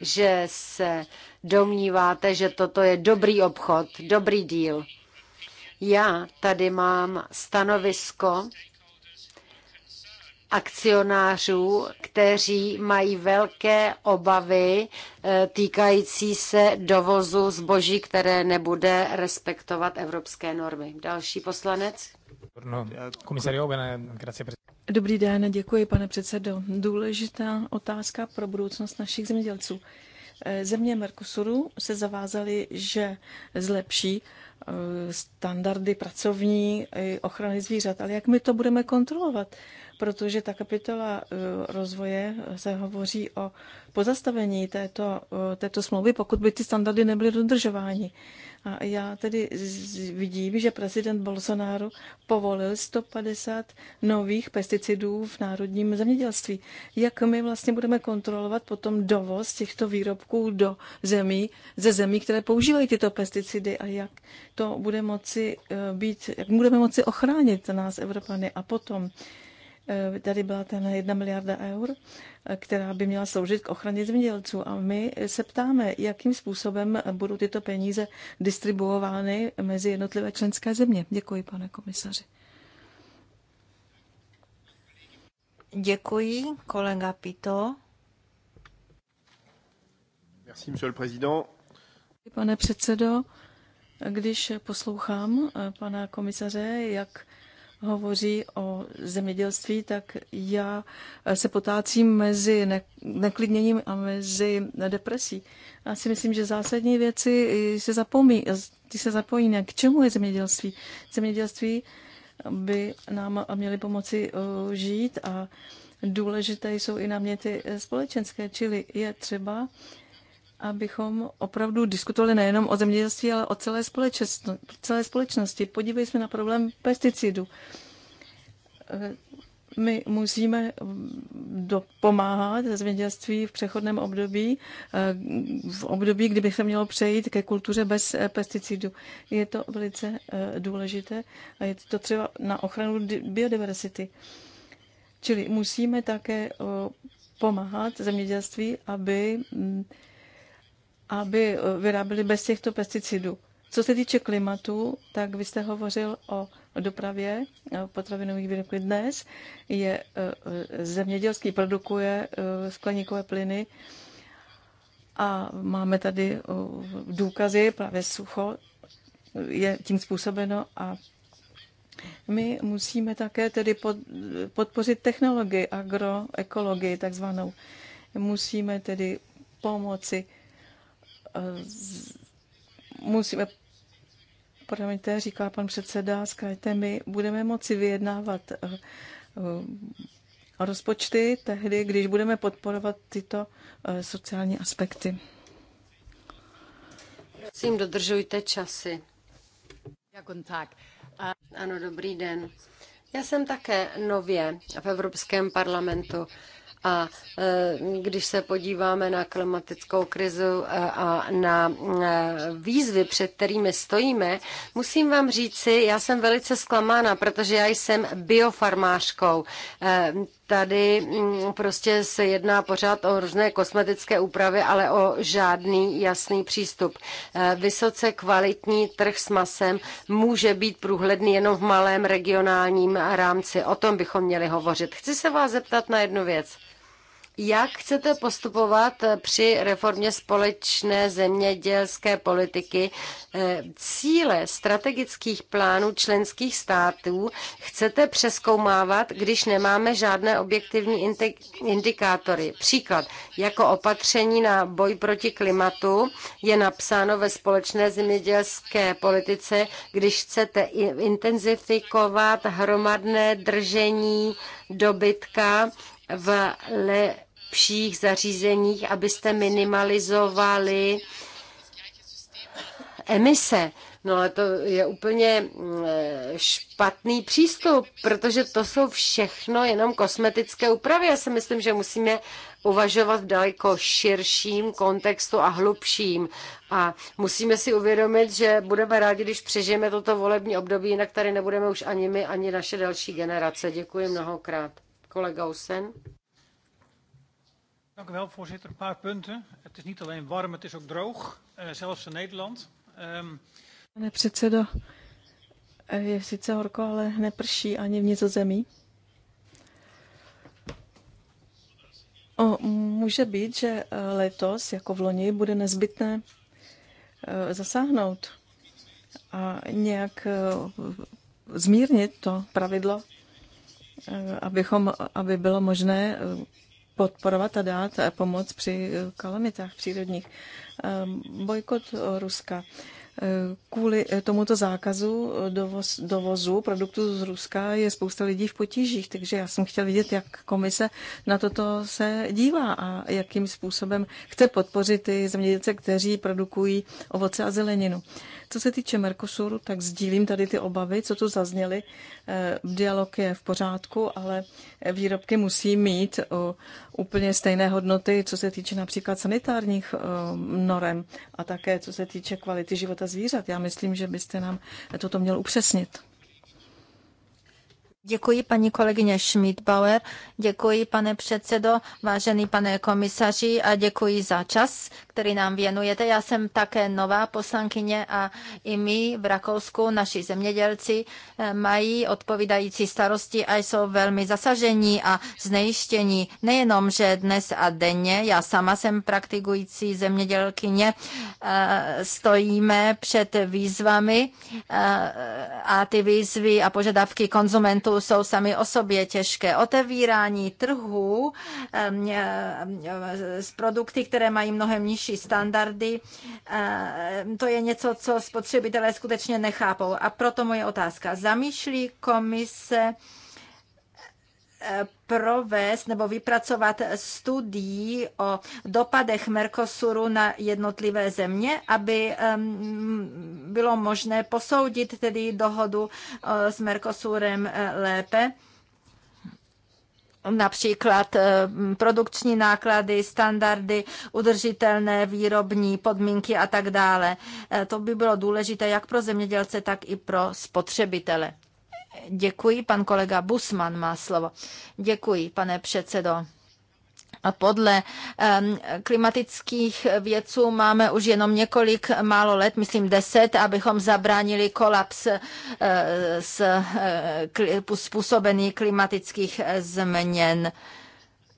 [SPEAKER 1] že se domníváte, že toto je dobrý obchod, dobrý díl. Já tady mám stanovisko akcionářů, kteří mají velké obavy e, týkající se dovozu zboží, které nebude respektovat evropské normy. Další poslanec.
[SPEAKER 2] Dobrý den, děkuji, pane předsedo. Důležitá otázka pro budoucnost našich zemědělců. E, země Mercosuru se zavázaly, že zlepší e, standardy pracovní ochrany zvířat, ale jak my to budeme kontrolovat? protože ta kapitola eh, rozvoje se hovoří o pozastavení této, eh, této smlouvy, pokud by ty standardy nebyly dodržovány. A já tedy vidím, že prezident Bolsonaro povolil 150 nových pesticidů v národním zemědělství. Jak my vlastně budeme kontrolovat potom dovoz těchto výrobků do zemí, ze zemí, které používají tyto pesticidy a jak to bude moci eh, být, jak budeme moci ochránit nás Evropany a potom Eh, tady byla ten jedna miliarda eur, eh, která by měla sloužit k ochraně zemědělců. A my se ptáme, jakým způsobem budou tyto peníze distribuovány mezi jednotlivé členské země. Děkuji, pane komisaři. Děkuji, kolega Pito.
[SPEAKER 5] Merci, monsieur le président.
[SPEAKER 2] Pane předsedo, když poslouchám eh, pana komisaře, jak hovoří o zemědělství, tak já se potácím mezi neklidněním a mezi depresí. Já si myslím, že zásadní věci se zapomí, ty se zapojí. K čemu je zemědělství? Zemědělství by nám měly pomoci eh, žít a důležité jsou i náměty společenské, čili je třeba abychom opravdu diskutovali nejenom o zemědělství, ale o celé, společnosti. celé společnosti. Podívej se na problém pesticidů. Eh, my musíme mm, pomáhat zemědělství v přechodném období, eh, v období, kdyby se mělo přejít ke kultuře bez eh, pesticidů. Je to velice důležité a je to třeba na ochranu biodiversity. Čili musíme také pomáhat zemědělství, aby mm, aby eh, vyráběli bez těchto pesticidů. Co se týče klimatu, tak vy jste hovořil o dopravě eh, potravinových výrobků dnes. Je eh, zemědělský, produkuje skleníkové plyny a máme tady důkazy, právě sucho je tím způsobeno a my musíme také tedy podpořit technologii agroekologii takzvanou. Musíme tedy pomoci Eh, musíme to říká pan předseda, zkraťte, my budeme moci vyjednávat eh, rozpočty tehdy, když budeme podporovat tyto eh, sociální aspekty.
[SPEAKER 1] Prosím, dodržujte časy. Ano, dobrý den. Já jsem také nově v Evropském parlamentu. A e, když se podíváme na klimatickou krizu e, a na e, výzvy, před kterými stojíme, musím vám říci, já jsem velice zklamána, protože já jsem biofarmářkou. Tady mm, prostě se jedná pořád o různé kosmetické úpravy, ale o žádný jasný přístup. Vysoce kvalitní trh s masem může být průhledný jenom v malém regionálním rámci. O tom bychom měli hovořit. Chci se vás zeptat na jednu věc. Jak chcete postupovat eh, při reformě společné zemědělské politiky? Eh, Cíle strategických plánů členských států chcete přeskoumávat, když nemáme žádné objektivní indikátory. Příklad, jako opatření na boj proti klimatu je napsáno ve společné zemědělské politice, když chcete intenzifikovat hromadné držení dobytka v le pších zařízeních, abyste minimalizovali emise. No ale to je úplně eh, špatný přístup, protože to jsou všechno jenom kosmetické úpravy. Já si myslím, že musíme uvažovat v daleko širším kontextu a hlubším. A musíme si uvědomit, že budeme rádi, když přežijeme toto volební období, jinak tady nebudeme už ani my, ani naše další generace. Děkuji mnohokrát. Kolega Usen.
[SPEAKER 5] Dank u wel, voorzitter. Een paar punten. Het is niet alleen warm, het is ook droog, Uh, zelfs in Nederland. Ehm,
[SPEAKER 2] Pane předsedo, eh, je sice horko, ale neprší ani v Nizozemí. O, může být, že eh, letos, jako v loni, bude nezbytné zasáhnout a nějak zmírnit to pravidlo, abychom, aby bylo možné podporovat a dát pomoc při kalamitách přírodních. Ehm, bojkot Ruska. Ehm, kvůli tomuto zákazu dovoz, dovozu produktů z Ruska je spousta lidí v potížích, takže já jsem chtěl vidět, jak komise na toto se dívá a jakým způsobem chce podpořit ty zemědělce, kteří produkují ovoce a zeleninu. Co se týče Mercosuru, tak sdílím tady ty obavy, co tu zazněly. Eh, dialog je v pořádku, ale výrobky musí mít eh, úplně stejné hodnoty, co se týče například sanitárních eh, norem a také co se týče kvality života zvířat. Já myslím, že byste nám toto měl upřesnit. Děkuji paní kolegyně Schmidbauer, děkuji pane
[SPEAKER 3] předsedo, vážený pane komisaři a děkuji za čas, který nám věnujete. Já jsem také nová poslankyně a i my v Rakousku, naši zemědělci, eh, mají odpovídající starosti a jsou velmi zasažení a znejištění. Nejenom, že dnes a denně, já sama jsem praktikující zemědělkyně, eh, stojíme před výzvami eh, a ty výzvy a požadavky konzumentů tématu jsou sami o sobě těžké. Otevírání trhů s produkty, které mají mnohem nižší standardy, to je něco, co spotřebitelé skutečně nechápou. A proto moje otázka. Zamýšlí komise provést nebo vypracovat studii o dopadech Mercosuru na jednotlivé země, aby bylo možné posoudit tedy dohodu eh, s Mercosurem eh, lépe například eh, produkční náklady, standardy, udržitelné výrobní podmínky a tak dále. To by bylo důležité jak pro zemědělce, tak i pro spotřebitele. Děkuji, pan kolega Busman má slovo. Děkuji, pane předsedo. A podle klimatických vědců máme už jenom několik málo let, myslím deset, abychom zabránili kolaps eh, eh, způsobený klimatických změn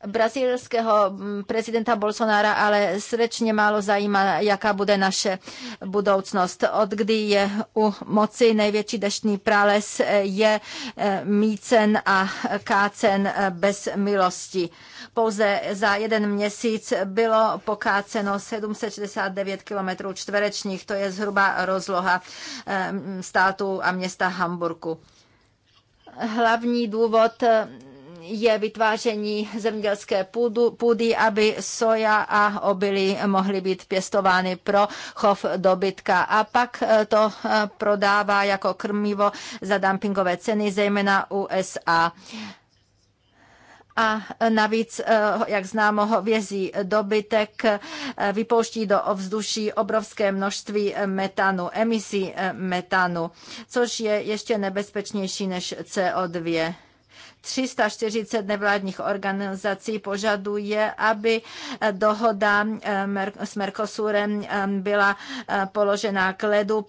[SPEAKER 3] brazilského mm, prezidenta Bolsonara ale srdečně málo zajímá, jaká bude naše budoucnost. Od kdy je u moci největší deštný prales, je eh, mícen a kácen eh, bez milosti. Pouze za jeden měsíc bylo pokáceno 769 km čtverečních, to je zhruba rozloha eh, státu a města Hamburku. Hlavní důvod je vytváření zemědělské půdy, aby soja a obily mohly být pěstovány pro chov dobytka. A pak eh, to eh, prodává jako krmivo za dumpingové ceny, zejména USA. A navíc, eh, jak známo, hovězí dobytek vypouští do ovzduší obrovské množství metanu, emisí metanu, což je ještě nebezpečnější než CO2. 340 nevládních organizací požaduje, aby eh, dohoda eh, s Mercosurem eh, byla položena k ledu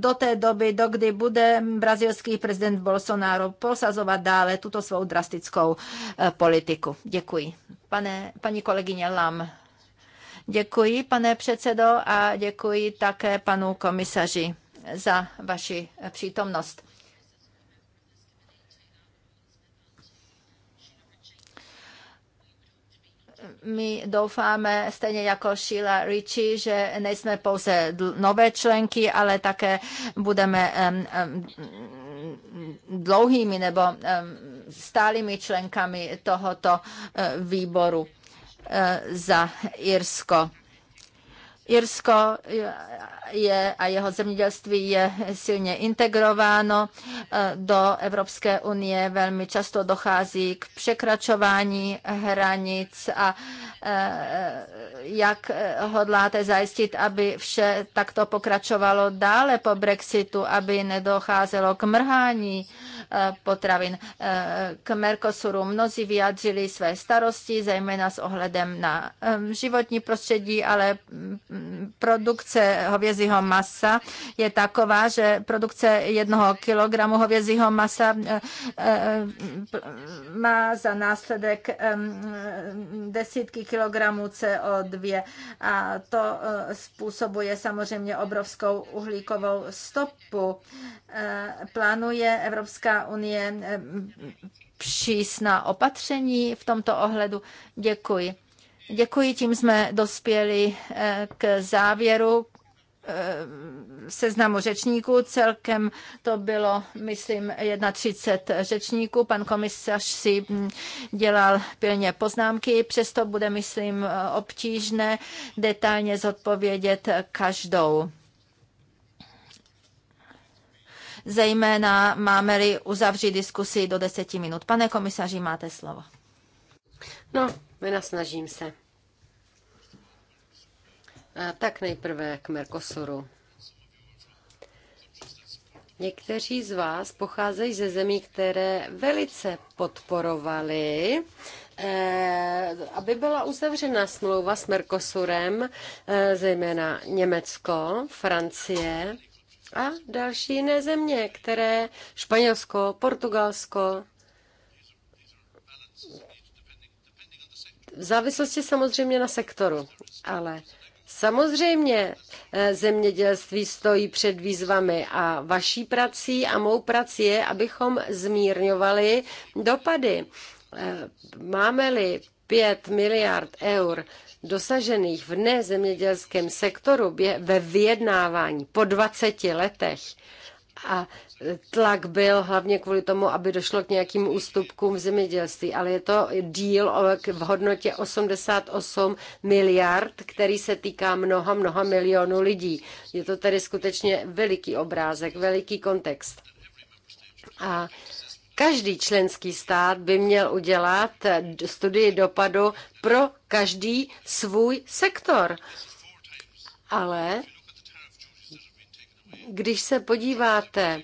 [SPEAKER 3] do té doby, dokdy bude brazilský prezident Bolsonaro posazovat dále tuto svou drastickou politiku. Děkuji. Pane, paní kolegyně Lam. Děkuji, pane předsedo, a děkuji také panu komisaři za vaši přítomnost. my doufáme, stejně jako Sheila Richie, že nejsme pouze nové členky, ale také budeme dlouhými nebo stálými členkami tohoto e, výboru e, za Irsko. Irsko je a jeho zemědělství je silně integrováno e, do Evropské unie. Velmi často dochází k překračování hranic a e, jak hodláte zajistit, aby vše takto pokračovalo dále po Brexitu, aby nedocházelo k mrhání Eh, potravin. Eh, k Mercosuru mnozí vyjadřili své starosti, zejména s ohledem na eh, životní prostředí, ale mm, produkce hovězího masa je taková, že produkce jednoho kilogramu hovězího masa má za následek desítky kilogramů CO2 a to způsobuje samozřejmě obrovskou uhlíkovou stopu. Plánuje Evropská unie přísná opatření v tomto ohledu? Děkuji. Děkuji, tím jsme dospěli eh, k závěru eh, seznamu řečníků. Celkem to bylo, myslím, 31 řečníků. Pan komisař si hm, dělal pilně poznámky, přesto bude, myslím, obtížné detailně zodpovědět každou zejména máme-li uzavřít diskusi do deseti minut. Pane komisaři, máte slovo.
[SPEAKER 1] No, nasnažím se. A tak nejprve k Mercosuru. Někteří z vás pocházejí ze zemí, které velice podporovali, eh, aby byla uzavřena smlouva s Mercosurem, eh, zejména Německo, Francie, a další jiné země, které Španělsko, Portugalsko, v závislosti samozřejmě na sektoru, ale Samozřejmě eh, zemědělství stojí před výzvami a vaší prací a mou prací je, abychom zmírňovali dopady. Eh, máme-li 5 miliard eur dosažených v nezemědělském sektoru ve vyjednávání po 20 letech a tlak byl hlavně kvůli tomu, aby došlo k nějakým ústupkům v zemědělství, ale je to díl v hodnotě 88 miliard, který se týká mnoha, mnoha milionů lidí. Je to tedy skutečně veliký obrázek, veliký kontext. A Každý členský stát by měl udělat studii dopadu pro každý svůj sektor. Ale když se podíváte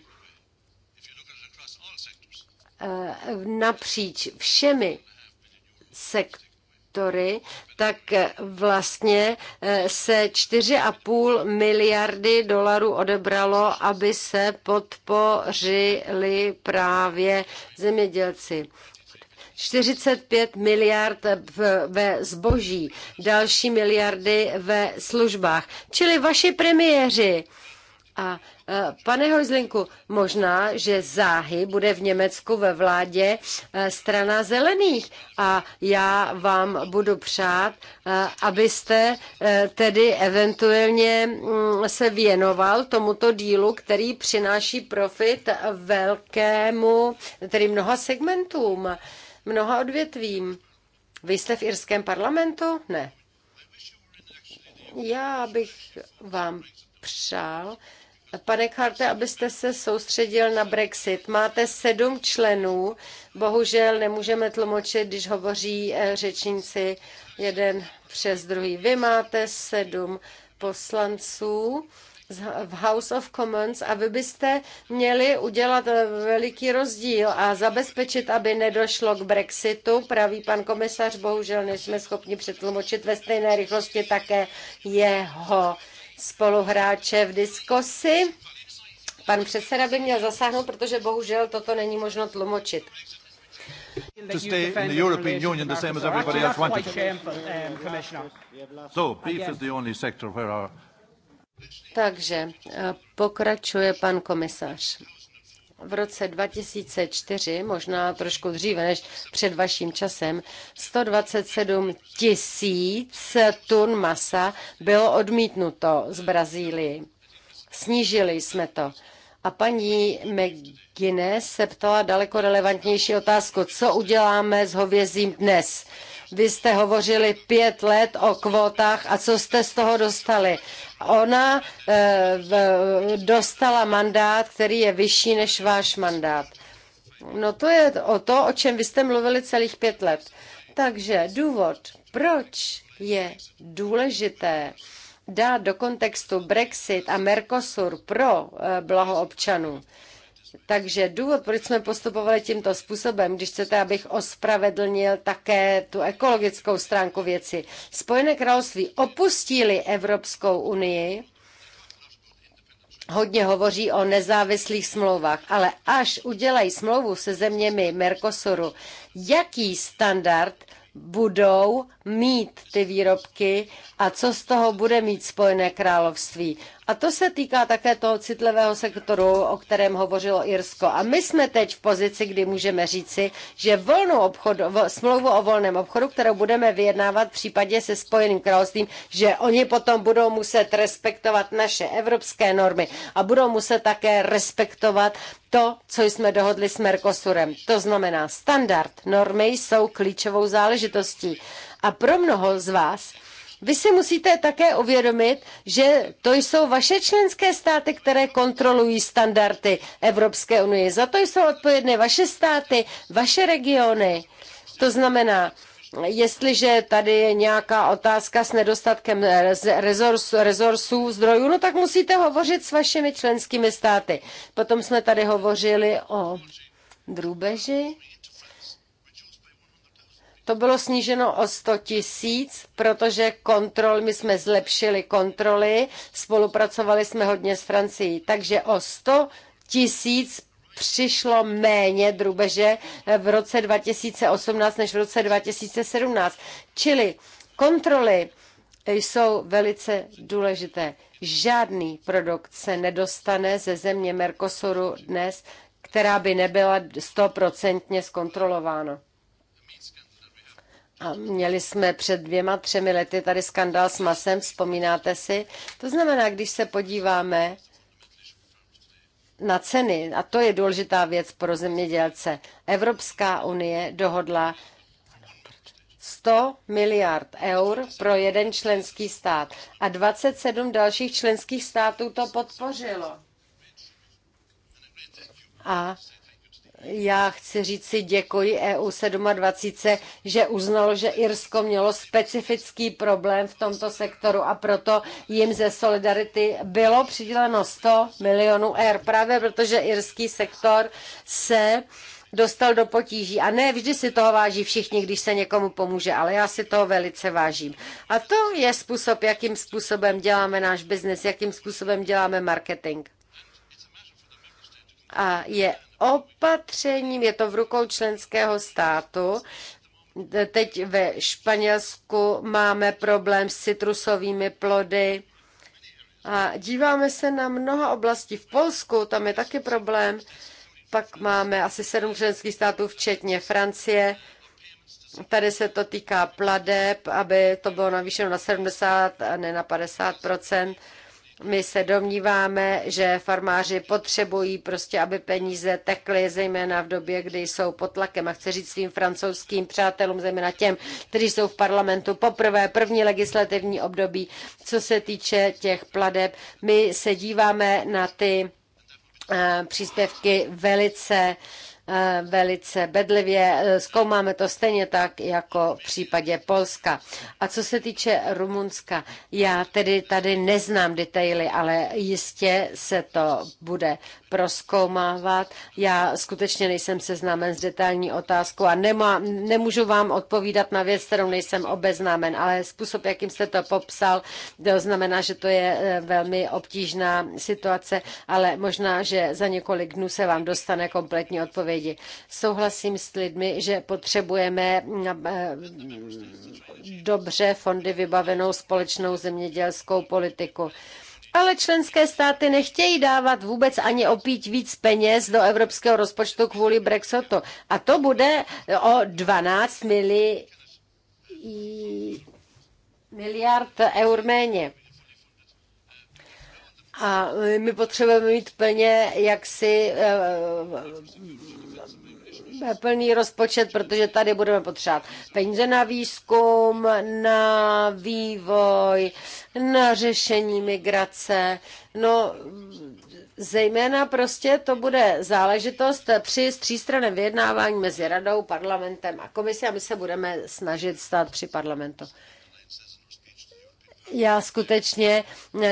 [SPEAKER 1] eh, napříč všemi sektory, sektory, tak vlastně eh, se 4,5 miliardy dolarů odebralo, aby se podpořili právě zemědělci. 45 miliard ve zboží, další miliardy ve službách. Čili vaši premiéři, a e, pane Hojzlinku, možná, že záhy bude v Německu ve vládě e, strana zelených a já vám budu přát, e, abyste tedy eventuálně mm, se věnoval tomuto dílu, který přináší profit velkému, tedy mnoha segmentům, mnoha odvětvím. Vy jste v irském parlamentu? Ne. Já bych vám přál, Pane Karte, abyste se soustředil na Brexit. Máte sedm členů, bohužel nemůžeme tlumočit, když hovoří eh, řečníci jeden přes druhý. Vy máte sedm poslanců v House of Commons a vy byste měli udělat eh, veliký rozdíl a zabezpečit, aby nedošlo k Brexitu. Pravý pan komisař, bohužel nejsme schopni přetlumočit ve stejné rychlosti také jeho spoluhráče v diskusi. Pan předseda by měl zasáhnout, protože bohužel toto není možno tlumočit.
[SPEAKER 5] To stay in the European Union the same as everybody else wanted. Um,
[SPEAKER 1] so, beef is
[SPEAKER 5] the only sector where our...
[SPEAKER 1] Takže eh, pokračuje pan komisař v roce 2004, možná trošku dříve než před vaším časem, 127 tisíc tun masa bylo odmítnuto z Brazílii. Snížili jsme to. A paní McGuinness se ptala daleko relevantnější otázku, co uděláme s hovězím dnes. Vy jste hovořili pět let o kvótách a co jste z toho dostali? Ona eh, dostala mandát, který je vyšší než váš mandát. No to je o to, o čem vy jste mluvili celých pět let. Takže důvod, proč je důležité dát do kontextu Brexit a Mercosur pro eh, blaho občanů, takže důvod, proč jsme postupovali tímto způsobem, když chcete, abych ospravedlnil také tu ekologickou stránku věci. Spojené království opustili Evropskou unii, hodně hovoří o nezávislých smlouvách, ale až udělají smlouvu se zeměmi Mercosuru, jaký standard budou mít ty výrobky a co z toho bude mít Spojené království. A to se týká také toho citlivého sektoru, o kterém hovořilo Irsko. A my jsme teď v pozici, kdy můžeme říci, že volnou obchodu, smlouvu o volném obchodu, kterou budeme vyjednávat v případě se Spojeným královstvím, že oni potom budou muset respektovat naše evropské normy a budou muset také respektovat to, co jsme dohodli s Mercosurem. To znamená, standard normy jsou klíčovou záležitostí. A pro mnoho z vás vy si musíte také uvědomit, že to jsou vaše členské státy, které kontrolují standardy Evropské unie. Za to jsou odpovědné vaše státy, vaše regiony. To znamená, jestliže tady je nějaká otázka s nedostatkem rezorsů, zdrojů, no tak musíte hovořit s vašimi členskými státy. Potom jsme tady hovořili o drůbeži. To bylo sníženo o 100 tisíc, protože kontrol, my jsme zlepšili kontroly, spolupracovali jsme hodně s Francií, takže o 100 tisíc přišlo méně drubeže v roce 2018 než v roce 2017. Čili kontroly jsou velice důležité. Žádný produkt se nedostane ze země Mercosuru dnes, která by nebyla stoprocentně zkontrolována. A měli jsme před dvěma, třemi lety tady skandál s masem, vzpomínáte si? To znamená, když se podíváme na ceny, a to je důležitá věc pro zemědělce, Evropská unie dohodla 100 miliard eur pro jeden členský stát a 27 dalších členských států to podpořilo. A já chci říct si děkuji EU 27, že uznalo, že Irsko mělo specifický problém v tomto sektoru a proto jim ze Solidarity bylo přiděleno 100 milionů eur, právě protože irský sektor se dostal do potíží. A ne vždy si toho váží všichni, když se někomu pomůže, ale já si toho velice vážím. A to je způsob, jakým způsobem děláme náš biznis, jakým způsobem děláme marketing. A je opatřením. Je to v rukou členského státu. Teď ve Španělsku máme problém s citrusovými plody. A díváme se na mnoha oblastí. V Polsku tam je taky problém. Pak máme asi sedm členských států, včetně Francie. Tady se to týká pladeb, aby to bylo navýšeno na 70 a ne na 50 my se domníváme, že farmáři potřebují prostě, aby peníze tekly, zejména v době, kdy jsou pod tlakem. A chci říct svým francouzským přátelům, zejména těm, kteří jsou v parlamentu poprvé, první legislativní období, co se týče těch pladeb. My se díváme na ty eh, příspěvky velice uh, Eh, velice bedlivě. Eh, zkoumáme to stejně tak, jako v případě Polska. A co se týče Rumunska, já tedy tady neznám detaily, ale jistě se to bude proskoumávat. Já skutečně nejsem seznámen s detailní otázkou a nemá, nemůžu vám odpovídat na věc, kterou nejsem obeznámen, ale způsob, jakým jste to popsal, to znamená, že to je eh, velmi obtížná situace, ale možná, že za několik dnů se vám dostane kompletní odpověď lidi. Souhlasím s lidmi, že potřebujeme eh, dobře fondy vybavenou společnou zemědělskou politiku. Ale členské státy nechtějí dávat vůbec ani opít víc peněz do evropského rozpočtu kvůli Brexitu. A to bude o 12 mili... miliard eur méně. A my potřebujeme mít plně jaksi eh, plný rozpočet, protože tady budeme potřebovat peníze na výzkum, na vývoj, na řešení migrace. No, zejména prostě to bude záležitost při střístraném vyjednávání mezi radou, parlamentem a komisí a my se budeme snažit stát při parlamentu já skutečně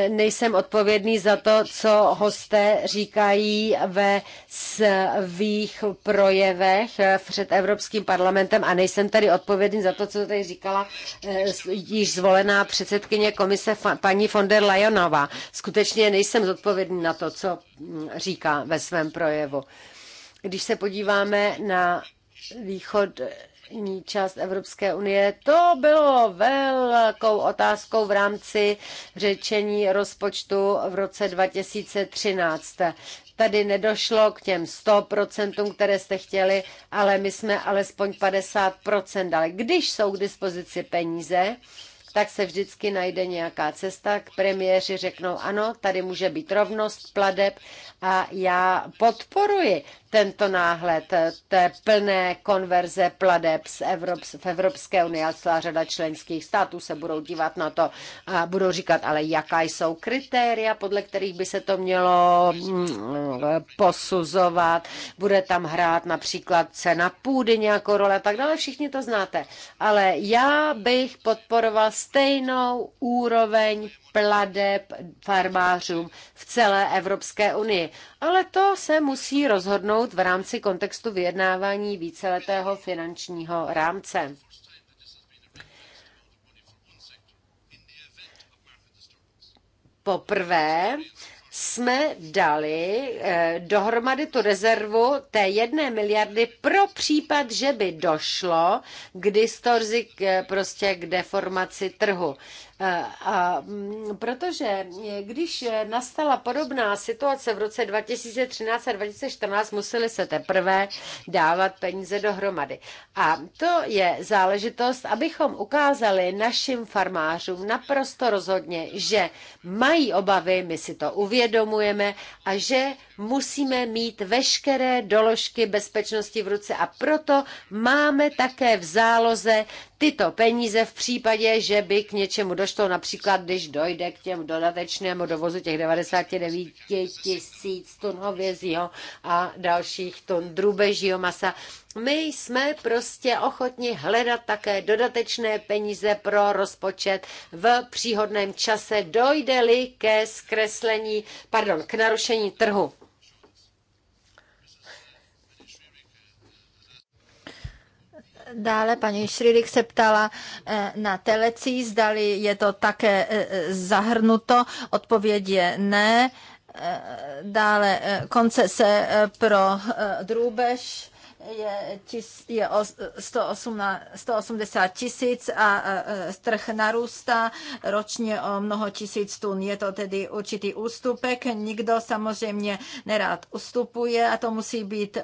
[SPEAKER 1] nejsem odpovědný za to, co hosté říkají ve svých projevech před Evropským parlamentem a nejsem tady odpovědný za to, co tady říkala eh, již zvolená předsedkyně komise paní von der Leyenová. Skutečně nejsem zodpovědný na to, co mm, říká ve svém projevu. Když se podíváme na východ západní část Evropské unie. To bylo velkou otázkou v rámci řečení rozpočtu v roce 2013 tady nedošlo k těm 100%, které jste chtěli, ale my jsme alespoň 50% dali. Když jsou k dispozici peníze, tak se vždycky najde nějaká cesta. K premiéři řeknou, ano, tady může být rovnost pladeb a já podporuji tento náhled té plné konverze pladeb z Evrops- v Evropské unii a celá řada členských států se budou dívat na to a budou říkat, ale jaká jsou kritéria, podle kterých by se to mělo mm, posuzovat, bude tam hrát například cena půdy nějakou roli a tak dále, všichni to znáte. Ale já bych podporoval stejnou úroveň pladeb farmářům v celé Evropské unii. Ale to se musí rozhodnout v rámci kontextu vyjednávání víceletého finančního rámce. Poprvé jsme dali eh, dohromady tu rezervu té jedné miliardy pro případ, že by došlo k distorzi, k, eh, prostě k deformaci trhu. A mm, protože eh, když eh, nastala podobná situace v roce 2013 a 2014, museli se teprve dávat peníze dohromady. A to je záležitost, abychom ukázali našim farmářům naprosto rozhodně, že mají obavy, my si to uvědomujeme a že musíme mít veškeré doložky bezpečnosti v ruce a proto máme také v záloze tyto peníze v případě, že by k něčemu došlo kdežto například, když dojde k těm dodatečnému dovozu těch 99 tisíc tun hovězího a dalších tun drubežího masa, my jsme prostě ochotni hledat také dodatečné peníze pro rozpočet v příhodném čase, dojde-li ke zkreslení, pardon, k narušení trhu.
[SPEAKER 3] Dále paní Šridik se ptala eh, na telecí, zdali je to také eh, zahrnuto. Odpověď je ne. Eh, dále koncese pro drůbež je, tis, je 118, 180 tisíc a trh narůstá ročně o mnoho tisíc tun. Je to tedy určitý ústupek. Nikdo samozřejmě nerád ustupuje a to musí být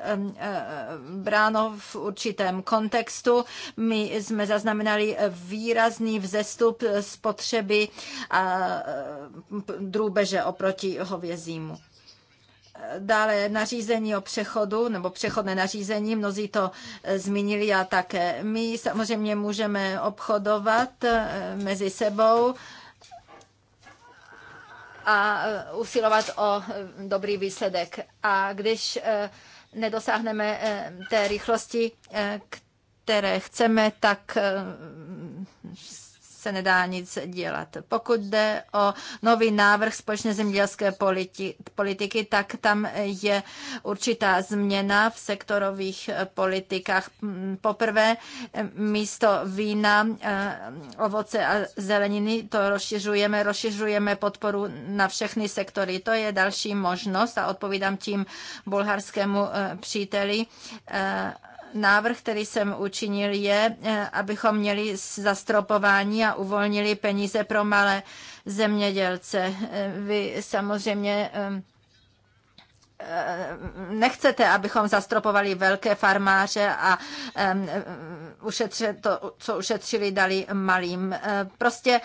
[SPEAKER 3] bráno v určitém kontextu. My jsme zaznamenali výrazný vzestup spotřeby a drůbeže oproti hovězímu. Dále nařízení o přechodu nebo přechodné nařízení, mnozí to eh, zmínili a také my samozřejmě můžeme obchodovat eh, mezi sebou a eh, usilovat o dobrý výsledek. A když nedosáhneme té rychlosti, které chceme, tak se nedá nic dělat. Pokud jde o nový návrh společné zemědělské politiky, tak tam je určitá změna v sektorových eh, politikách. Mm, poprvé eh, místo vína, eh, ovoce a zeleniny to rozšiřujeme, rozšiřujeme podporu na všechny sektory. To je další možnost a odpovídám tím bulharskému příteli návrh, který jsem učinil, je, eh, abychom měli zastropování a uvolnili peníze pro malé zemědělce. Eh, vy samozřejmě eh, nechcete, abychom zastropovali velké farmáře a ušetře, to, co ušetřili, dali malým. Prostě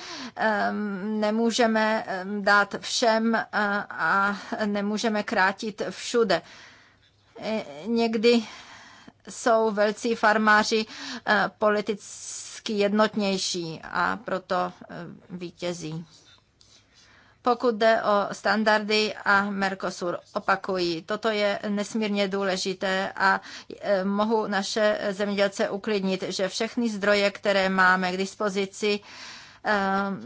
[SPEAKER 3] nemůžeme dát všem a nemůžeme krátit všude. Někdy jsou velcí farmáři eh, politicky jednotnější a proto eh, vítězí. Pokud jde o standardy a Mercosur, opakují, toto je nesmírně důležité a eh, mohu naše zemědělce uklidnit, že všechny zdroje, které máme k dispozici, Ehm,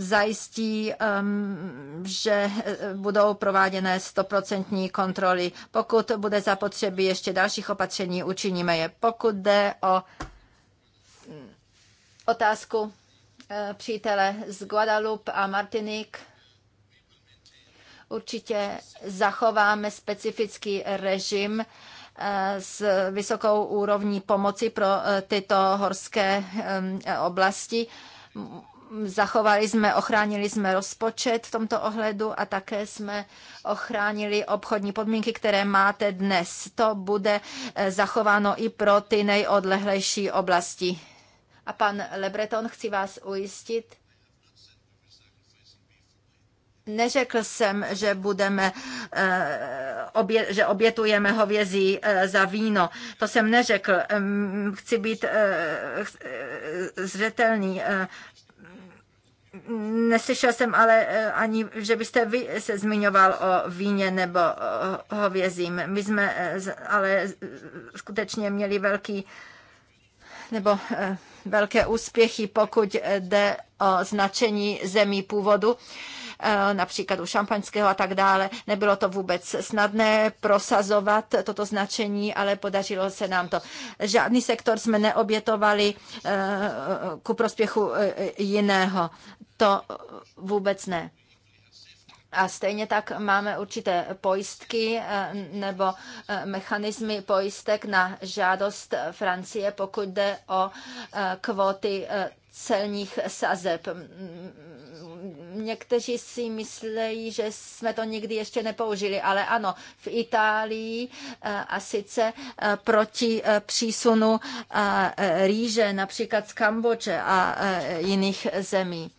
[SPEAKER 3] zajistí, ehm, že eh, budou prováděné stoprocentní kontroly. Pokud bude zapotřebí ještě dalších opatření, učiníme je. Pokud jde o mm, otázku eh, přítele z Guadalupe a Martinique, určitě zachováme specifický režim eh, s vysokou úrovní pomoci pro tyto horské ehm, oblasti zachovali jsme, ochránili jsme rozpočet v tomto ohledu a také jsme ochránili obchodní podmínky, které máte dnes. To bude eh, zachováno i pro ty nejodlehlejší oblasti. A pan Lebreton, chci vás ujistit, Neřekl jsem, že budeme, eh, že obětujeme hovězí eh, za víno. To jsem neřekl. Chci být zřetelný. Neslyšel jsem ale eh, ani, že byste vy se zmiňoval o víně nebo o hovězím. My jsme eh, ale skutečně měli velký nebo eh, velké úspěchy, pokud jde o značení zemí původu Eh, například u šampaňského a tak dále. Nebylo to vůbec snadné prosazovat toto značení, ale podařilo se nám to. Žádný sektor jsme neobětovali eh, ku prospěchu eh, jiného. To vůbec ne. A stejně tak máme určité pojistky eh, nebo eh, mechanismy pojistek na žádost Francie, pokud jde o eh, kvóty celních sazeb. Někteří si myslejí, že jsme to nikdy ještě nepoužili, ale ano, v Itálii a sice proti přísunu rýže například z Kambodže a jiných zemí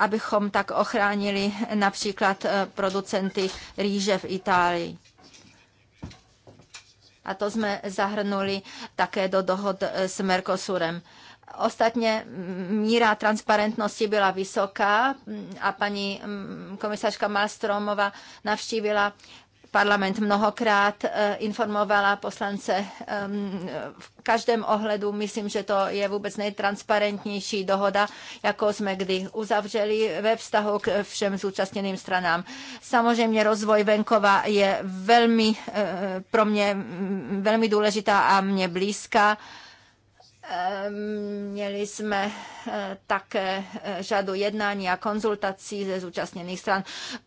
[SPEAKER 3] abychom tak ochránili například eh, producenty rýže v Itálii. A to jsme zahrnuli také do dohod eh, s Mercosurem. Ostatně míra transparentnosti byla vysoká a paní komisařka Malstromova navštívila parlament mnohokrát eh, informovala poslance eh, v každém ohledu. Myslím, že to je vůbec nejtransparentnější dohoda, jako jsme kdy uzavřeli ve vztahu k všem zúčastněným stranám. Samozřejmě rozvoj venkova je velmi eh, pro mě velmi důležitá a mě blízká. Ehm, měli jsme eh, také eh, řadu jednání a konzultací ze zúčastněných stran.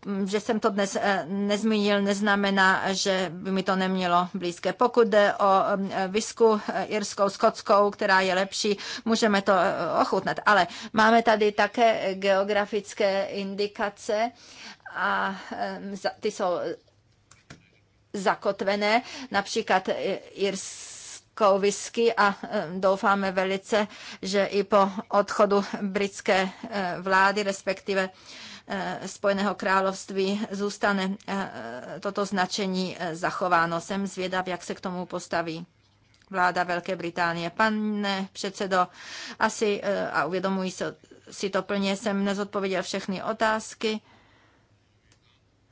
[SPEAKER 3] Mm, že jsem to dnes eh, nezmínil, neznamená, že by mi to nemělo blízké. Pokud jde o mm, visku irskou, skotskou, která je lepší, můžeme to ochutnat. Ale máme tady také geografické indikace a ehm, ty jsou zakotvené, například irská Kovisky a e, doufáme velice, že i po odchodu britské e, vlády, respektive e, Spojeného království zůstane toto značení zachováno. Jsem zvědav, jak se k tomu postaví vláda Velké Británie. Pane předsedo, asi, a uvědomuji si to plně, jsem nezodpověděl všechny otázky.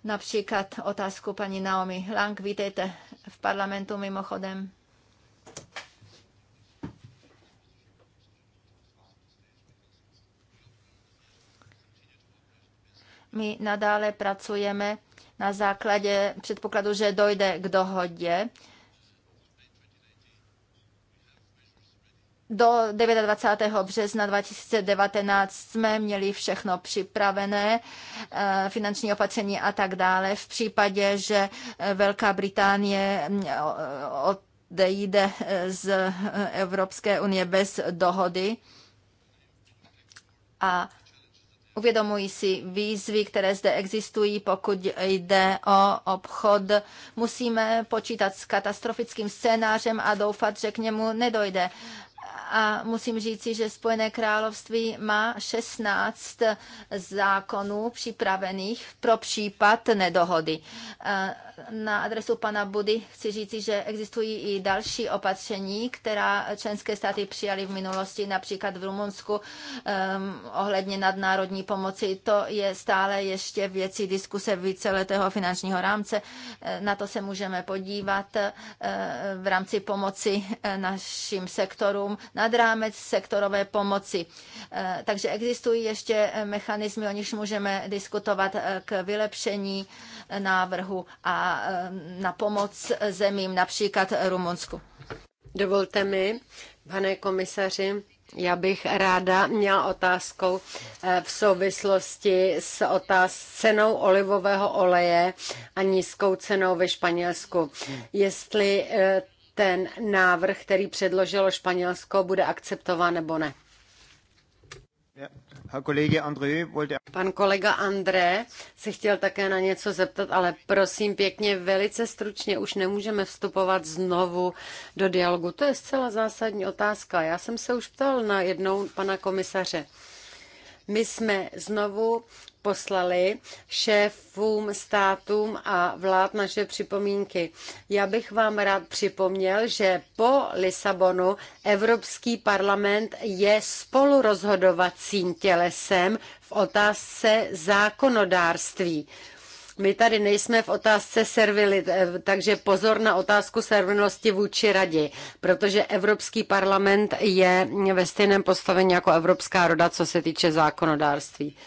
[SPEAKER 3] Například otázku paní Naomi Lang. Vítejte v parlamentu mimochodem. My nadále pracujeme na základě předpokladu, že dojde k dohodě. Do 29. března 2019 jsme měli všechno připravené, eh, finanční opatření a tak dále. V případě, že Velká Británie mm, od odejde eh, z eh, Evropské unie bez dohody a Uvědomují si výzvy, které zde existují, pokud jde o obchod. Musíme počítat s katastrofickým scénářem a doufat, že k němu nedojde. A musím říci, že Spojené království má 16 zákonů připravených pro případ nedohody. Eh, na adresu pana Budy chci říci, že existují i další opatření, která členské státy přijaly v minulosti, například v Rumunsku um, ohledně nadnárodní pomoci. To je stále ještě věcí diskuse víceletého finančního rámce. Eh, na to se můžeme podívat eh, v rámci pomoci eh, našim sektorům nad rámec sektorové pomoci. Takže existují ještě mechanismy, o nichž můžeme diskutovat k vylepšení návrhu a Eh, na pomoc zemím, například
[SPEAKER 1] Rumunsku. Dovolte mi, pane komisaři, já bych ráda měla otázkou eh, v souvislosti s otáz cenou olivového oleje a nízkou cenou ve Španělsku. Jestli eh, ten návrh, který předložilo Španělsko, bude akceptován nebo ne. Pan kolega André se chtěl také na něco zeptat, ale prosím pěkně, velice stručně, už nemůžeme vstupovat znovu do dialogu. To je zcela zásadní otázka. Já jsem se už ptal na jednou pana komisaře. My jsme znovu poslali šéfům státům a vlád naše připomínky. Já bych vám rád připomněl, že po Lisabonu Evropský parlament je spolurozhodovacím tělesem v otázce zákonodárství. My tady nejsme v otázce servility, eh, takže pozor na otázku servilnosti vůči radě, protože Evropský parlament je ve stejném postavení jako Evropská rada, co se týče zákonodárství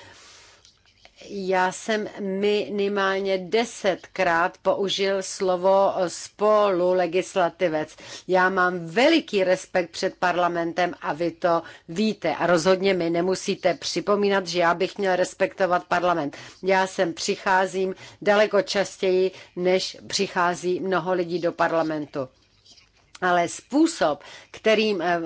[SPEAKER 1] já jsem minimálně desetkrát použil slovo spolulegislativec. Já mám veliký respekt před parlamentem a vy to víte. A rozhodně mi nemusíte připomínat, že já bych měl respektovat parlament. Já sem přicházím daleko častěji, než přichází mnoho lidí do parlamentu. Ale způsob, kterým eh,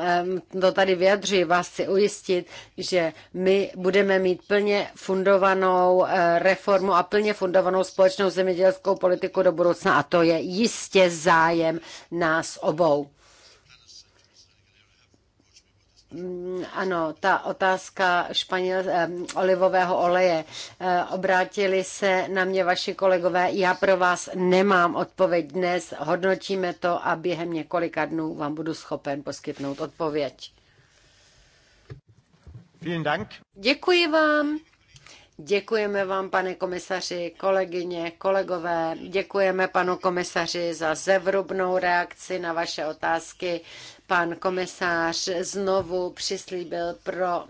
[SPEAKER 1] eh, to tady vyjadřuji, vás chci ujistit, že my budeme mít plně fundovanou eh, reformu a plně fundovanou společnou zemědělskou politiku do budoucna a to je jistě zájem nás obou. Mm, ano, ta otázka španěl, eh, olivového oleje. Eh, obrátili se na mě vaši kolegové. Já pro vás nemám odpověď dnes. Hodnotíme to a během několika dnů vám budu schopen poskytnout odpověď. Vielen Dank. Děkuji vám. Děkujeme vám, pane komisaři, kolegyně, kolegové. Děkujeme panu komisaři za zevrubnou reakci na vaše otázky Pan komisář znovu přislíbil pro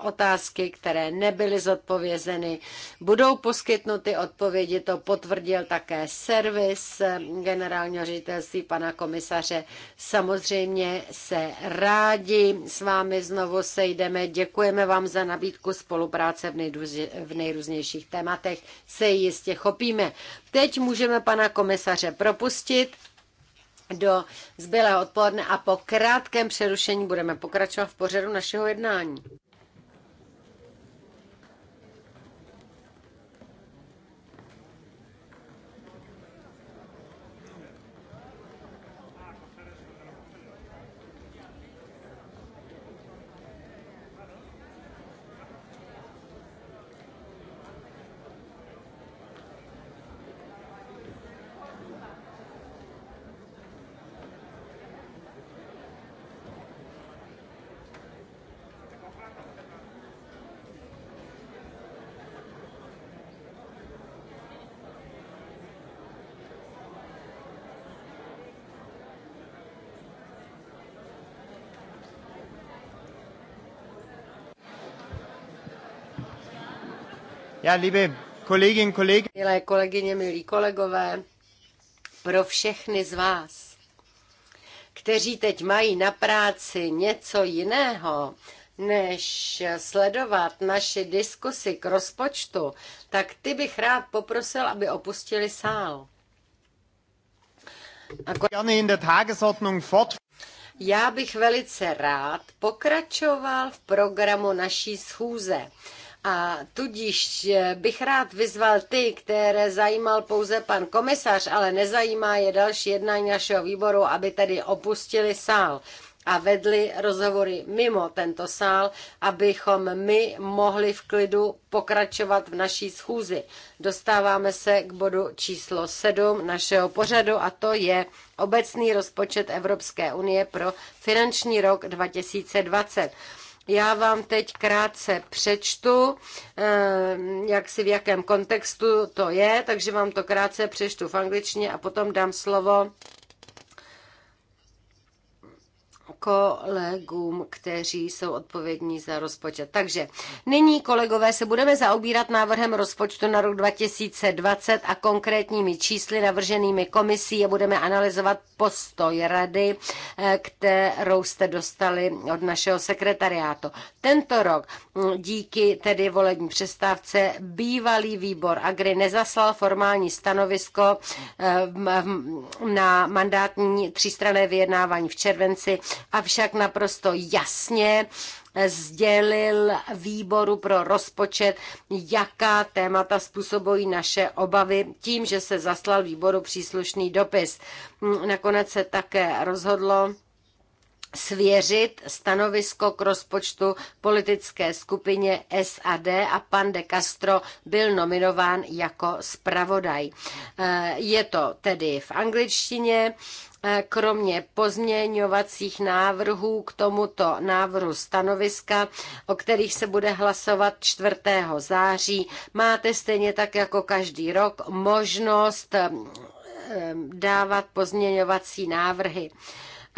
[SPEAKER 1] otázky, které nebyly zodpovězeny. Budou poskytnuty odpovědi, to potvrdil také servis generálního ředitelství pana komisaře. Samozřejmě se rádi s vámi znovu sejdeme. Děkujeme vám za nabídku spolupráce v nejrůznějších tématech. Se jistě chopíme. Teď můžeme pana komisaře propustit do zbylého odpoledne a po krátkém přerušení budeme pokračovat v pořadu našeho jednání.
[SPEAKER 4] Já, liebe kolegyně, kolegy,
[SPEAKER 1] Milé kolegyně, milí kolegové, pro všechny z vás, kteří teď mají na práci něco jiného, než sledovat naše diskusy k rozpočtu, tak ty bych rád poprosil, aby opustili sál. Já bych velice rád pokračoval v programu naší schůze. A tudíž eh, bych rád vyzval ty, které zajímal pouze pan komisař, ale nezajímá je další jednání našeho výboru, aby tedy opustili sál a vedli rozhovory mimo tento sál, abychom my mohli v klidu pokračovat v naší schůzi. Dostáváme se k bodu číslo 7 našeho pořadu a to je obecný rozpočet Evropské unie pro finanční rok 2020. Já vám teď krátce přečtu, eh, jak si v jakém kontextu to je, takže vám to krátce přečtu v angličtině a potom dám slovo kolegům, kteří jsou odpovědní za rozpočet. Takže nyní, kolegové, se budeme zaobírat návrhem rozpočtu na rok 2020 a konkrétními čísly navrženými komisí a budeme analyzovat postoj rady, eh, kterou jste dostali od našeho sekretariátu. Tento rok hm, díky tedy volební přestávce bývalý výbor Agri nezaslal formální stanovisko eh, na mandátní třístrané vyjednávání v červenci avšak naprosto jasně sdělil výboru pro rozpočet, jaká témata způsobují naše obavy tím, že se zaslal výboru příslušný dopis. Nakonec se také rozhodlo, svěřit stanovisko k rozpočtu politické skupině SAD a pan de Castro byl nominován jako zpravodaj. Eh, je to tedy v angličtině. Eh, kromě pozměňovacích návrhů k tomuto návrhu stanoviska, o kterých se bude hlasovat 4. září, máte stejně tak jako každý rok možnost eh, dávat pozměňovací návrhy.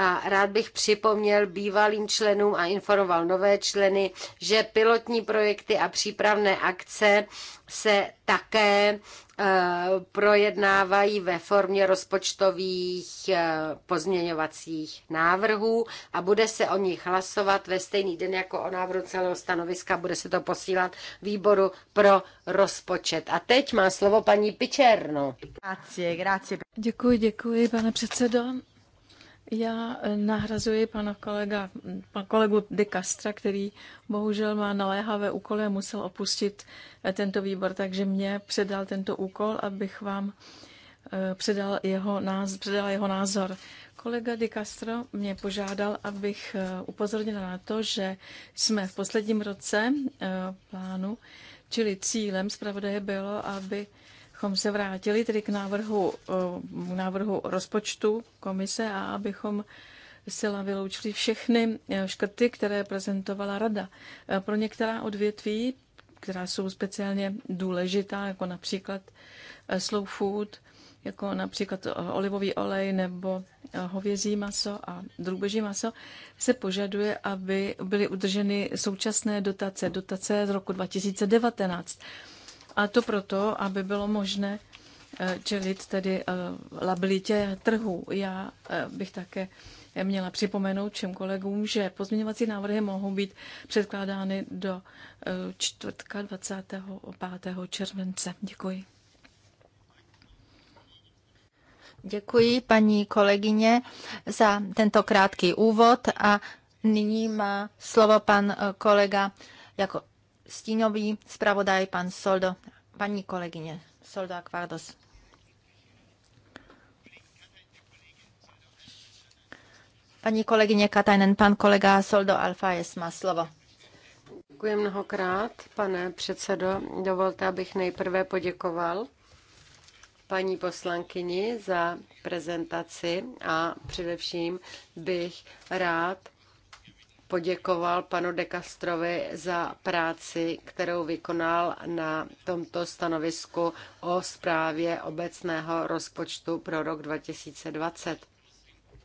[SPEAKER 1] A rád bych připomněl bývalým členům a informoval nové členy, že pilotní projekty a přípravné akce se také eh, projednávají ve formě rozpočtových eh, pozměňovacích návrhů a bude se o nich hlasovat ve stejný den jako o návrhu celého stanoviska. Bude se to posílat výboru pro rozpočet. A teď má slovo paní
[SPEAKER 2] Pičerno. Děkuji, děkuji, pane předsedo. Já eh, nahrazuji pana kolega, pan kolegu De Castra, který bohužel má naléhavé úkoly a musel opustit eh, tento výbor, takže mě předal tento úkol, abych vám eh, předal jeho názor, předal jeho názor. Kolega De Castro mě požádal, abych upozornila na to, že jsme v posledním roce plánu, čili cílem zpravodaje bylo, aby abychom se vrátili tedy k návrhu, eh, k návrhu rozpočtu komise a abychom sila vyloučili všechny eh, škrty, které prezentovala rada. Eh, pro některá odvětví, která jsou speciálně důležitá, jako například slow food, jako například olivový olej nebo hovězí maso a drůbeží maso, se požaduje, aby byly udrženy současné dotace, dotace z roku 2019. A to proto, aby bylo možné eh, čelit tedy eh, labilitě trhu. Já eh, bych také měla připomenout všem kolegům, že pozměňovací návrhy mohou být předkládány do čtvrtka 25. července. Děkuji.
[SPEAKER 3] Děkuji paní kolegyně za tento krátký úvod a nyní má slovo pan kolega jako stínový zpravodaj pan Soldo, paní kolegyně Soldo Aquardos. Paní kolegyně Katajnen, pan kolega Soldo Alfajes má slovo.
[SPEAKER 1] Děkuji mnohokrát, pane předsedo. Dovolte, abych nejprve poděkoval paní poslankyni za prezentaci a především bych rád poděkoval panu Castrovi za práci, kterou vykonal na tomto stanovisku o zprávě obecného rozpočtu pro rok 2020.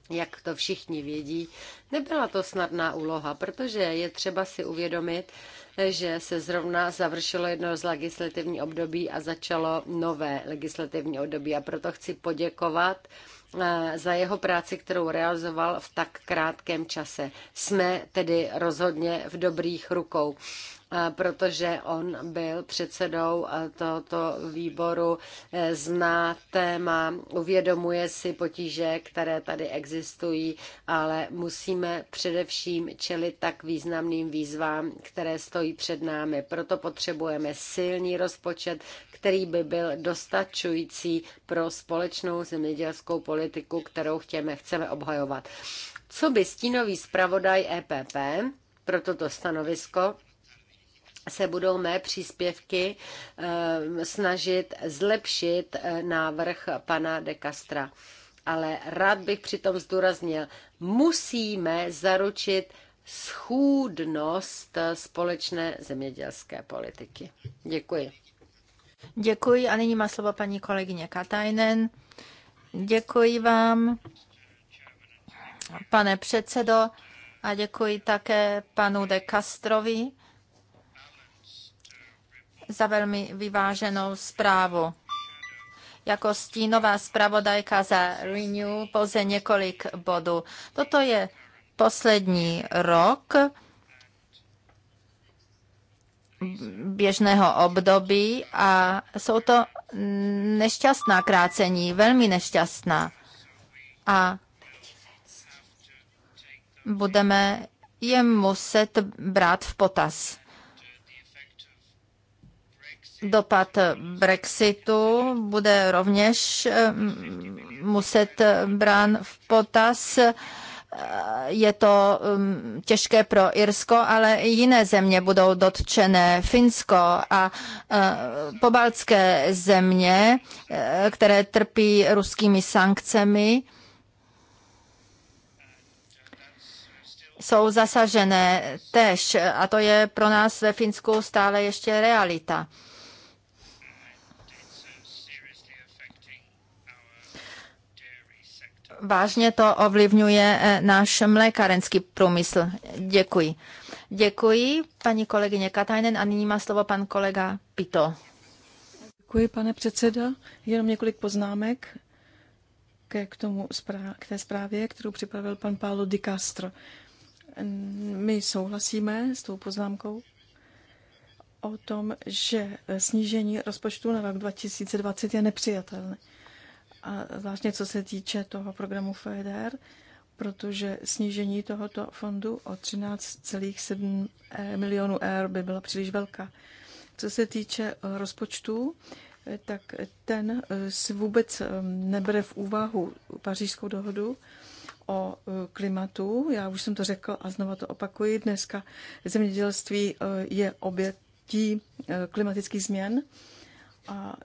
[SPEAKER 1] Jak to všichni vědí, nebyla to snadná úloha, protože je třeba si uvědomit, že se zrovna završilo jedno z legislativní období a začalo nové legislativní období. A proto chci poděkovat uh, za jeho práci, kterou realizoval v tak krátkém čase. Jsme tedy rozhodně v dobrých rukou. Eh, protože on byl předsedou eh, tohoto výboru, eh, zná téma, uvědomuje si potíže, které tady existují, ale musíme především čelit tak významným výzvám, které stojí před námi. Proto potřebujeme silný rozpočet, který by byl dostačující pro společnou zemědělskou politiku, kterou chceme, chceme obhajovat. Co by stínový zpravodaj EPP pro toto stanovisko se budou mé příspěvky eh, snažit zlepšit eh, návrh pana de Castra. Ale rád bych přitom zdůraznil, musíme zaručit schůdnost společné zemědělské politiky. Děkuji. Děkuji a nyní má slovo
[SPEAKER 3] paní kolegyně Katajnen. Děkuji vám, pane předsedo, a děkuji také panu de Castrovi za velmi vyváženou zprávu. Jako stínová zpravodajka za Renew pouze několik bodů. Toto je poslední rok běžného období a jsou to nešťastná krácení, velmi nešťastná. A budeme je muset brát v potaz. Dopad Brexitu bude rovněž eh, muset brán v potaz eh, je to eh, těžké pro Irsko, ale i jiné země budou dotčené. Finsko a pobaltské země, které trpí ruskými sankcemi, jsou zasažené tež. A to je pro nás ve Finsku stále ještě realita. vážně to ovlivňuje eh, náš mlékárenský průmysl. Děkuji. Děkuji, paní
[SPEAKER 2] kolegyně Katajnen, a nyní má slovo pan kolega Pito. Děkuji, pane předseda. Jenom několik poznámek ke, k, tomu, k té zprávě, kterou připravil pan Paulo Di Castro. My souhlasíme s tou poznámkou o tom, že snížení rozpočtu na rok 2020 je nepřijatelné a zvláště co se týče toho programu FEDER, protože snížení tohoto fondu o 13,7 eh, milionů eur by byla příliš velká. Co se týče eh, rozpočtu, eh, tak ten si vůbec nebere v úvahu pařížskou dohodu o klimatu. Já už jsem to řekl a znova to opakuji. Dneska zemědělství je obětí klimatických změn a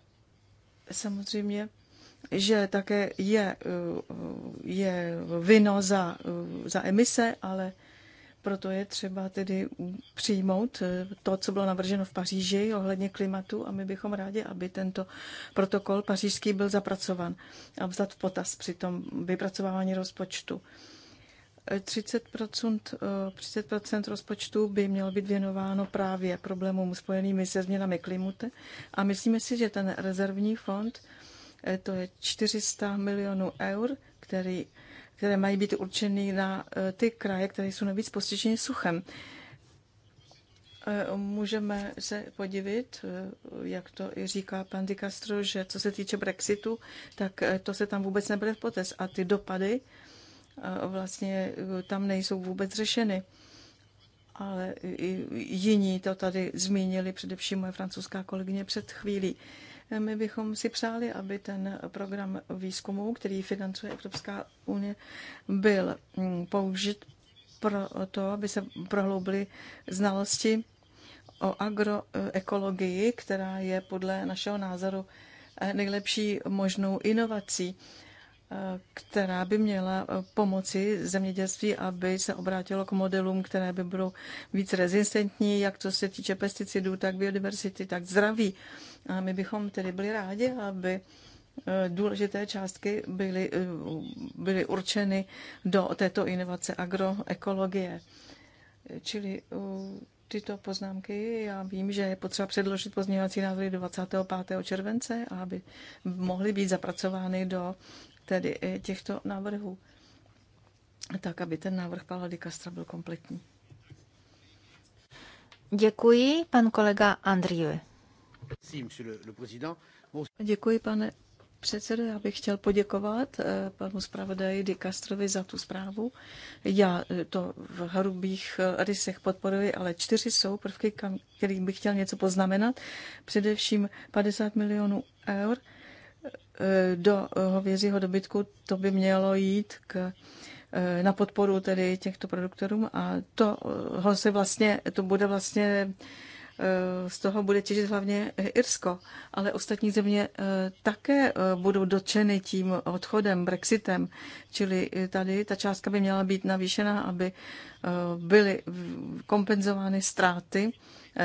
[SPEAKER 2] samozřejmě že také je, eh, je vino za, eh, za emise, ale proto je třeba tedy přijmout eh, to, co bylo navrženo v Paříži ohledně klimatu a my bychom rádi, aby tento protokol pařížský byl zapracovan a vzat v potaz při tom vypracovávání rozpočtu. 30%, 30 rozpočtu by mělo být věnováno právě problémům spojenými se změnami klimatu a myslíme si, že ten rezervní fond Eh, to je 400 milionů eur, který, které mají být určeny na eh, ty kraje, které jsou nejvíc postiženy suchem. Eh, můžeme se podívat, jak to i říká pan Di Castro, že co se týče Brexitu, tak to se tam vůbec nebere v potaz a ty dopady vlastně tam nejsou vůbec řešeny. Ale jiní to tady zmínili, především moje francouzská kolegyně před chvílí. My bychom si přáli, aby ten program výzkumu, který financuje Evropská unie, byl mm, použit pro to, aby se prohloubily znalosti o agroekologii, která je podle našeho názoru eh, nejlepší možnou inovací která by měla eh, pomoci zemědělství, aby se obrátilo k modelům, které by budou víc rezistentní, jak co se týče pesticidů, tak biodiverzity, tak zdraví. A my bychom tedy byli rádi, aby eh, důležité částky byly, eh, byly určeny do této inovace agroekologie. Čili tyto poznámky. Já vím, že je potřeba předložit pozměňovací návrhy 25. července, aby mohly být zapracovány do tedy eh, těchto návrhů, tak aby ten návrh Pavla Dikastra byl kompletní. Děkuji, pan kolega Andriu. Děkuji, pane předsedo. Já bych chtěl poděkovat eh, panu zpravodaji Di Castrovi za tu zprávu. Já eh, to v hrubých rysech podporuji, ale čtyři jsou prvky, kam, kterých bych chtěl něco poznamenat. Především 50 milionů eur Eh, do hovězího dobytku, to by mělo jít k, eh, na podporu tedy těchto produktorům a to eh, ho se vlastně, to bude vlastně z toho bude těžit hlavně Irsko, ale ostatní země také budou dotčeny tím odchodem, Brexitem, čili tady ta částka by měla být navýšena, aby byly kompenzovány ztráty,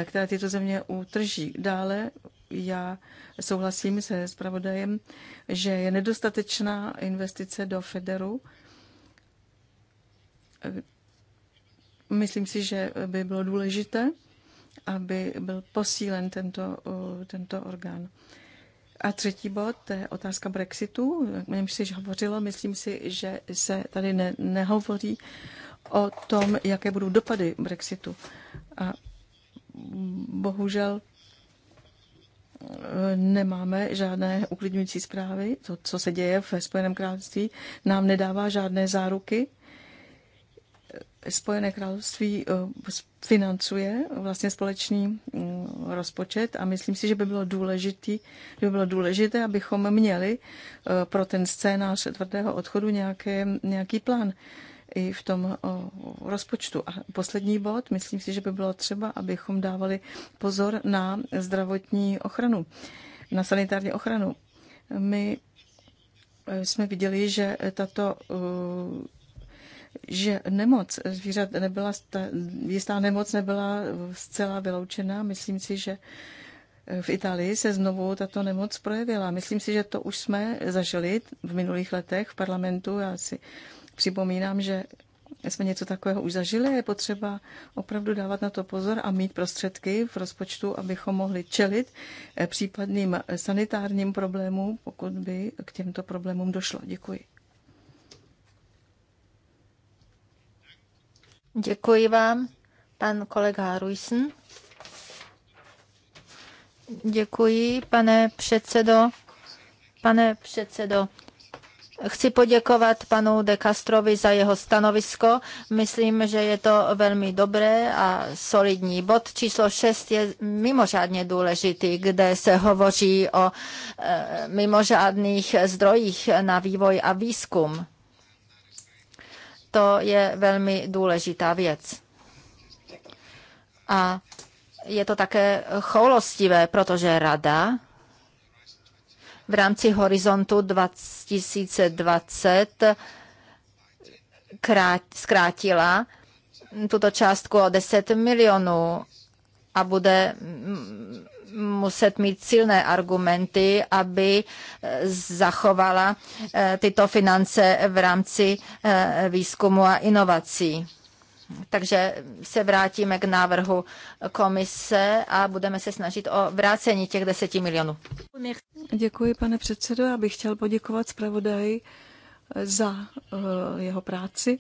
[SPEAKER 2] které tyto země utrží. Dále já souhlasím se zpravodajem, že je nedostatečná investice do Federu. Myslím si, že by bylo důležité, aby byl posílen tento, tento orgán. A třetí bod, to je otázka Brexitu, o němž si, hovořilo. Myslím si, že se tady ne, nehovoří o tom, jaké budou dopady Brexitu. A bohužel nemáme žádné uklidňující zprávy. To, co se děje ve Spojeném království, nám nedává žádné záruky. Spojené království eh, financuje vlastně společný mm, rozpočet a myslím si, že by bylo, důležitý, by bylo důležité, abychom měli eh, pro ten scénář tvrdého odchodu nějaké, nějaký plán i v tom rozpočtu. A poslední bod, myslím si, že by bylo třeba, abychom dávali pozor na zdravotní ochranu, na sanitární ochranu. My e, jsme viděli, že tato e, že nemoc zvířat nebyla, jistá nemoc nebyla zcela vyloučena. Myslím si, že e, v Itálii se znovu tato nemoc projevila. Myslím si, že to už jsme zažili v minulých letech v parlamentu. Já si Připomínám, že jsme něco takového už zažili, je potřeba opravdu dávat na to pozor a mít prostředky v rozpočtu, abychom mohli čelit eh, případným sanitárním problémům, pokud by k těmto problémům došlo. Děkuji. Děkuji vám, pan kolega Ruysen.
[SPEAKER 3] Děkuji, pane předsedo. Pane předsedo, Chci poděkovat panu De Castrovi za jeho stanovisko. Myslím, že je to velmi dobré a solidní. Bod číslo 6 je mimořádně důležitý, kde se hovoří o e, mimořádných zdrojích na vývoj a výzkum. To je velmi důležitá věc. A je to také choulostivé, protože rada v rámci horizontu 2020 krát, zkrátila tuto částku o 10 milionů a bude muset mít silné argumenty, aby eh, zachovala eh, tyto finance v rámci eh, výzkumu a inovací. Takže se vrátíme k návrhu komise a budeme se snažit o vrácení těch 10 milionů.
[SPEAKER 2] Děkuji, pane předsedo. Já bych chtěl poděkovat zpravodaji eh, za eh, jeho práci.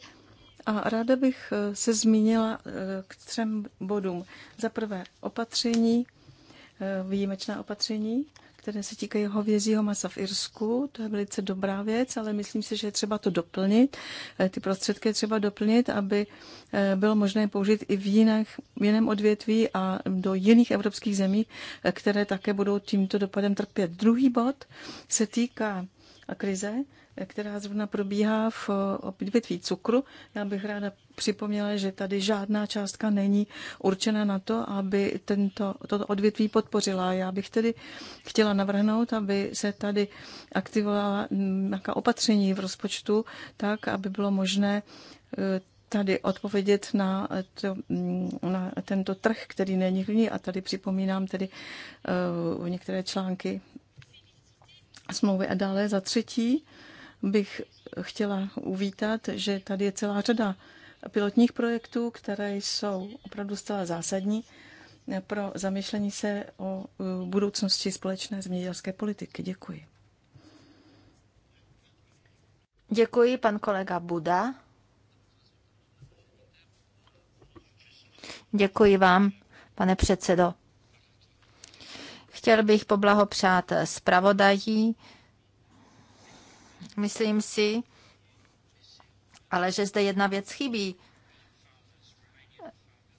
[SPEAKER 2] A ráda bych eh, se zmínila k třem bodům. Za prvé opatření, výjimečná opatření, které se týkají hovězího masa v Irsku. To je velice dobrá věc, ale myslím si, že je třeba to doplnit. Eh, ty prostředky je třeba doplnit, aby eh, bylo možné použít i v, jiných, v jiném odvětví a do jiných evropských zemí, eh, které také budou tímto dopadem trpět. Druhý bod se týká krize která zrovna probíhá v odvětví cukru. Já bych ráda připomněla, že tady žádná částka není určena na to, aby tento, toto odvětví podpořila. Já bych tedy chtěla navrhnout, aby se tady aktivovala nějaká mm, opatření v rozpočtu, tak, aby bylo možné e, tady odpovědět na, to, mm, na tento trh, který není hlivní. A tady připomínám tedy uh, některé články smlouvy a dále. Za třetí, bych chtěla uvítat, že tady je celá řada pilotních projektů, které jsou opravdu zcela zásadní pro zamýšlení se o e, budoucnosti společné zemědělské politiky. Děkuji.
[SPEAKER 3] Děkuji, pan kolega Buda. Děkuji vám, pane předsedo. Chtěl bych poblahopřát zpravodají Myslím si, ale že zde jedna věc chybí.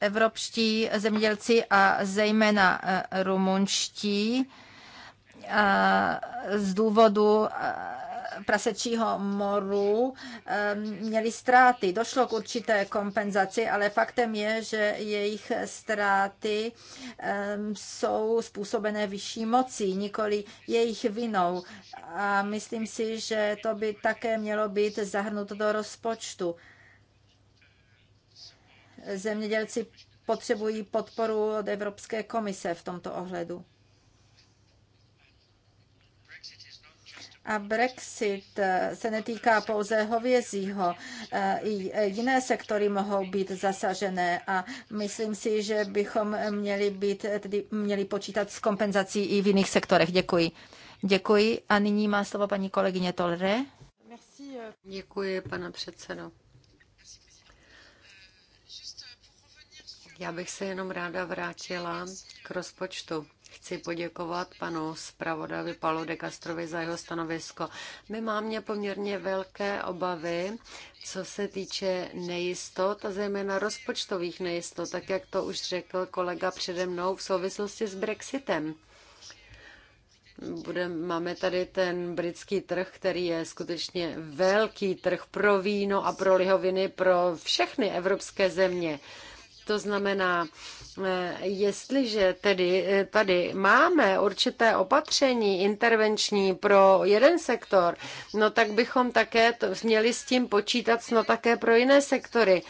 [SPEAKER 3] Evropští zemědělci a zejména eh, rumunští eh, z důvodu eh, prasečího moru měli ztráty. Došlo k určité kompenzaci, ale faktem je, že jejich ztráty jsou způsobené vyšší mocí, nikoli jejich vinou. A myslím si, že to by také mělo být zahrnuto do rozpočtu. Zemědělci potřebují podporu od Evropské komise v tomto ohledu. A Brexit eh, se netýká pouze hovězího, eh, i eh, jiné sektory mohou být zasažené a myslím si, že bychom měli, být, tedy měli počítat s kompenzací i v jiných sektorech. Děkuji. Děkuji a nyní má slovo paní kolegyně Tolre.
[SPEAKER 1] Děkuji, pane předsedo. Já bych se jenom ráda vrátila k rozpočtu. Chci poděkovat panu zpravodavi Palu de Castrovi za jeho stanovisko. My máme poměrně velké obavy, co se týče nejistot a zejména rozpočtových nejistot, tak jak to už řekl kolega přede mnou v souvislosti s Brexitem. Bude, máme tady ten britský trh, který je skutečně velký trh pro víno a pro lihoviny pro všechny evropské země. To znamená, Eh, jestliže tedy eh, tady máme určité opatření intervenční pro jeden sektor, no tak bychom také to, měli s tím počítat no také pro jiné sektory,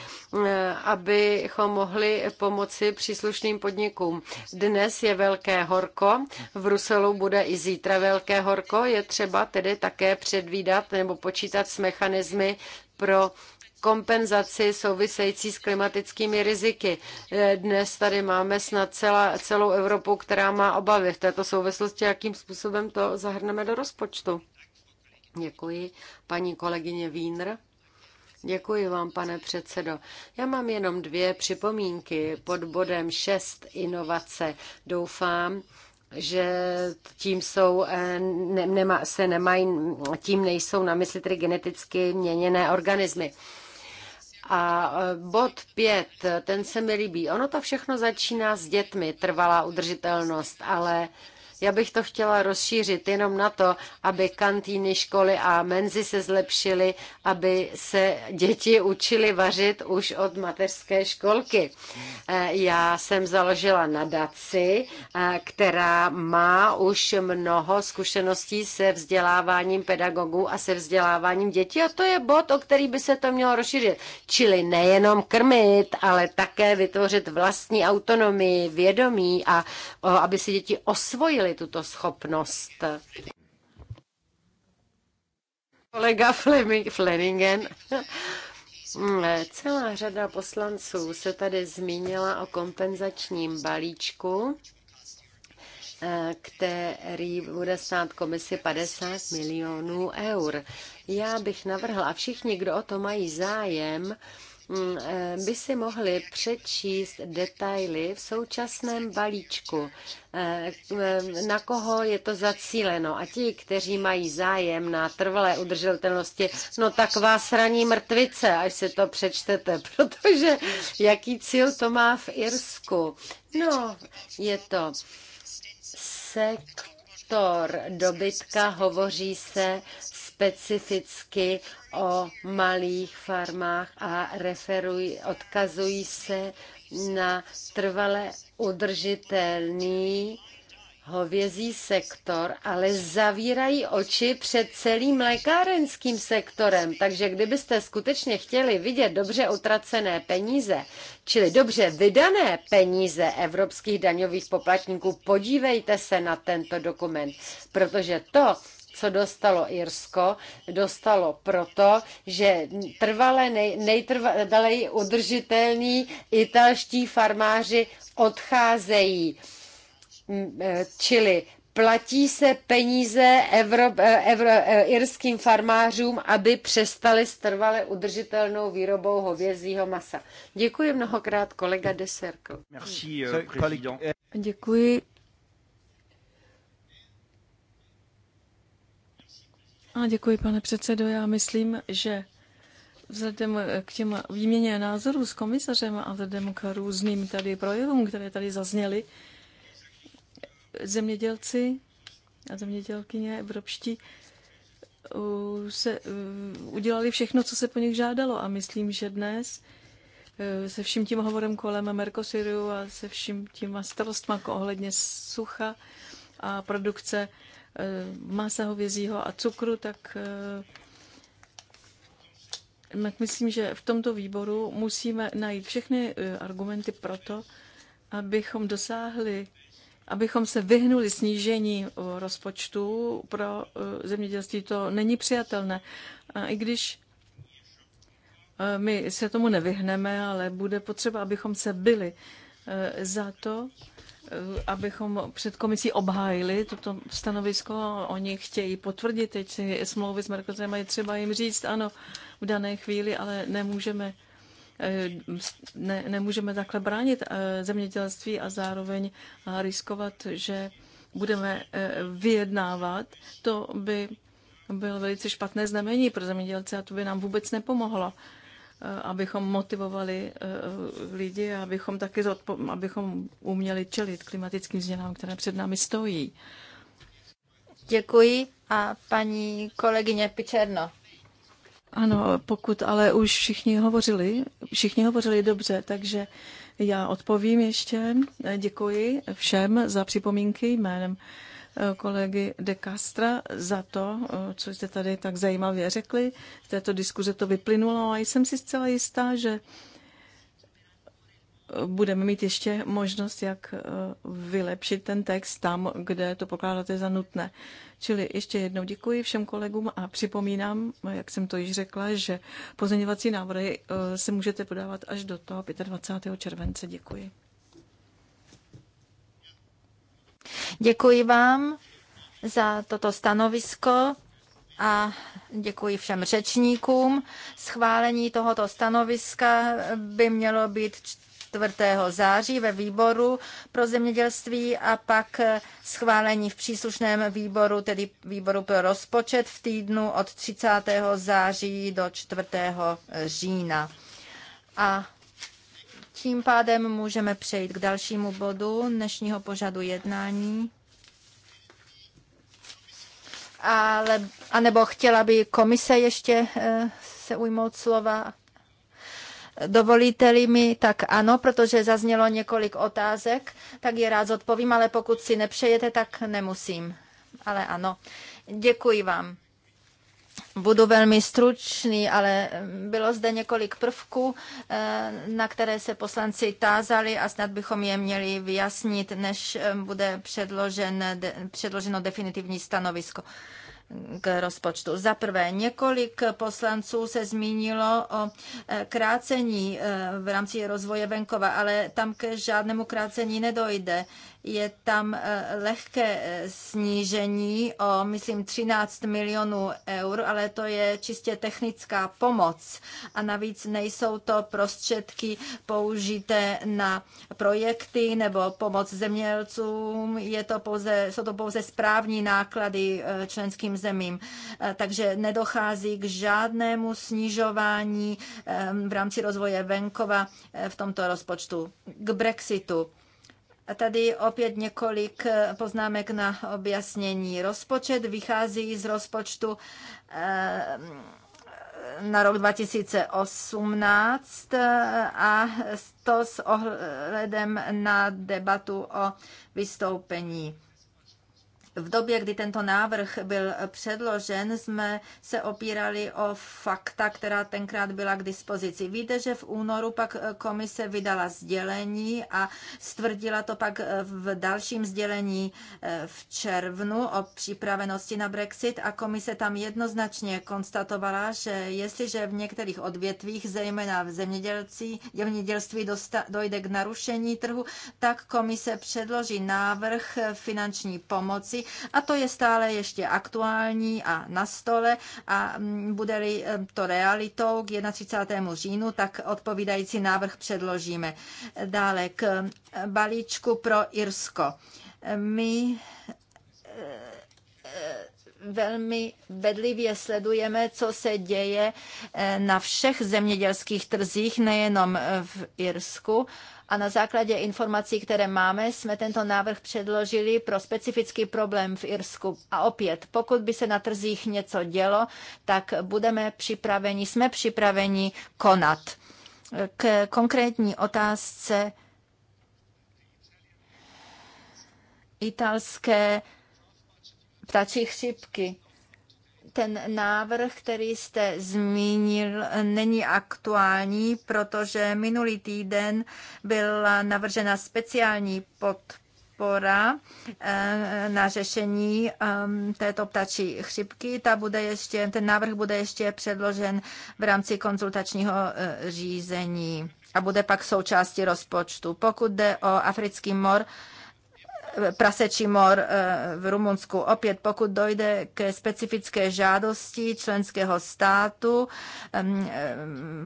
[SPEAKER 1] eh, abychom mohli pomoci příslušným podnikům. Dnes je velké horko, v Bruselu bude i zítra velké horko, je třeba tedy také předvídat nebo počítat s mechanismy pro kompenzaci související s klimatickými riziky. Eh, dnes tady máme snad celá, celou Evropu, která má obavy v této souvislosti, jakým způsobem to zahrneme do rozpočtu. Děkuji, paní kolegyně Vínr. Děkuji vám, pane předsedo. Já mám jenom dvě připomínky pod bodem 6 inovace. Doufám, že tím jsou, eh, ne, nema, se nemaj, tím nejsou na mysli tedy geneticky měněné organismy. A e, bod pět ten se mi líbí. Ono to všechno začíná s dětmi, trvalá udržitelnost, ale já bych to chtěla rozšířit jenom na to, aby kantýny, školy a menzy se zlepšily, aby se děti učily vařit už od mateřské školky. Eh, já jsem založila nadaci, eh, která má už mnoho zkušeností se vzděláváním pedagogů a se vzděláváním dětí a to je bod, o který by se to mělo rozšířit. Čili nejenom krmit, ale také vytvořit vlastní autonomii, vědomí a aby si děti osvojily ztratili tuto schopnost. Kolega Flemingen. Celá řada poslanců se tady zmínila o kompenzačním balíčku, který bude stát komisi 50 milionů eur. Já bych navrhla, a všichni, kdo o to mají zájem, Mm, eh, by si mohli přečíst detaily v současném balíčku, eh, eh, na koho je to zacíleno. A ti, kteří mají zájem na trvalé udržitelnosti, no tak vás raní mrtvice, až si to přečtete, protože jaký cíl to má v Irsku. No, je to sektor dobytka, hovoří se specificky o malých farmách a referují, odkazují se na trvale udržitelný hovězí sektor, ale zavírají oči před celým lékárenským sektorem. Takže kdybyste skutečně chtěli vidět dobře utracené peníze, čili dobře vydané peníze evropských daňových poplatníků, podívejte se na tento dokument, protože to, co dostalo Irsko, dostalo proto, že trvale nej, nejtrvaleji udržitelní italští farmáři odcházejí. Čili platí se peníze Evro, Evro, irským farmářům, aby přestali s trvale udržitelnou výrobou hovězího masa. Děkuji mnohokrát, kolega de
[SPEAKER 2] Děkuji, A děkuji, pane předsedo. Já myslím, že vzhledem k těm výměně názorů s komisařem a vzhledem k různým tady projevům, které tady zazněly, zemědělci a zemědělkyně evropští se udělali všechno, co se po nich žádalo a myslím, že dnes e, se vším tím hovorem kolem Mercosuru a se vším těma starostma ohledně sucha a produkce Eh, masa hovězího a cukru, eh, tak myslím, že v tomto výboru musíme najít všechny eh, argumenty pro to, abychom dosáhli, abychom se vyhnuli snížení rozpočtu pro zemědělství. To není přijatelné. A i když my se tomu nevyhneme, ale bude potřeba, abychom se byli za to, abychom před komisí obhájili toto stanovisko. Oni chtějí potvrdit teď si smlouvy s Mercosurem a je třeba jim říct ano v dané chvíli, ale nemůžeme eh, ne, nemůžeme takhle bránit eh, zemědělství a zároveň riskovat, že budeme eh, vyjednávat. To by bylo velice špatné znamení pro zemědělce a to by nám vůbec nepomohlo. Eh, abychom motivovali eh, lidi a abychom taky abychom uměli čelit klimatickým změnám, které před námi stojí. Děkuji a
[SPEAKER 3] paní kolegyně Pičerno.
[SPEAKER 2] Ano, pokud ale už všichni hovořili, všichni hovořili dobře, takže já odpovím ještě. Děkuji všem za připomínky jménem kolegy de Castra za to, co jste tady tak zajímavě řekli. V této diskuze to vyplynulo a jsem si zcela jistá, že budeme mít ještě možnost, jak eh, vylepšit ten text tam, kde to pokládáte za nutné. Čili ještě jednou děkuji všem kolegům a připomínám, jak jsem to již řekla, že pozměňovací návrhy eh, se můžete podávat až do toho 25. července. Děkuji.
[SPEAKER 3] Děkuji vám za toto stanovisko a děkuji všem řečníkům. Schválení tohoto stanoviska by mělo být 4. září ve výboru pro zemědělství a pak schválení v příslušném výboru, tedy výboru pro rozpočet v týdnu od 30. září do 4. října. A tím pádem můžeme přejít k dalšímu bodu dnešního pořadu jednání. Ale, anebo chtěla by komise ještě eh, se ujmout slova? Dovolíte-li mi, tak ano, protože zaznělo několik otázek, tak je rád odpovím, ale pokud si nepřejete, tak nemusím. Ale ano, děkuji vám. Budu velmi stručný, ale bylo zde několik prvků, eh, na které se poslanci tázali a snad bychom je měli vyjasnit, než bude předložen, předloženo definitivní stanovisko k rozpočtu. Za prvé, několik poslanců se zmínilo o eh, krácení eh, v rámci rozvoje venkova, ale tam ke žádnému krácení nedojde je tam eh, lehké eh, snížení o, myslím, 13 milionů eur, ale to je čistě technická pomoc. A navíc nejsou to prostředky použité na projekty nebo pomoc zemědělcům, je to pouze, jsou to pouze správní náklady eh, členským zemím. Takže nedochází k žádnému snižování v rámci rozvoje venkova v tomto rozpočtu. K Brexitu. A tady opět několik eh, poznámek na objasnění. Rozpočet vychází z rozpočtu eh, na rok 2018 eh, a to s ohledem na debatu o vystoupení. V době, kdy tento návrh byl předložen, jsme se opírali o fakta, která tenkrát byla k dispozici. Víte, že v únoru pak komise vydala sdělení a stvrdila to pak v dalším sdělení eh, v červnu o připravenosti na Brexit a komise tam jednoznačně konstatovala, že jestliže v některých odvětvích, zejména v zemědělství, dojde k narušení trhu, tak komise předloží návrh finanční pomoci a to je stále ještě aktuální a na stole a mm, bude-li eh, to realitou k 31. říjnu, tak odpovídající návrh předložíme. Dále k eh, balíčku pro Irsko. My eh, velmi bedlivě sledujeme, co se děje na všech zemědělských trzích, nejenom v Irsku. A na základě informací, které máme, jsme tento návrh předložili pro specifický problém v Irsku. A opět, pokud by se na trzích něco dělo, tak budeme připraveni, jsme připraveni konat. K konkrétní otázce italské ptačí chřipky ten návrh, který jste zmínil, není aktuální, protože minulý týden byla navržena speciální podpora eh, na řešení eh, této ptačí chřipky. Ta bude ještě, ten návrh bude ještě předložen v rámci konzultačního eh, řízení a bude pak součástí rozpočtu. Pokud jde o africký mor, prasečí mor eh, v Rumunsku. Opět, pokud dojde ke specifické žádosti členského státu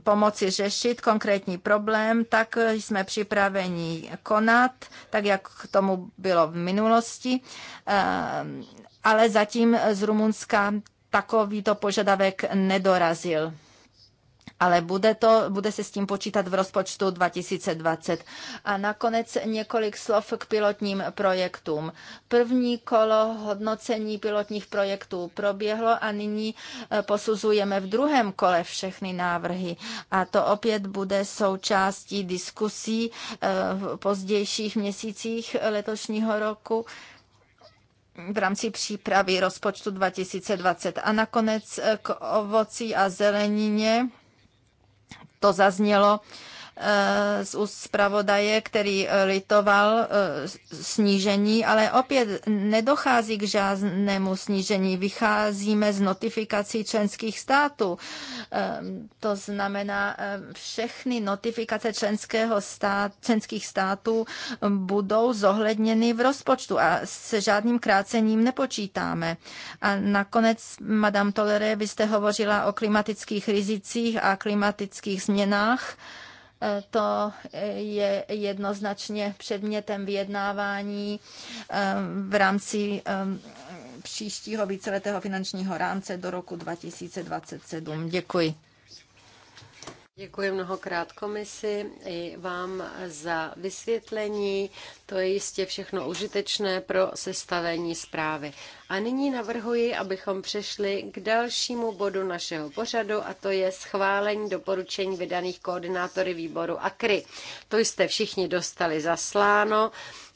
[SPEAKER 3] pomoci řešit konkrétní problém, tak jsme připraveni konat, tak jak tomu bylo v minulosti, ale zatím z Rumunska takovýto požadavek nedorazil ale bude, to, bude se s tím počítat v rozpočtu 2020. A nakonec několik slov k pilotním projektům. První kolo hodnocení pilotních projektů proběhlo a nyní e, posuzujeme v druhém kole všechny návrhy. A to opět bude součástí diskusí e, v pozdějších měsících letošního roku v rámci přípravy rozpočtu 2020. A nakonec e, k ovoci a zelenině to zaznělo Eh, z úst zpravodaje, který eh, litoval eh, snížení, ale opět nedochází k žádnému snížení. Vycházíme z notifikací členských států. To znamená, všechny notifikace členského stát, členských států budou zohledněny v rozpočtu a se žádným krácením nepočítáme. A nakonec, Madame Tolere, vy jste hovořila o klimatických rizicích a klimatických změnách. To je jednoznačně předmětem vyjednávání ehm, v rámci ehm, příštího víceletého finančního rámce do roku 2027. Děkuji.
[SPEAKER 1] Děkuji mnohokrát komisi i vám za vysvětlení. To je jistě všechno užitečné pro sestavení zprávy. A nyní navrhuji, abychom přešli k dalšímu bodu našeho pořadu, a to je schválení doporučení vydaných koordinátory výboru AKRY. To jste všichni dostali zasláno.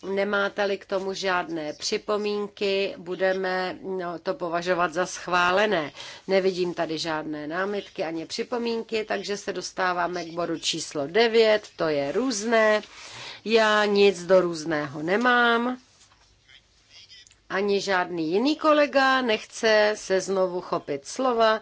[SPEAKER 1] Nemáte-li k tomu žádné připomínky, budeme no, to považovat za schválené. Nevidím tady žádné námitky ani připomínky, takže se dostáváme k bodu číslo 9, to je různé. Já nic do různého nemám. Ani žádný jiný kolega nechce se znovu chopit slova,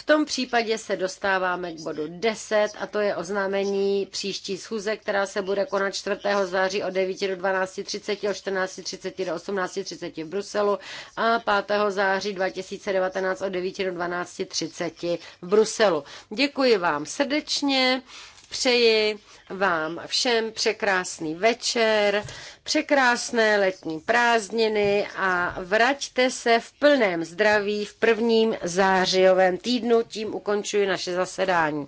[SPEAKER 1] v tom případě se dostáváme k bodu 10 a to je oznámení příští schůze, která se bude konat 4. září od 9 do 12.30, od 14.30 do 18.30 v Bruselu a 5. září 2019 od 9 do 12.30 v Bruselu. Děkuji vám srdečně. Přeji vám všem překrásný večer, překrásné letní prázdniny a vraťte se v plném zdraví v prvním zářijovém týdnu. Tím ukončuji naše zasedání.